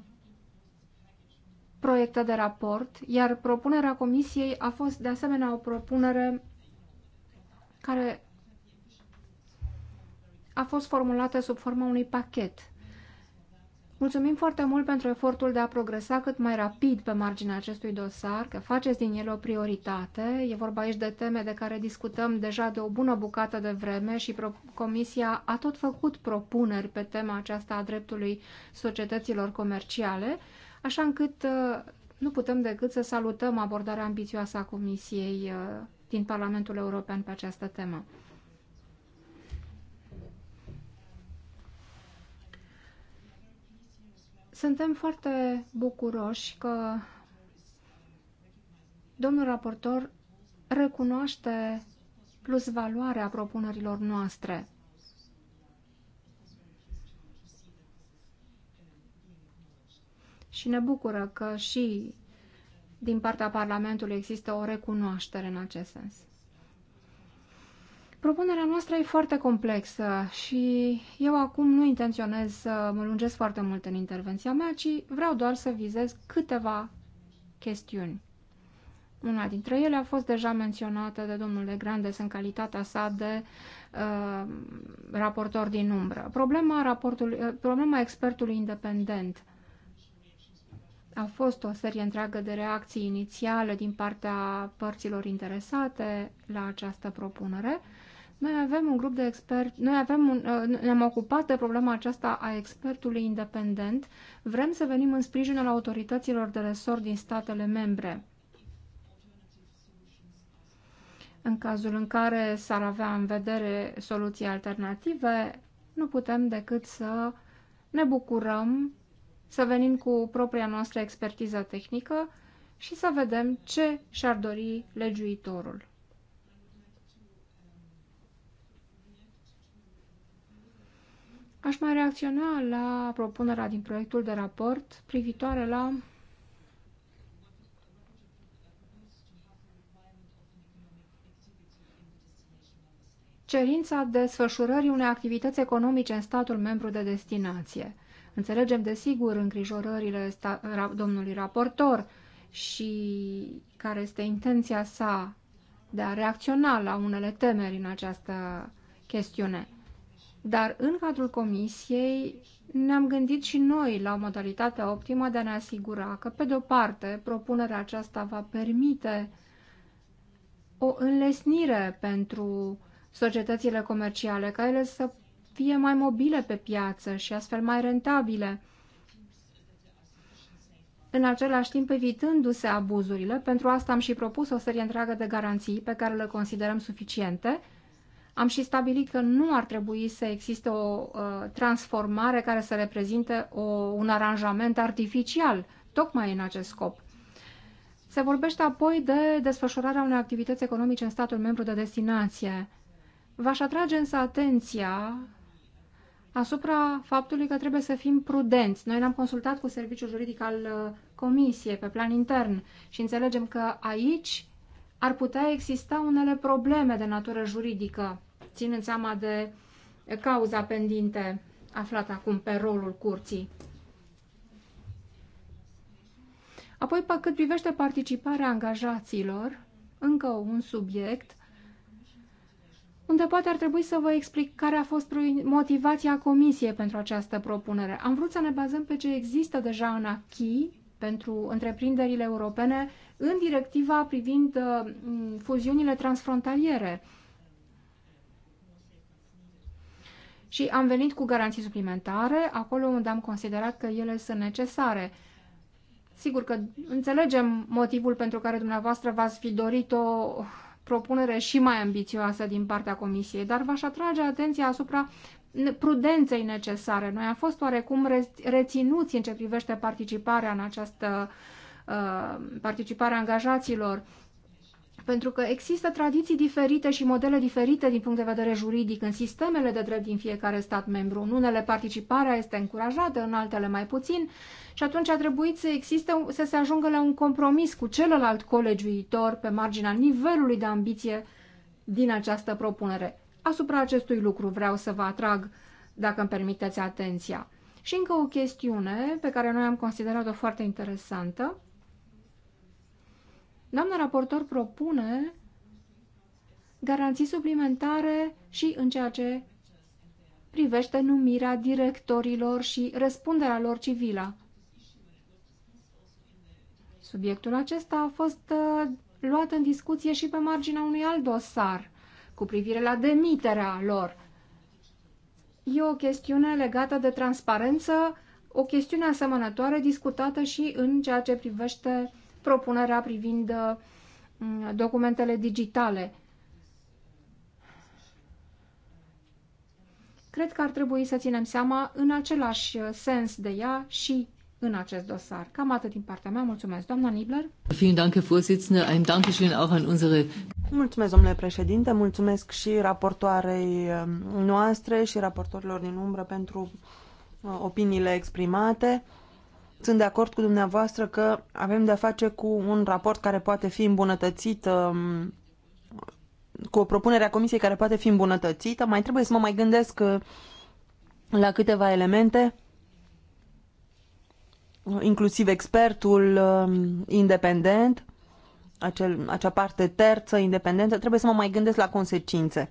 proiecte de raport, iar propunerea comisiei a fost de asemenea o propunere care a fost formulată sub forma unui pachet. Mulțumim foarte mult pentru efortul de a progresa cât mai rapid pe marginea acestui dosar, că faceți din el o prioritate. E vorba aici de teme de care discutăm deja de o bună bucată de vreme și Comisia a tot făcut propuneri pe tema aceasta a dreptului societăților comerciale, așa încât uh, nu putem decât să salutăm abordarea ambițioasă a Comisiei uh, din Parlamentul European pe această temă. Suntem foarte bucuroși că domnul raportor recunoaște plus valoarea propunerilor noastre. Și ne bucură că și din partea Parlamentului există o recunoaștere în acest sens. Propunerea noastră e foarte complexă și eu acum nu intenționez să mă lungesc foarte mult în intervenția mea, ci vreau doar să vizez câteva chestiuni. Una dintre ele a fost deja menționată de domnul de Grandes în calitatea sa de uh, raportor din umbră. Problema, raportului, uh, problema expertului independent a fost o serie întreagă de reacții inițiale din partea părților interesate la această propunere noi avem un grup de experți, noi avem un, uh, ne-am ocupat de problema aceasta a expertului independent. Vrem să venim în sprijinul autorităților de resort din statele membre. În cazul în care s-ar avea în vedere soluții alternative, nu putem decât să ne bucurăm, să venim cu propria noastră expertiză tehnică și să vedem ce și-ar dori legiuitorul. Aș mai reacționa la propunerea din proiectul de raport privitoare la cerința desfășurării unei activități economice în statul membru de destinație. Înțelegem, desigur, îngrijorările domnului raportor și care este intenția sa de a reacționa la unele temeri în această chestiune. Dar în cadrul comisiei ne-am gândit și noi la modalitatea optimă de a ne asigura că, pe de-o parte, propunerea aceasta va permite o înlesnire pentru societățile comerciale, ca ele să fie mai mobile pe piață și astfel mai rentabile, în același timp evitându-se abuzurile. Pentru asta am și propus o serie întreagă de garanții pe care le considerăm suficiente, am și stabilit că nu ar trebui să existe o uh, transformare care să reprezinte o, un aranjament artificial, tocmai în acest scop. Se vorbește apoi de desfășurarea unei activități economice în statul membru de destinație. V-aș atrage însă atenția asupra faptului că trebuie să fim prudenți. Noi ne-am consultat cu serviciul juridic al uh, Comisiei pe plan intern și înțelegem că aici ar putea exista unele probleme de natură juridică ținând seama de cauza pendinte aflată acum pe rolul curții. Apoi, pe cât privește participarea angajaților, încă un subiect, unde poate ar trebui să vă explic care a fost motivația comisiei pentru această propunere. Am vrut să ne bazăm pe ce există deja în achi pentru întreprinderile europene în directiva privind uh, fuziunile transfrontaliere. și am venit cu garanții suplimentare acolo unde am considerat că ele sunt necesare. Sigur că înțelegem motivul pentru care dumneavoastră v-ați fi dorit o propunere și mai ambițioasă din partea Comisiei, dar v-aș atrage atenția asupra prudenței necesare. Noi am fost oarecum reținuți în ce privește participarea în această uh, participare angajaților pentru că există tradiții diferite și modele diferite din punct de vedere juridic în sistemele de drept din fiecare stat membru. În unele participarea este încurajată, în altele mai puțin și atunci a trebuit să existe, să se ajungă la un compromis cu celălalt colegiuitor pe marginea nivelului de ambiție din această propunere. Asupra acestui lucru vreau să vă atrag, dacă îmi permiteți, atenția. Și încă o chestiune pe care noi am considerat-o foarte interesantă, Doamna raportor propune garanții suplimentare și în ceea ce privește numirea directorilor și răspunderea lor civilă. Subiectul acesta a fost uh, luat în discuție și pe marginea unui alt dosar cu privire la demiterea lor. E o chestiune legată de transparență, o chestiune asemănătoare discutată și în ceea ce privește propunerea privind uh, documentele digitale. Cred că ar trebui să ținem seama în același uh, sens de ea și în acest dosar. Cam atât din partea mea. Mulțumesc, doamna Nibler. Mulțumesc, domnule președinte. Mulțumesc și raportoarei um, noastre și raportorilor din umbră pentru uh, opiniile exprimate. Sunt de acord cu dumneavoastră că avem de-a face cu un raport care poate fi îmbunătățit um, cu o propunere a Comisiei care poate fi îmbunătățită. Mai trebuie să mă mai gândesc uh, la câteva elemente, inclusiv expertul um, independent, acel, acea parte terță independentă. Trebuie să mă mai gândesc la consecințe.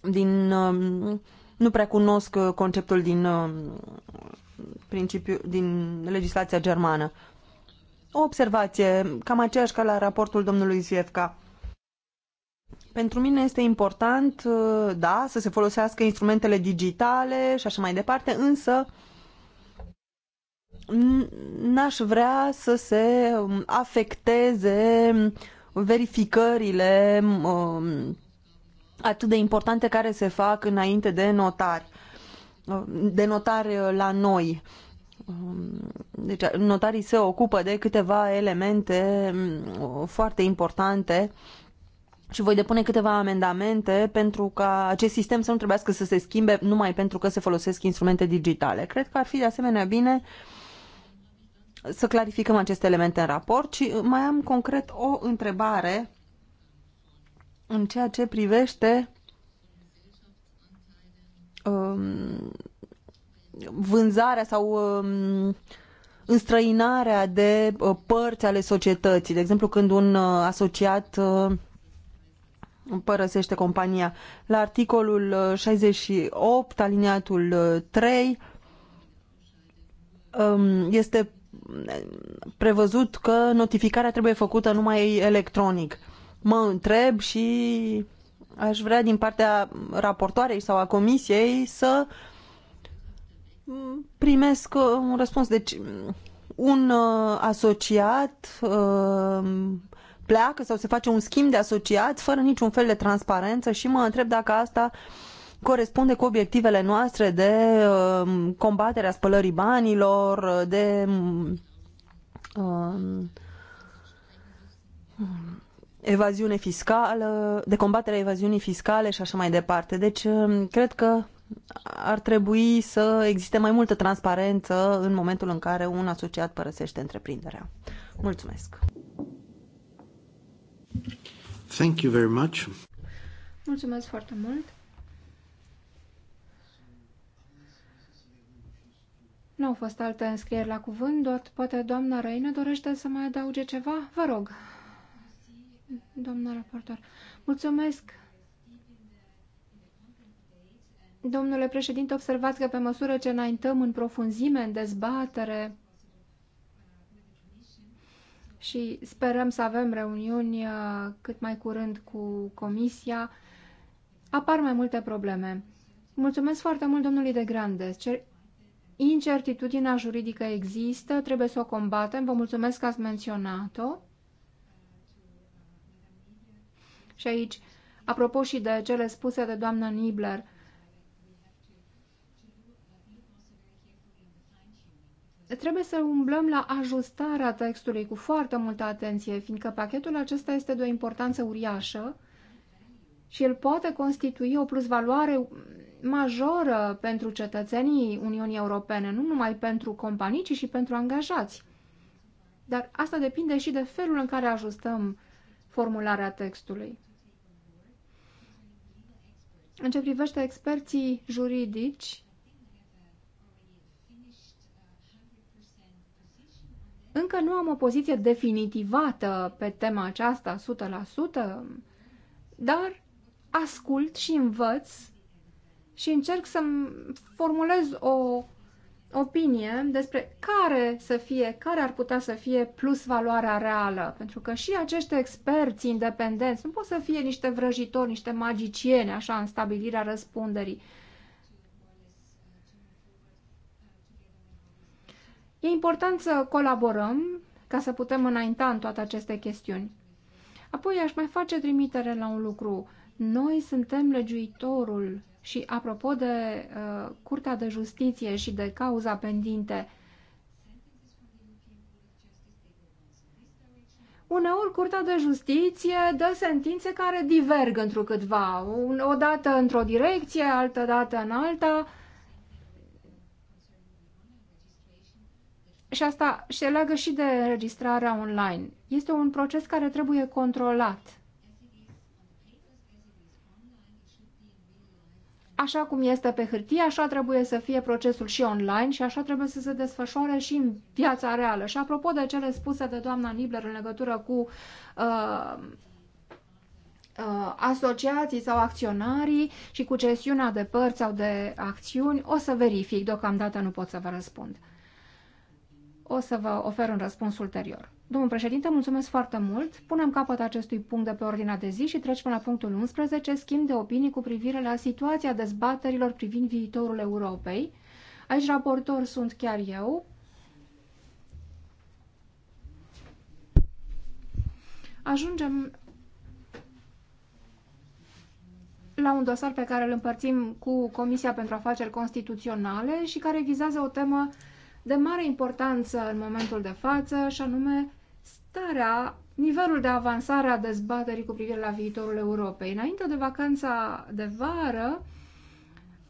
Din, um, nu prea cunosc uh, conceptul din principiu, din legislația germană. O observație, cam aceeași ca la raportul domnului Ziefka. Pentru mine este important, uh, da, să se folosească instrumentele digitale și așa mai departe, însă n-aș vrea să se um, afecteze verificările um, atât de importante care se fac înainte de notari de notar uh, la noi. Um, deci uh, notarii se ocupă de câteva elemente um, uh, foarte importante și voi depune câteva amendamente pentru ca acest sistem să nu trebuiască să se schimbe numai pentru că se folosesc instrumente digitale. Cred că ar fi de asemenea bine să clarificăm aceste elemente în raport și mai am concret o întrebare în ceea ce privește Um, vânzarea sau um, înstrăinarea de uh, părți ale societății. De exemplu, când un uh, asociat uh, părăsește compania. La articolul 68, aliniatul 3, um, este prevăzut că notificarea trebuie făcută numai electronic. Mă întreb și Aș vrea din partea raportoarei sau a comisiei să primesc uh, un răspuns. Deci, un uh, asociat uh, pleacă sau se face un schimb de asociați fără niciun fel de transparență și mă întreb dacă asta corespunde cu obiectivele noastre de combaterea spălării banilor, de um, evaziune fiscală, de combaterea evaziunii fiscale și așa mai departe. Deci, um, cred că ar trebui să existe mai multă transparență în momentul în care un asociat părăsește întreprinderea. Mulțumesc! Thank you very much. Mulțumesc foarte mult! Nu au fost alte înscrieri la cuvânt, doar poate doamna Răină dorește să mai adauge ceva? Vă rog! doamna raportor. Mulțumesc! Domnule președinte, observați că pe măsură ce înaintăm în profunzime, în dezbatere și sperăm să avem reuniuni uh, cât mai curând cu comisia, apar mai multe probleme. Mulțumesc foarte mult domnului de Grande. Incertitudinea juridică există, trebuie să o combatem. Vă mulțumesc că ați menționat-o. Și aici, apropo și de cele spuse de doamna Nibler, Trebuie să umblăm la ajustarea textului cu foarte multă atenție, fiindcă pachetul acesta este de o importanță uriașă și el poate constitui o plusvaloare majoră pentru cetățenii Uniunii Europene, nu numai pentru companii, ci și pentru angajați. Dar asta depinde și de felul în care ajustăm formularea textului. În ce privește experții juridici, încă nu am o poziție definitivată pe tema aceasta 100%, dar ascult și învăț și încerc să formulez o opinie despre care să fie, care ar putea să fie plus valoarea reală. Pentru că și acești experți independenți nu pot să fie niște vrăjitori, niște magicieni, așa, în stabilirea răspunderii. E important să colaborăm ca să putem înainta în toate aceste chestiuni. Apoi aș mai face trimitere la un lucru. Noi suntem legiuitorul și apropo de uh, Curtea de Justiție și de cauza pendinte, Uneori, Curtea de Justiție dă sentințe care diverg într-o câtva, o dată într-o direcție, altă dată în alta. Și asta se leagă și de înregistrarea online. Este un proces care trebuie controlat. Așa cum este pe hârtie, așa trebuie să fie procesul și online și așa trebuie să se desfășoare și în viața reală. Și apropo de cele spuse de doamna Nibler în legătură cu uh, uh asociații sau acționarii și cu cesiunea de părți sau de acțiuni, o să verific, deocamdată nu pot să vă răspund o să vă ofer un răspuns ulterior. Domnul președinte, mulțumesc foarte mult. Punem capăt acestui punct de pe ordinea de zi și trecem la punctul 11, schimb de opinii cu privire la situația dezbaterilor privind viitorul Europei. Aici raportor sunt chiar eu. Ajungem la un dosar pe care îl împărțim cu Comisia pentru Afaceri Constituționale și care vizează o temă de mare importanță în momentul de față, și anume starea, nivelul de avansare a dezbaterii cu privire la viitorul Europei. Înainte de vacanța de vară,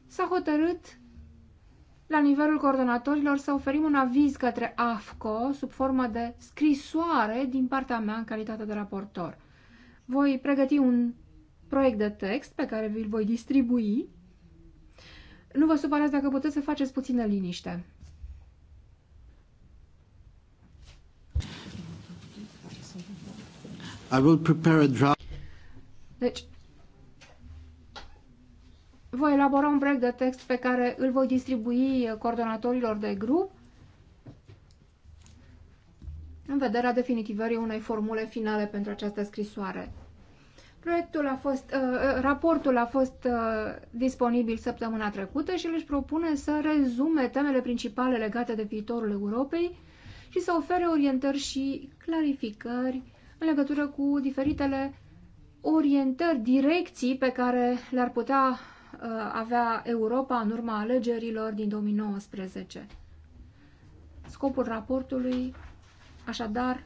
s-a hotărât la nivelul coordonatorilor să oferim un aviz către AFCO sub formă de scrisoare din partea mea în calitate de raportor. Voi pregăti un proiect de text pe care vi-l voi distribui. Nu vă supărați dacă puteți să faceți puțină liniște. I will prepare a draft. Deci, voi elabora un proiect de text pe care îl voi distribui coordonatorilor de grup în vederea definitivării unei formule finale pentru această scrisoare. Proiectul a fost, uh, uh raportul a fost uh, disponibil săptămâna trecută și își propune să rezume temele principale legate de viitorul Europei și să ofere orientări și clarificări în legătură cu diferitele orientări, direcții pe care le-ar putea uh, avea Europa în urma alegerilor din 2019. Scopul raportului, așadar,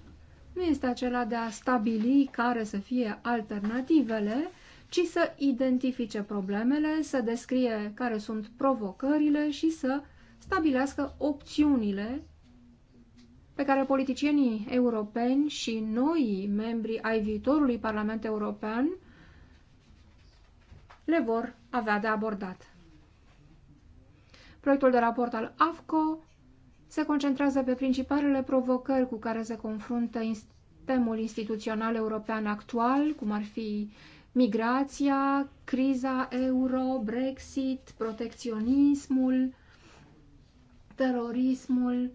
nu este acela de a stabili care să fie alternativele, ci să identifice problemele, să descrie care sunt provocările și să stabilească opțiunile pe care politicienii europeni și noi membri ai viitorului Parlament European le vor avea de abordat. Proiectul de raport al AFCO se concentrează pe principalele provocări cu care se confruntă sistemul instituțional european actual, cum ar fi migrația, criza euro, Brexit, protecționismul, terorismul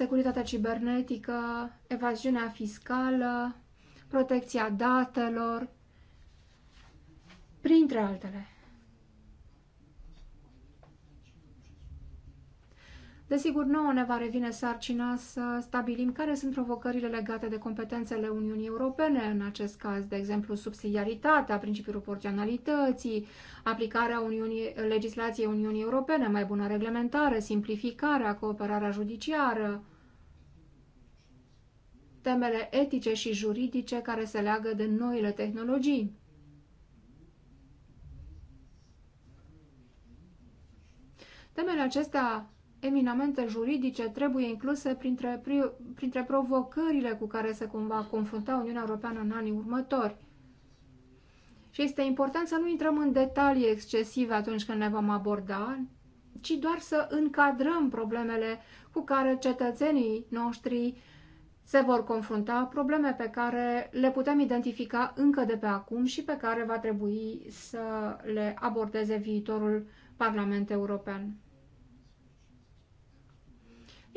securitatea cibernetică, evaziunea fiscală, protecția datelor, printre altele. Desigur, nouă ne va revine sarcina să stabilim care sunt provocările legate de competențele Uniunii Europene în acest caz, de exemplu subsidiaritatea, principiul proporționalității, aplicarea Uniunii, legislației Uniunii Europene, mai bună reglementare, simplificarea, cooperarea judiciară, temele etice și juridice care se leagă de noile tehnologii. Temele acestea eminamente juridice trebuie incluse printre, printre provocările cu care se va confrunta Uniunea Europeană în anii următori. Și este important să nu intrăm în detalii excesive atunci când ne vom aborda, ci doar să încadrăm problemele cu care cetățenii noștri se vor confrunta, probleme pe care le putem identifica încă de pe acum și pe care va trebui să le abordeze viitorul Parlament European.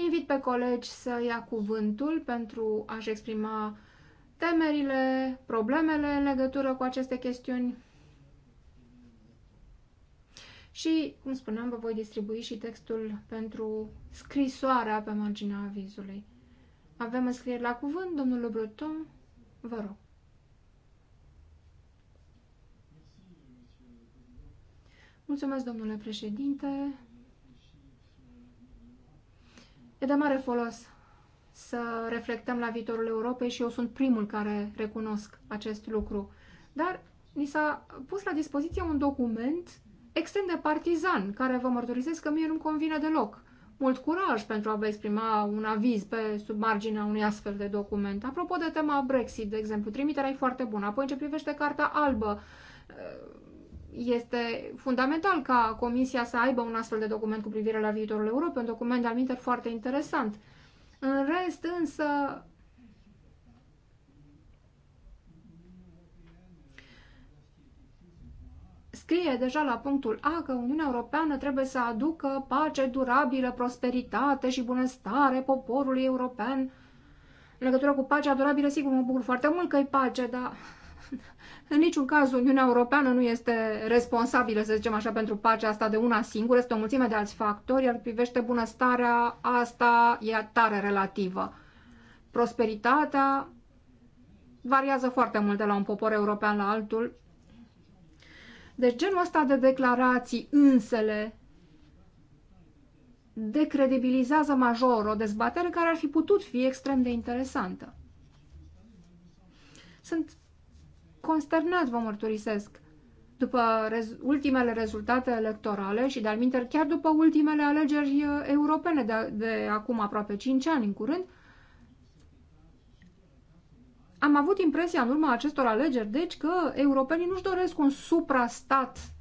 Invit pe colegi să ia cuvântul pentru a-și exprima temerile, problemele în legătură cu aceste chestiuni. Și, cum spuneam, vă voi distribui și textul pentru scrisoarea pe marginea avizului. Avem înscrieri la cuvânt, domnul Breton, vă rog. Mulțumesc, domnule președinte. E de mare folos să reflectăm la viitorul Europei și eu sunt primul care recunosc acest lucru. Dar ni s-a pus la dispoziție un document extrem de partizan, care vă mărturisesc că mie nu-mi convine deloc. Mult curaj pentru a vă exprima un aviz pe sub marginea unui astfel de document. Apropo de tema Brexit, de exemplu, trimiterea e foarte bună. Apoi, în ce privește Carta Albă, este fundamental ca Comisia să aibă un astfel de document cu privire la viitorul Europei, un document de aminte foarte interesant. În rest, însă, scrie deja la punctul A că Uniunea Europeană trebuie să aducă pace durabilă, prosperitate și bunăstare poporului european. În legătură cu pacea durabilă, sigur, mă bucur foarte mult că e pace, dar în niciun caz, Uniunea Europeană nu este responsabilă, să zicem așa, pentru pacea asta de una singură, este o mulțime de alți factori, iar privește bunăstarea, asta e tare relativă. Prosperitatea variază foarte mult de la un popor european la altul. Deci genul ăsta de declarații însele decredibilizează major o dezbatere care ar fi putut fi extrem de interesantă. Sunt consternat vă mărturisesc după rez- ultimele rezultate electorale și, de-al chiar după ultimele alegeri uh, europene de, de acum aproape 5 ani în curând, am avut impresia în urma acestor alegeri, deci, că europenii nu-și doresc un suprastat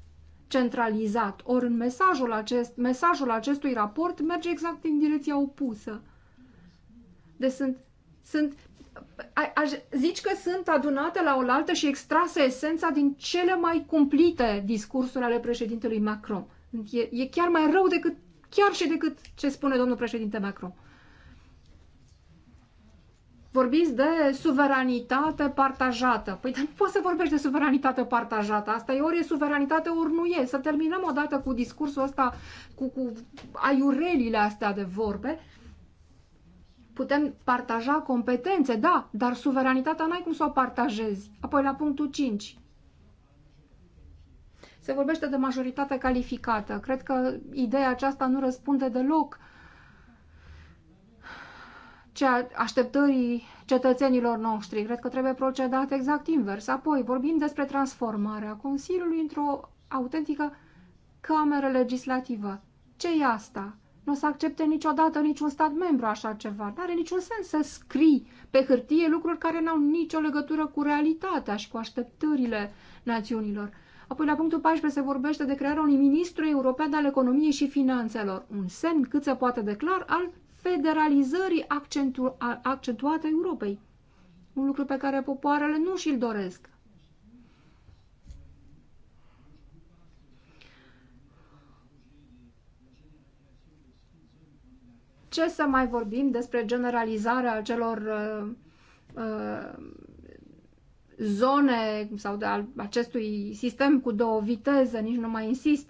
centralizat, ori în mesajul, acest, mesajul acestui raport merge exact în direcția opusă. Deci sunt, sunt a, aș zici că sunt adunate la oaltă și extrase esența din cele mai cumplite discursuri ale președintelui Macron. E, e chiar mai rău decât chiar și decât ce spune domnul președinte Macron. Vorbiți de suveranitate partajată. Păi dar nu poți să vorbești de suveranitate partajată. Asta e ori e suveranitate, ori nu e. Să terminăm odată cu discursul ăsta, cu, cu aiurelile astea de vorbe putem partaja competențe, da, dar suveranitatea n-ai cum să o partajezi. Apoi la punctul 5. Se vorbește de majoritate calificată. Cred că ideea aceasta nu răspunde deloc ceea așteptării cetățenilor noștri. Cred că trebuie procedat exact invers. Apoi vorbim despre transformarea Consiliului într-o autentică cameră legislativă. Ce e asta? Nu o să accepte niciodată niciun stat membru așa ceva. Nu are niciun sens să scrii pe hârtie lucruri care n-au nicio legătură cu realitatea și cu așteptările națiunilor. Apoi, la punctul 14, se vorbește de crearea unui ministru european al economiei și finanțelor, un semn cât se poate declar al federalizării accentu- accentuate a Europei. Un lucru pe care popoarele nu și-l doresc. ce să mai vorbim despre generalizarea acelor uh, uh, zone sau de acestui sistem cu două viteze, nici nu mai insist.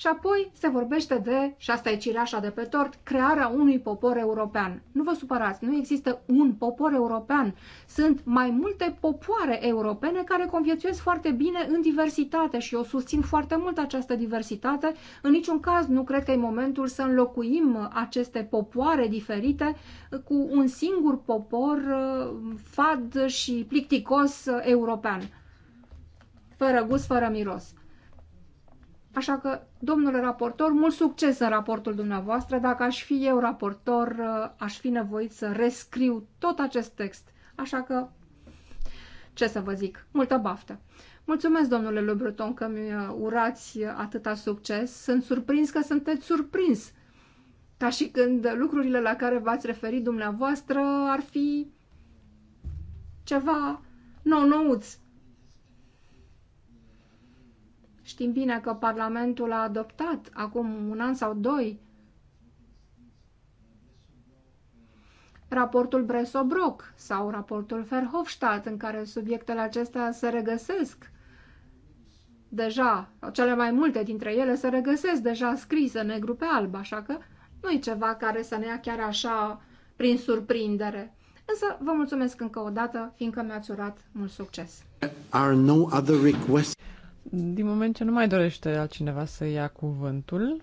Și apoi se vorbește de, și asta e cireașa de pe tort, crearea unui popor european. Nu vă supărați, nu există un popor european. Sunt mai multe popoare europene care conviețuiesc foarte bine în diversitate și eu susțin foarte mult această diversitate. În niciun caz nu cred că e momentul să înlocuim aceste popoare diferite cu un singur popor fad și plicticos european. Fără gust, fără miros. Așa că, domnule raportor, mult succes în raportul dumneavoastră. Dacă aș fi eu raportor, uh, aș fi nevoit să rescriu tot acest text. Așa că, ce să vă zic, multă baftă! Mulțumesc, domnule Lubruton, că mi uh, urați atâta succes. Sunt surprins că sunteți surprins. Ca și când lucrurile la care v-ați referit dumneavoastră ar fi ceva nou-nouț. Știm bine că Parlamentul a adoptat acum un an sau doi raportul Bresobroc sau raportul Verhofstadt, în care subiectele acestea se regăsesc deja, cele mai multe dintre ele se regăsesc deja scrise negru pe alb, așa că nu e ceva care să ne ia chiar așa prin surprindere. Însă vă mulțumesc încă o dată, fiindcă mi-ați urat mult succes. Are no other requests. Din moment ce nu mai dorește altcineva să ia cuvântul,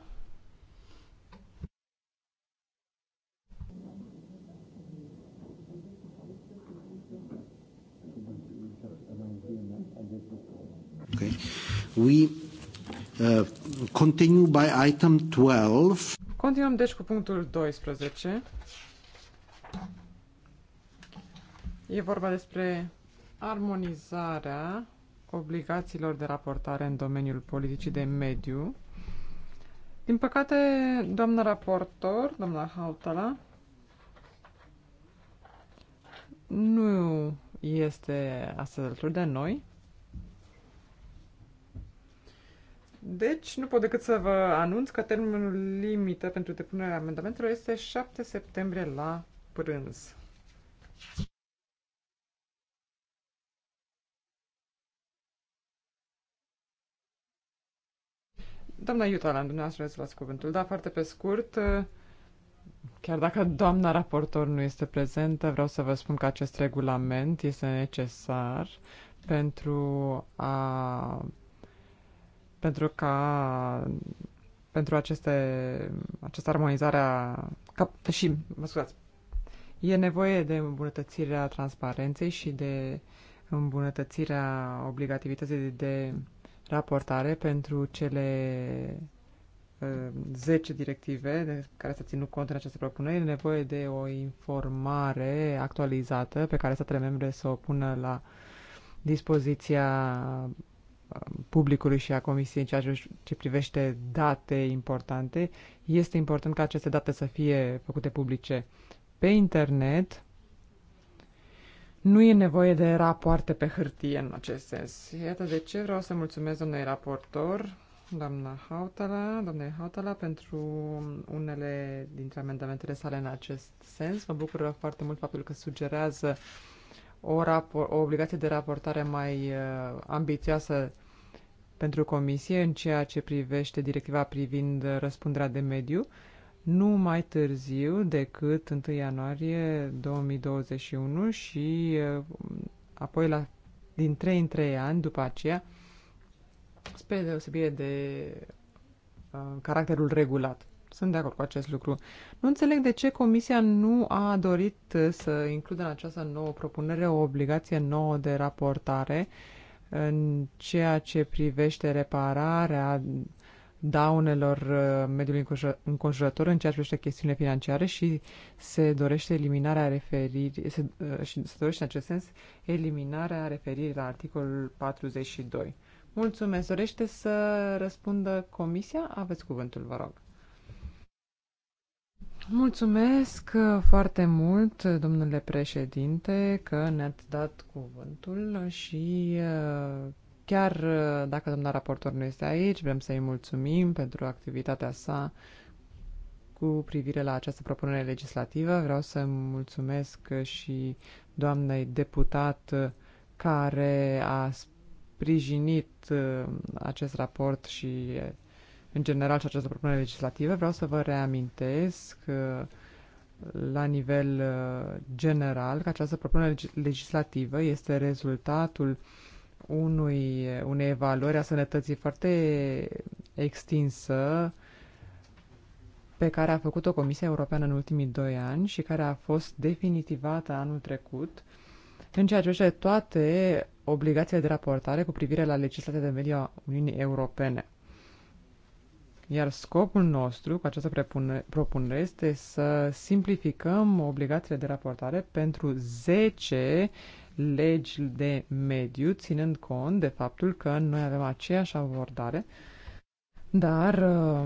Okay. We uh, continue by item 12. Continuăm deci cu punctul 12. E vorba despre armonizarea obligațiilor de raportare în domeniul politicii de mediu. Din păcate, doamna raportor, doamna Hautala, nu este astăzi alături de noi. Deci, nu pot decât să vă anunț că termenul limită pentru depunerea amendamentelor este 7 septembrie la prânz. Doamna la dumneavoastră ați luați cuvântul. Da, foarte pe scurt, chiar dacă doamna raportor nu este prezentă, vreau să vă spun că acest regulament este necesar pentru a pentru ca pentru aceste această armonizare a cap, și mă scuzați e nevoie de îmbunătățirea transparenței și de îmbunătățirea obligativității de, de raportare pentru cele 10 uh, directive de care s-a ținut cont în această propunere. E nevoie de o informare actualizată pe care statele membre să o pună la dispoziția uh, publicului și a Comisiei în ceea ce privește date importante. Este important ca aceste date să fie făcute publice pe internet nu e nevoie de rapoarte pe hârtie în acest sens. Iată de ce vreau să mulțumesc domnului raportor, doamna Hautala, doamne Hautala, pentru unele dintre amendamentele sale în acest sens. Mă bucură foarte mult faptul că sugerează o, rapor- o obligație de raportare mai uh, ambițioasă pentru comisie în ceea ce privește directiva privind răspunderea de mediu nu mai târziu decât 1 ianuarie 2021 și uh, apoi la, din 3 în 3 ani după aceea, spre deosebire de uh, caracterul regulat. Sunt de acord cu acest lucru. Nu înțeleg de ce Comisia nu a dorit uh, să includă în această nouă propunere o obligație nouă de raportare în ceea ce privește repararea daunelor uh, mediului înconjurător în ceea ce privește chestiunile financiare și se dorește eliminarea referirii, se, uh, și se dorește în acest sens eliminarea referirii la articolul 42. Mulțumesc. Dorește să răspundă comisia? Aveți cuvântul, vă rog. Mulțumesc uh, foarte mult, domnule președinte, că ne-ați dat cuvântul și Chiar uh, dacă domnul raportor nu este aici, vrem să-i mulțumim pentru activitatea sa cu privire la această propunere legislativă. Vreau să mulțumesc și doamnei deputat uh, care a sprijinit uh, acest raport și, în general, și această propunere legislativă. Vreau să vă reamintesc la nivel general că această propunere legislativă este rezultatul uh, unui, unei evaluări a sănătății foarte extinsă pe care a făcut-o Comisia Europeană în ultimii doi ani și care a fost definitivată anul trecut în ceea ce privește toate obligațiile de raportare cu privire la legislația de mediu a Uniunii Europene. Iar scopul nostru cu această propunere este să simplificăm obligațiile de raportare pentru 10 legi de mediu, ținând cont de faptul că noi avem aceeași abordare, dar uh,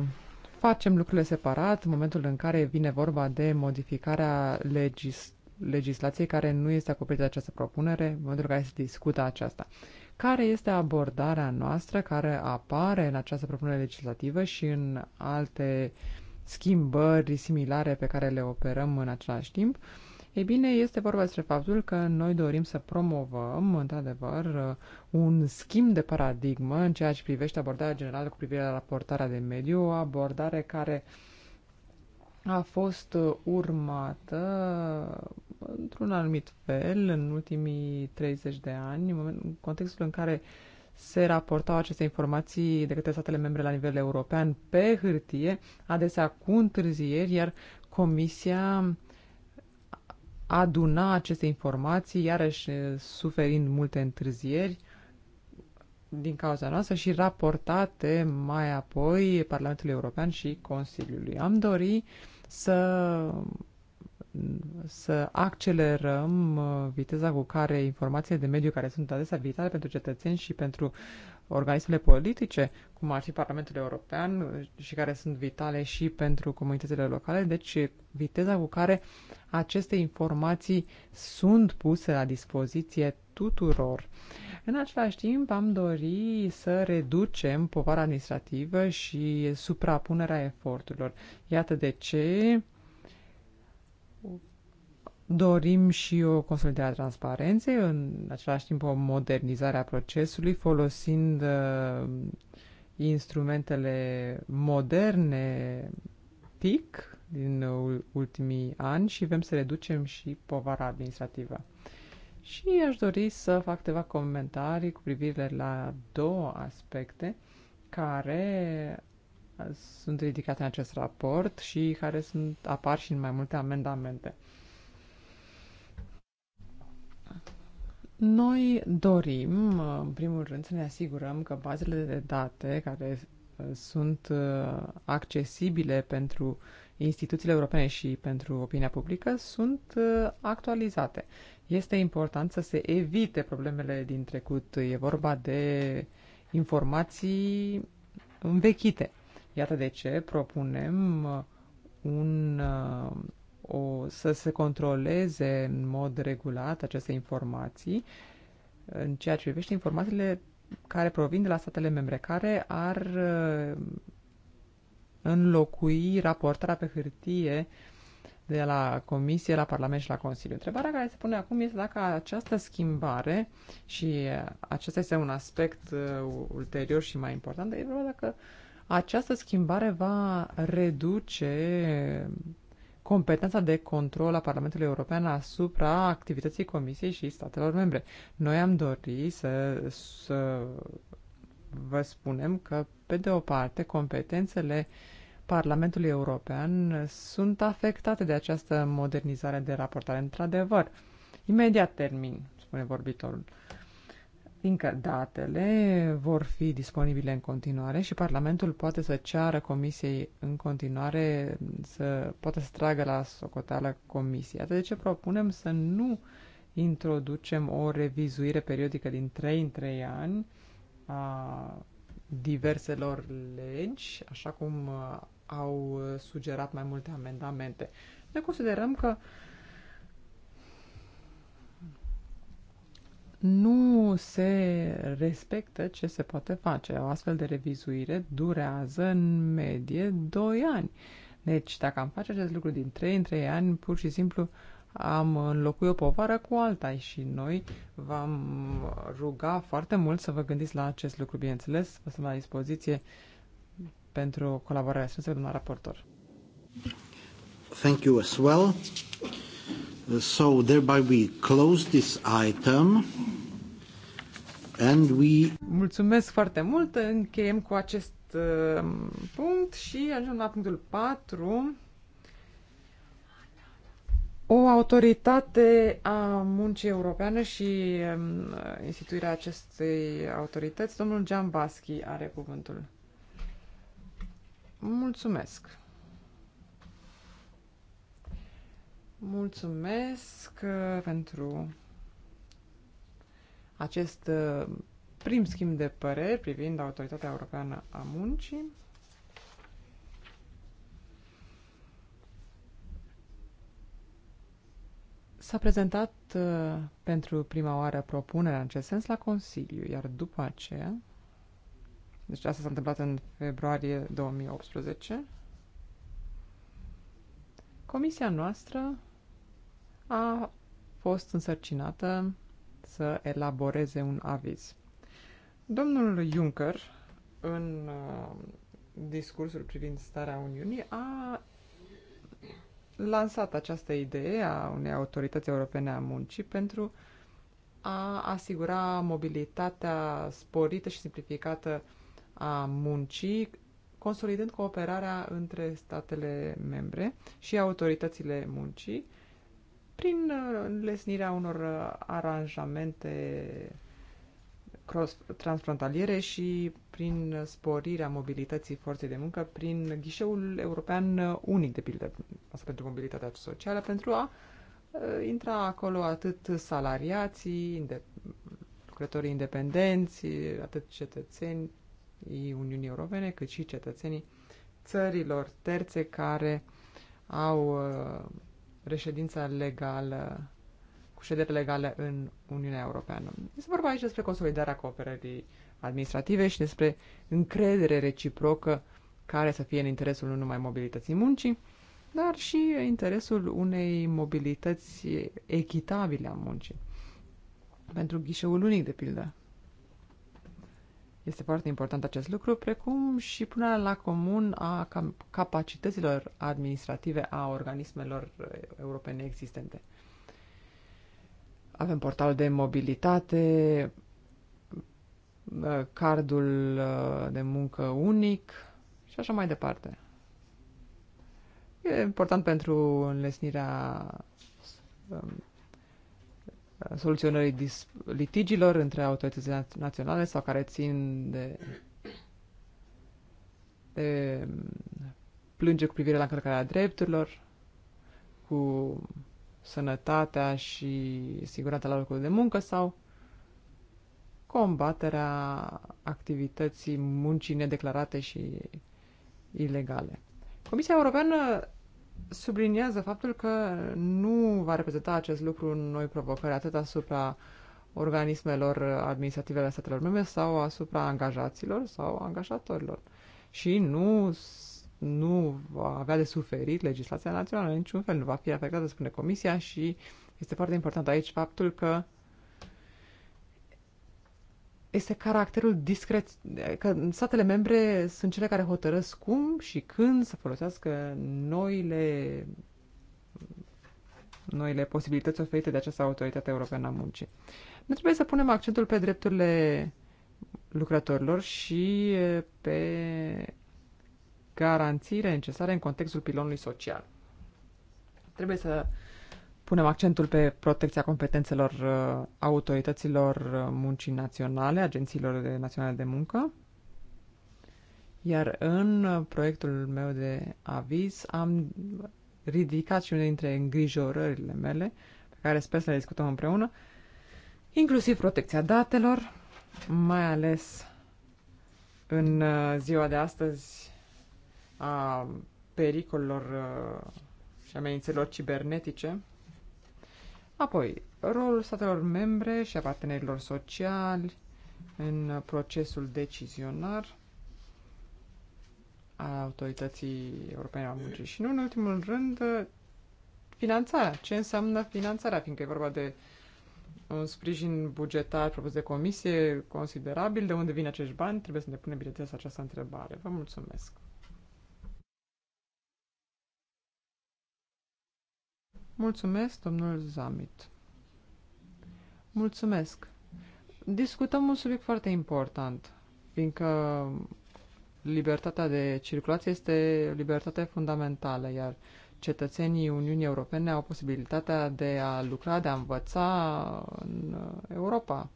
facem lucrurile separat în momentul în care vine vorba de modificarea legis legislației care nu este acoperită de această propunere, în momentul în care se discută aceasta. Care este abordarea noastră care apare în această propunere legislativă și în alte schimbări similare pe care le operăm în același timp? Uh, ei bine, este vorba despre faptul că noi dorim să promovăm, într-adevăr, un schimb de paradigmă în ceea ce privește abordarea generală cu privire la raportarea de mediu, o abordare care a fost urmată într-un anumit fel în ultimii 30 de ani, în contextul în care se raportau aceste informații de către statele membre la nivel european pe hârtie, adesea cu întârzieri, iar Comisia aduna aceste informații, iarăși eh, suferind multe întârzieri din cauza noastră și raportate mai apoi Parlamentului European și Consiliului. Am dori să, să accelerăm eh, viteza cu care informațiile de mediu care sunt adesea vitale pentru cetățeni și pentru organismele politice, cum ar fi Parlamentul European eh, și care sunt vitale și pentru comunitățile locale, deci eh, viteza cu care aceste informații sunt puse la dispoziție tuturor. În același timp, am dori să reducem povara administrativă și suprapunerea eforturilor. Iată de ce Dorim și o consolidare a transparenței, în același timp o modernizare a procesului, folosind uh, instrumentele moderne TIC din ultimii ani și vrem să reducem și povara administrativă. Și aș dori să fac câteva comentarii cu privire la două aspecte care uh, sunt ridicate în acest raport și care sunt, apar și în mai multe amendamente. Noi dorim, în primul rând, să ne asigurăm că bazele de date care uh, sunt uh, accesibile pentru instituțiile europene și pentru opinia publică sunt uh, actualizate. Este important să se evite problemele din trecut. E vorba de informații învechite. Iată de ce propunem un o, să se controleze în mod regulat aceste informații în ceea ce privește informațiile care provin de la statele membre, care ar uh, înlocui raportarea pe hârtie de la Comisie, la Parlament și la Consiliu. Întrebarea care se pune acum este dacă această schimbare, și uh, acesta este un aspect uh, ulterior și mai important, e vorba dacă această schimbare va reduce competența de control a Parlamentului European asupra activității Comisiei și statelor membre. Noi am dorit să, să vă spunem că, pe de o parte, competențele Parlamentului European sunt afectate de această modernizare de raportare. Într-adevăr, imediat termin, spune vorbitorul. Uh, fiindcă datele vor fi disponibile în continuare și Parlamentul poate să ceară Comisiei în continuare să poată să tragă la socoteală Comisia. De ce propunem să nu introducem o revizuire periodică din 3 în 3 ani a diverselor legi, așa cum au sugerat mai multe amendamente. Ne considerăm că uh, nu se respectă ce se poate face. O astfel de revizuire durează în medie 2 ani. Deci, dacă am face acest lucru din 3 în 3 ani, pur și simplu am înlocui o povară cu alta și noi v-am ruga foarte mult să vă gândiți la acest lucru, bineînțeles. Vă sunt la dispoziție pentru colaborarea strânsă cu raportor. Thank you as well. So thereby we close this item and we... Mulțumesc foarte mult, încheiem cu acest uh, punct și ajungem la punctul 4. O autoritate a muncii europene și um, instituirea acestei autorități, domnul Baschi are cuvântul. Mulțumesc. Mulțumesc uh, pentru acest uh, prim schimb de păreri privind Autoritatea Europeană a Muncii. S-a prezentat uh, pentru prima oară propunerea în acest sens la Consiliu, iar după aceea, deci asta s-a întâmplat în februarie 2018, Comisia noastră a fost însărcinată să elaboreze un aviz. Domnul Juncker, în uh, discursul privind starea Uniunii, a lansat această idee a unei autorități europene a muncii pentru a asigura mobilitatea sporită și simplificată a muncii, consolidând cooperarea între statele membre și autoritățile muncii, prin uh, lesnirea unor uh, aranjamente transfrontaliere și prin sporirea mobilității forței de muncă prin ghișeul european uh, unic, de pildă, asta pentru mobilitatea socială, pentru a intra acolo atât salariații, lucrătorii independenți, atât cetățenii Uniunii Europene, cât și cetățenii țărilor terțe care au reședința legală, cu ședere legală în Uniunea Europeană. Este vorba aici despre consolidarea cooperării administrative și despre încredere reciprocă care să fie în interesul nu numai mobilității muncii, dar și interesul unei mobilități echitabile a muncii. Pentru ghișeul unic, de pildă. Este foarte important acest lucru, precum și punerea la comun a capacităților administrative a organismelor eh, europene existente. Avem portalul de mobilitate, eh, cardul eh, de muncă unic și așa mai departe. E important pentru înlesnirea soluționării litigilor între autoritățile naționale sau care țin de, de plânge cu privire la încălcarea drepturilor, cu sănătatea și siguranța la locul de muncă sau combaterea activității muncii nedeclarate și ilegale. Comisia Europeană subliniază faptul că nu va reprezenta acest lucru noi provocări atât asupra organismelor administrative ale statelor membre sau asupra angajaților sau angajatorilor. Și nu, nu va avea de suferit legislația națională în niciun fel, nu va fi afectată, spune Comisia, și este foarte important aici faptul că este caracterul discret, că statele membre sunt cele care hotărăsc cum și când să folosească noile noile posibilități oferite de această autoritate europeană a muncii. Noi trebuie să punem accentul pe drepturile lucrătorilor și pe garanțiile necesare în contextul pilonului social. Trebuie să punem accentul pe protecția competențelor uh, autorităților uh, muncii naționale, agențiilor naționale de muncă. Iar în uh, proiectul meu de aviz am ridicat și unele dintre îngrijorările mele, pe care sper să le discutăm împreună, inclusiv protecția datelor, mai ales în ziua de astăzi a pericolelor și amenințelor cibernetice. Apoi, rolul statelor membre și a partenerilor sociali în procesul decizionar a autorității europene a muncii și nu în ultimul rând finanțarea. Ce înseamnă finanțarea? Fiindcă e vorba de un sprijin bugetar propus de comisie considerabil. De unde vin acești bani? Trebuie să ne punem, bineînțeles, această întrebare. Vă mulțumesc! Mulțumesc, domnul Zamit. Mulțumesc. Discutăm un subiect foarte important, fiindcă libertatea de circulație este libertatea fundamentală, iar cetățenii Uniunii Europene au posibilitatea de a lucra, de a învăța în Europa,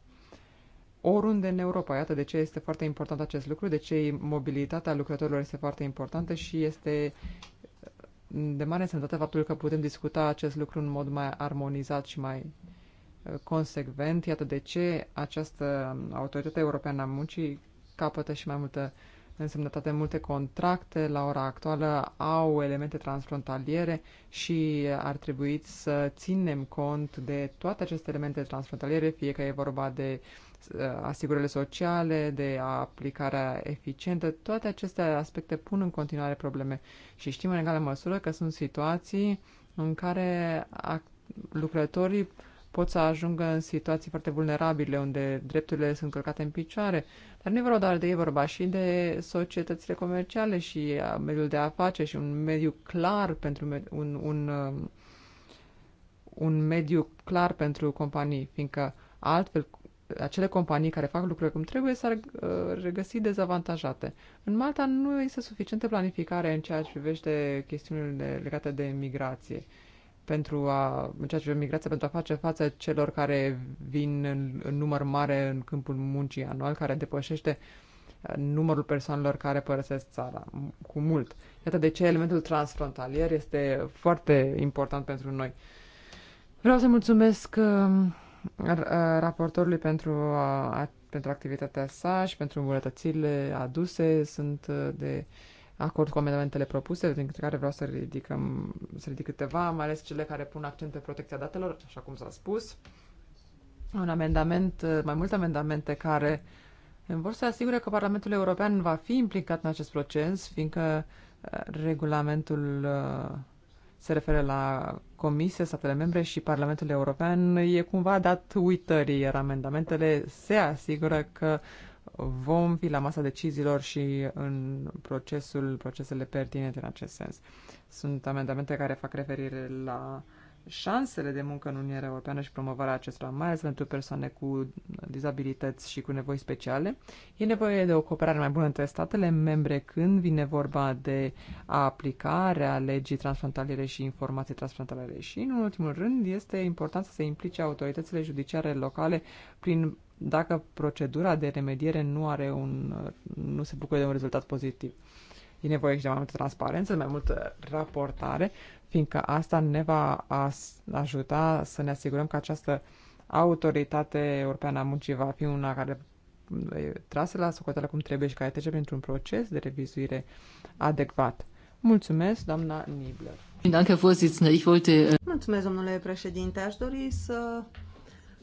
oriunde în Europa. Iată de ce este foarte important acest lucru, de ce mobilitatea lucrătorilor este foarte importantă și este de mare însemnătate faptul că putem discuta acest lucru în mod mai armonizat și mai uh, consecvent. Iată de ce această autoritate europeană a muncii capătă și mai multă însemnătate. Multe contracte la ora actuală au elemente transfrontaliere și ar trebui să ținem cont de toate aceste elemente transfrontaliere, fie că e vorba de uh, Uh, asigurările sociale, de aplicarea eficientă, toate aceste aspecte pun în continuare probleme și știm în egală măsură că sunt situații în care lucrătorii pot să ajungă în situații foarte vulnerabile, unde drepturile sunt călcate în picioare. Dar nu e vorba doar de ei, vorba și de societățile comerciale și uh, mediul de afaceri și un mediu clar pentru un, un, um, un mediu clar pentru companii, fiindcă altfel acele companii care fac lucrurile cum trebuie s-ar uh, regăsi dezavantajate. În Malta nu este suficientă planificare în ceea ce privește chestiunile legate de migrație. Pentru a, în ceea ce privește migrația, pentru a face față celor care vin în, în număr mare în câmpul muncii anual, care depășește uh, numărul persoanelor care părăsesc țara cu mult. Iată de ce elementul transfrontalier este foarte important pentru noi. Vreau să mulțumesc uh, Uh, raportorului pentru, uh, a, pentru activitatea sa și pentru îmbunătățirile aduse. Sunt uh, de acord cu amendamentele propuse, din care vreau să, ridicăm, să ridic câteva, mai ales cele care pun accent pe protecția datelor, așa cum s-a spus. Un amendament, mai multe amendamente care vor să asigure că Parlamentul European va fi implicat în acest proces, fiindcă regulamentul se referă la Comisie, statele membre și Parlamentul European, e cumva dat uitării, iar amendamentele se asigură că vom fi la masa deciziilor și în procesul, procesele pertinente în acest sens. Sunt amendamente care fac referire la uh, șansele de muncă în Uniunea Europeană și promovarea acestora, mai ales pentru persoane cu dizabilități și cu nevoi speciale. E nevoie de o cooperare mai bună între statele membre când vine vorba de aplicarea legii transfrontaliere și informații transfrontaliere. Și, în ultimul rând, este important să se implice autoritățile judiciare locale prin dacă procedura de remediere nu are un, nu se bucură de un rezultat pozitiv. E nevoie și de mai multă transparență, de mai multă raportare, fiindcă asta ne va ajuta să ne asigurăm că această autoritate europeană a muncii va fi una care trasă la socoteală cum trebuie și care trece printr-un proces de revizuire adecvat. Mulțumesc, doamna Nibler. Äh, mulțumesc, domnule președinte. Aș dori să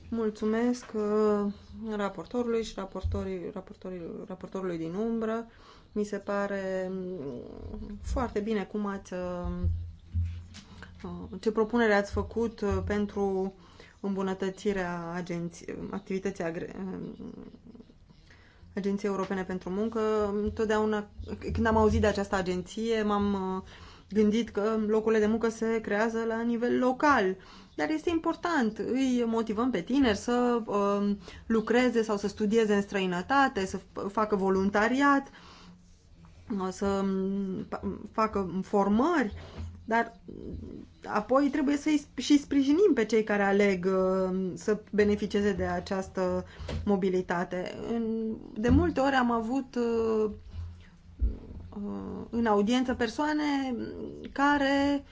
mulțumesc uh, raportorului și raportorii, raportorii, raportorului din umbră mi se pare mm, foarte bine cum ați mm, uh, ce propunere ați făcut uh, pentru îmbunătățirea agenții, activității agre, mm, Agenției Europene pentru Muncă. Totdeauna, când am auzit de această agenție, m-am uh, gândit că locurile de muncă se creează la nivel local. Dar este important, îi motivăm pe tineri să uh, lucreze sau să studieze în străinătate, să facă voluntariat. Uh, să facă formări, dar apoi trebuie să și sprijinim pe cei care aleg uh, să beneficieze de această mobilitate. De multe ori am avut uh, uh, în audiență persoane care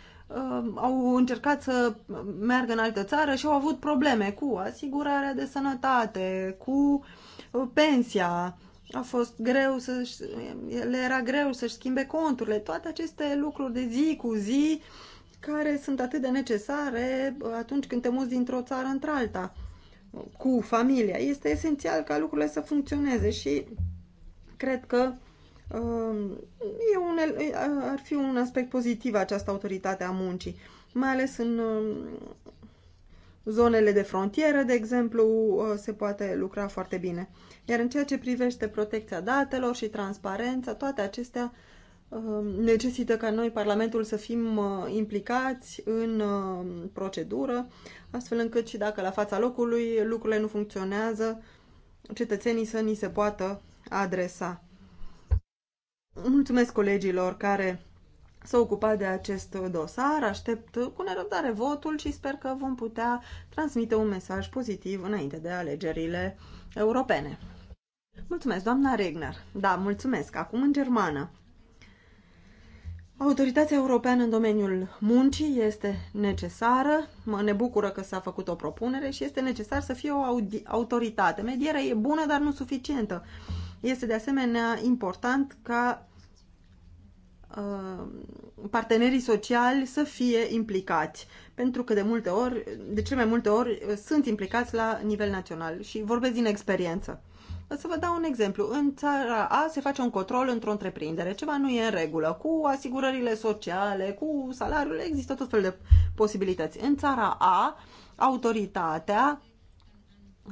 au încercat să meargă în altă țară și au avut probleme cu asigurarea de sănătate, cu pensia, a fost greu să le era greu să-și schimbe conturile, toate aceste lucruri de zi cu zi care sunt atât de necesare atunci când te muți dintr-o țară într-alta cu familia. Este esențial ca lucrurile să funcționeze și cred că um, e un, ar fi un aspect pozitiv această autoritate a muncii, mai ales în um, zonele de frontieră, de exemplu, uh, se poate lucra foarte bine. Iar în ceea ce privește protecția datelor și transparența, toate acestea uh, necesită ca noi, Parlamentul, să fim uh, implicați în procedură, astfel încât și dacă la fața locului lucrurile nu funcționează, cetățenii să ni se poată adresa. Mulțumesc colegilor care s-a ocupat de acest dosar. Aștept cu nerăbdare votul și sper că vom putea transmite un mesaj pozitiv înainte de alegerile europene. Mulțumesc, doamna Regner. Da, mulțumesc. Acum în germană. Autoritatea europeană în domeniul muncii este necesară. Mă ne bucură că s-a făcut o propunere și este necesar să fie o autoritate. Medierea e bună, dar nu suficientă. Este de asemenea important ca Uh, partenerii sociali să fie implicați, pentru că de multe ori, de cele mai multe ori, uh, sunt implicați la nivel național și vorbesc din experiență. O să vă dau un exemplu. În țara A se face un control într-o întreprindere. Ceva nu e în regulă. Cu asigurările sociale, cu salariul, există tot felul de posibilități. În țara A, autoritatea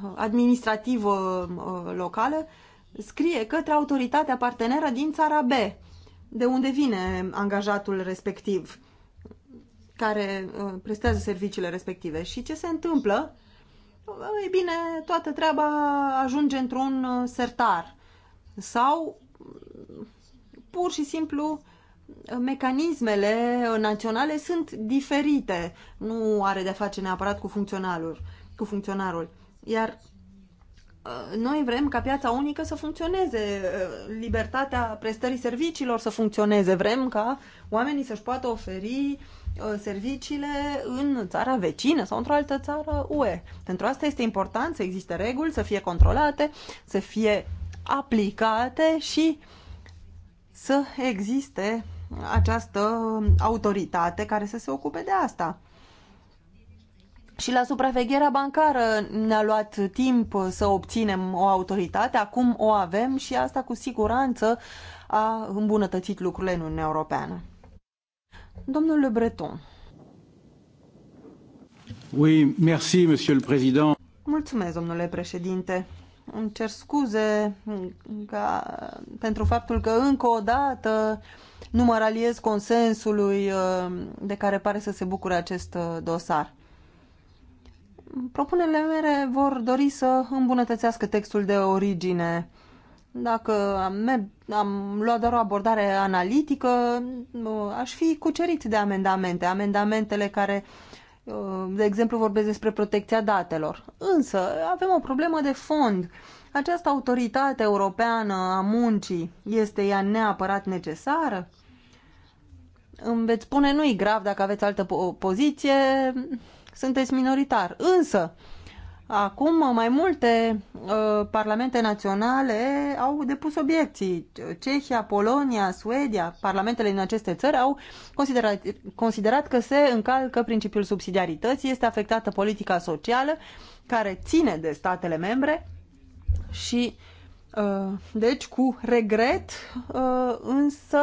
uh, administrativă locală scrie către autoritatea parteneră din țara B de unde vine angajatul respectiv care uh, prestează serviciile respective și ce se întâmplă. Ei bine, toată treaba ajunge într-un uh, sertar sau pur și simplu mecanismele naționale sunt diferite, nu are de-a face neapărat cu funcționarul cu funcționarul. Iar Uh, noi vrem ca piața unică să funcționeze, uh, libertatea prestării serviciilor să funcționeze. Vrem ca oamenii să-și poată oferi uh, serviciile în țara vecină sau într-o altă țară UE. Pentru asta este important să existe reguli, să fie controlate, să fie aplicate și să existe această autoritate care să se ocupe de asta. Și la supravegherea bancară ne-a luat timp să obținem o autoritate, acum o avem și asta cu siguranță a îmbunătățit lucrurile în Uniunea Europeană. Domnule Breton. Oui, merci, monsieur le président. Mulțumesc, domnule președinte. Îmi cer scuze ca, pentru faptul că încă o dată nu mă consensului uh, de care pare să se bucure acest uh, dosar. Propunerile mele vor dori să îmbunătățească textul de origine. Dacă am, am luat doar o abordare analitică, aș fi cucerit de amendamente, amendamentele care, uh, de exemplu, vorbesc despre protecția datelor. Însă, avem o problemă de fond. Această autoritate europeană a muncii, este ea neapărat necesară? Îmi veți spune, nu-i grav dacă aveți altă po- poziție, sunteți minoritar. Însă, acum mai multe uh, parlamente naționale au depus obiecții. Cehia, Polonia, Suedia, parlamentele din aceste țări au considerat, considerat că se încalcă principiul subsidiarității, este afectată politica socială care ține de statele membre și uh, Uh, deci, cu regret, uh, însă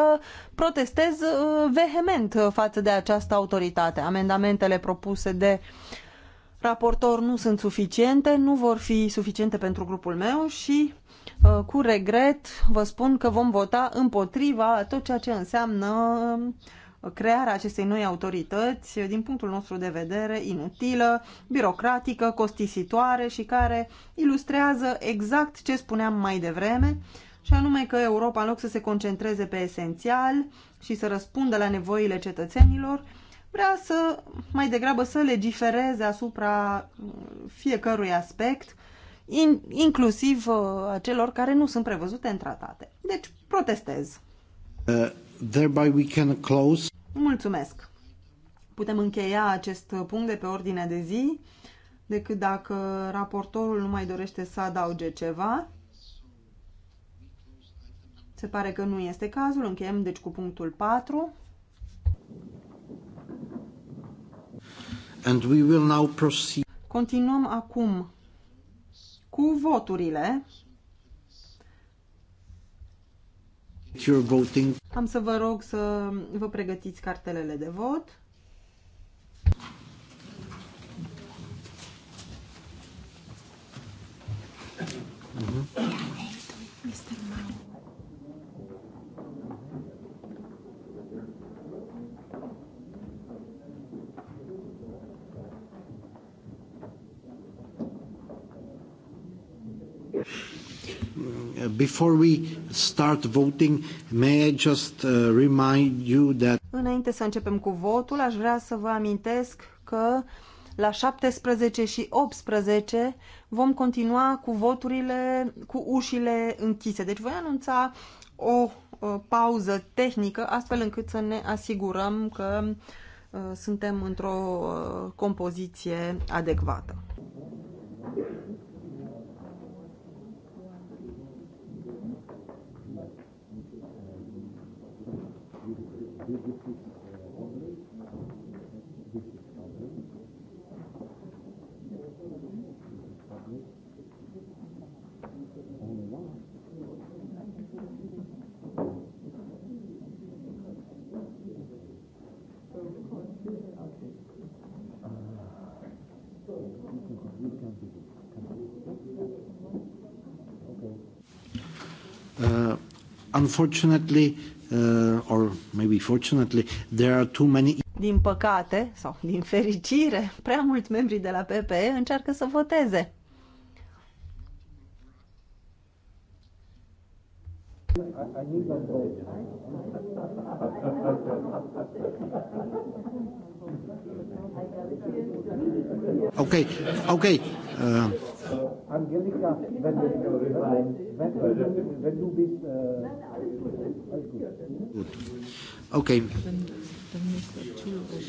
protestez uh, vehement față de această autoritate. Amendamentele propuse de raportor nu sunt suficiente, nu vor fi suficiente pentru grupul meu și cu regret vă spun că vom vota împotriva tot ceea ce înseamnă crearea acestei noi autorități, din punctul nostru de vedere, inutilă, birocratică, costisitoare și care ilustrează exact ce spuneam mai devreme, și anume că Europa, în loc să se concentreze pe esențial și să răspundă la nevoile cetățenilor, vrea să mai degrabă să legifereze asupra mm, fiecărui aspect, in, inclusiv uh, celor care nu sunt prevăzute în tratate. Deci, protestez. Uh. Thereby we can close. Mulțumesc. Putem încheia acest punct de pe ordinea de zi decât dacă raportorul nu mai dorește să adauge ceva. Se pare că nu este cazul. Încheiem deci cu punctul 4. And we will now proceed. Continuăm acum cu voturile voting. Am să vă rog să vă pregătiți cartelele de vot. Before we start voting, may I just uh, remind you that... Înainte să începem cu votul, aș vrea să vă amintesc că la 17 și 18 vom continua cu voturile cu ușile închise. Deci voi anunța o uh, pauză tehnică astfel încât să ne asigurăm că uh, suntem într-o compoziție adecvată. Unfortunately, uh, or maybe fortunately, there are too many... Din păcate, sau din fericire, prea mulți membri de la PPE încearcă să voteze. Ok, ok. Uh, Angelika, wenn du, wenn, wenn, wenn du bist, äh, alles gut. gut. Okay. Dann, ist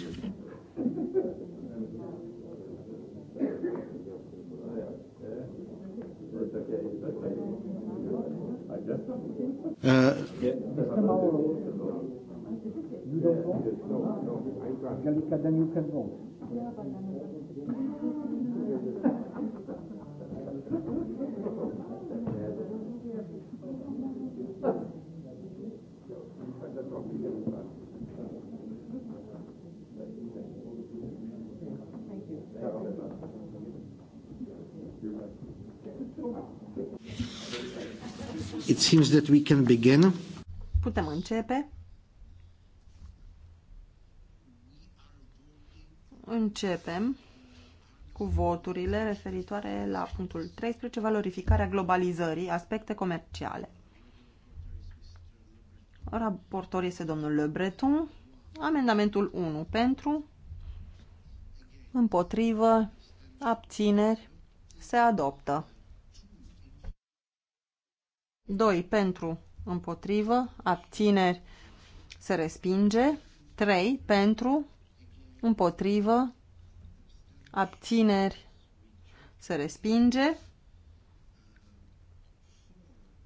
Uh, Mr. Mauro, you don't vote? Angelica, then you can vote. It seems that we can begin. Putem începe. Începem cu voturile referitoare la punctul 13, valorificarea globalizării, aspecte comerciale. Raportor este domnul Le Breton. Amendamentul 1 pentru, împotrivă, abțineri, se adoptă. 2 pentru, împotrivă, abțineri, se respinge. 3 pentru, împotrivă, abțineri, se respinge.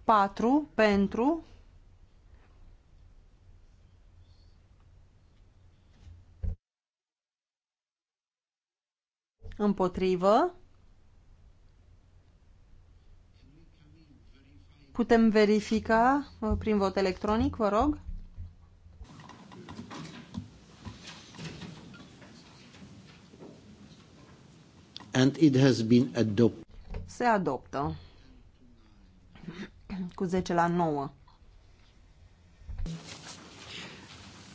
4 pentru, împotrivă. Putem verifica uh, prin vot electronic, vă rog. and it has been adopted. Se adoptă cu 10 la 9.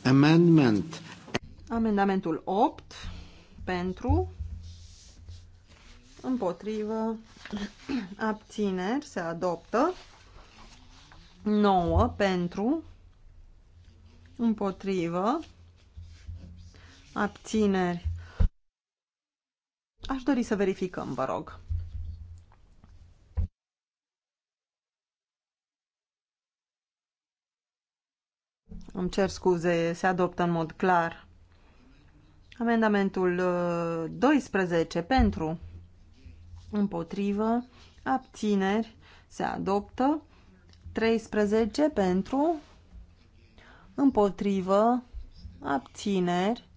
Amendment. Amendamentul 8 pentru împotrivă abțineri se adoptă 9 pentru împotrivă abțineri Aș dori să verificăm, vă rog. Îmi cer scuze, se adoptă în mod clar. Amendamentul 12 uh, pentru, împotrivă, abțineri, se adoptă. 13 pentru, împotrivă, abțineri,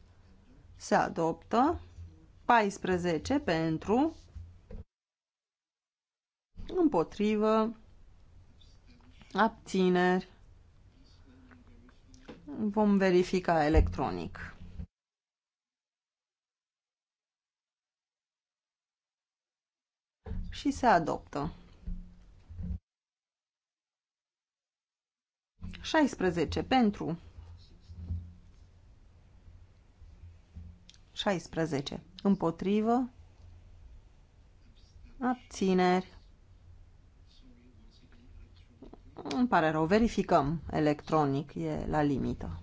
se adoptă. 14 pentru, împotrivă, abțineri. Vom verifica electronic. Și se adoptă. 16 pentru 16 Împotrivă. Abțineri. Îmi pare rău, verificăm electronic, e la limită.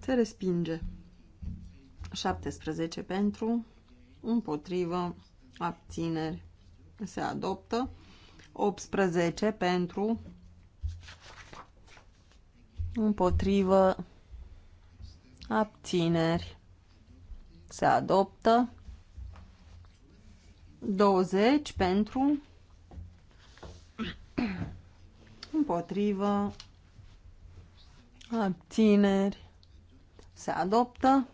Se respinge. 17 pentru, împotrivă, abțineri. Se adoptă. 18 pentru, împotrivă, abțineri, se adoptă, 20 pentru, împotrivă, abțineri, se adoptă,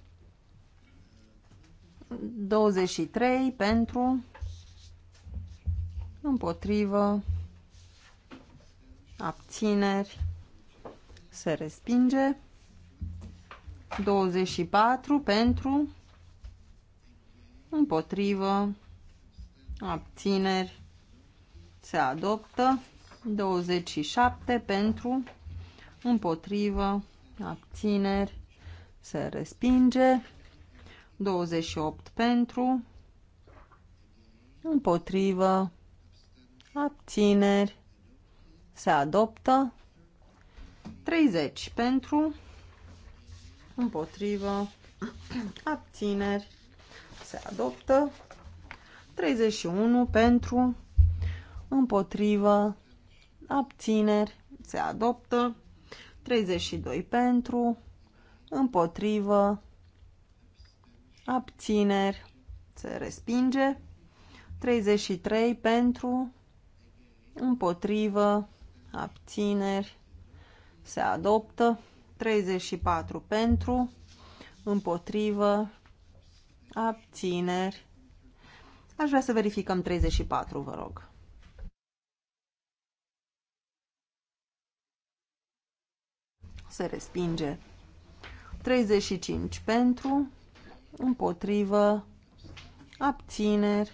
23 pentru, împotrivă, abțineri, se respinge. 24 pentru, împotrivă, abțineri, se adoptă. 27 pentru, împotrivă, abțineri, se respinge. 28 pentru, împotrivă, abțineri, se adoptă. 30 pentru, împotrivă, abțineri, se adoptă. 31 pentru, împotrivă, abțineri, se adoptă. 32 pentru, împotrivă, abțineri, se respinge. 33 pentru, împotrivă, abțineri, se adoptă, 34 pentru, împotrivă, abțineri. Aș vrea să verificăm 34, vă rog. Se respinge. 35 pentru, împotrivă, abțineri,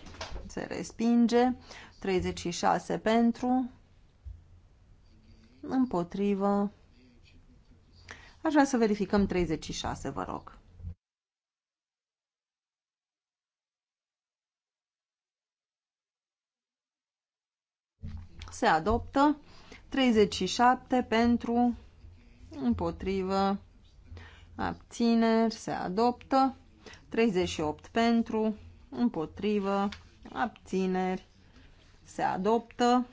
se respinge. 36 pentru, împotrivă, Aș vrea să verificăm 36, vă rog. Se adoptă 37 pentru, împotrivă, abțineri, se adoptă 38 pentru, împotrivă, abțineri, se adoptă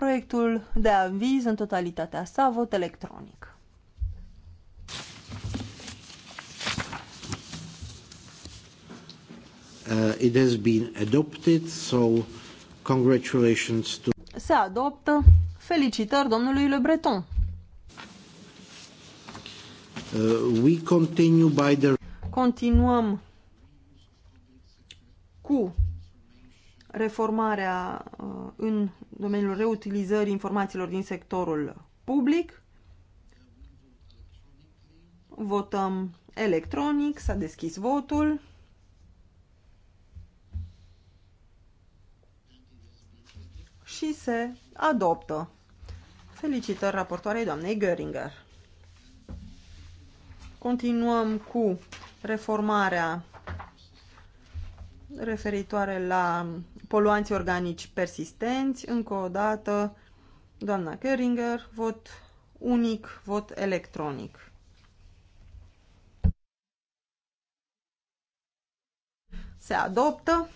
proiectul de aviz în totalitatea sa, vot electronic. Uh, it has been adopted, so congratulations to... Se adoptă. Felicitări domnului Le Breton. Uh, we continue by the... Continuăm cu reformarea uh, în domeniul reutilizării informațiilor din sectorul public. Votăm electronic, s-a deschis votul. Și se adoptă. Felicitări raportoarei doamnei Göringer. Continuăm cu reformarea referitoare la poluanți organici persistenți. Încă o dată, doamna Köringer, vot unic, vot electronic. Se adoptă.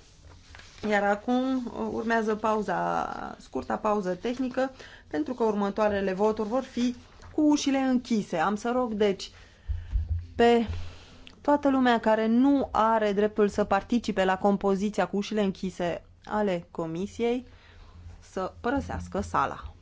Iar acum uh, urmează pauza, scurta pauză tehnică, pentru că următoarele voturi vor fi cu ușile închise. Am să rog, deci, pe toată lumea care nu are dreptul să participe la compoziția cu ușile închise ale Comisiei să părăsească sala.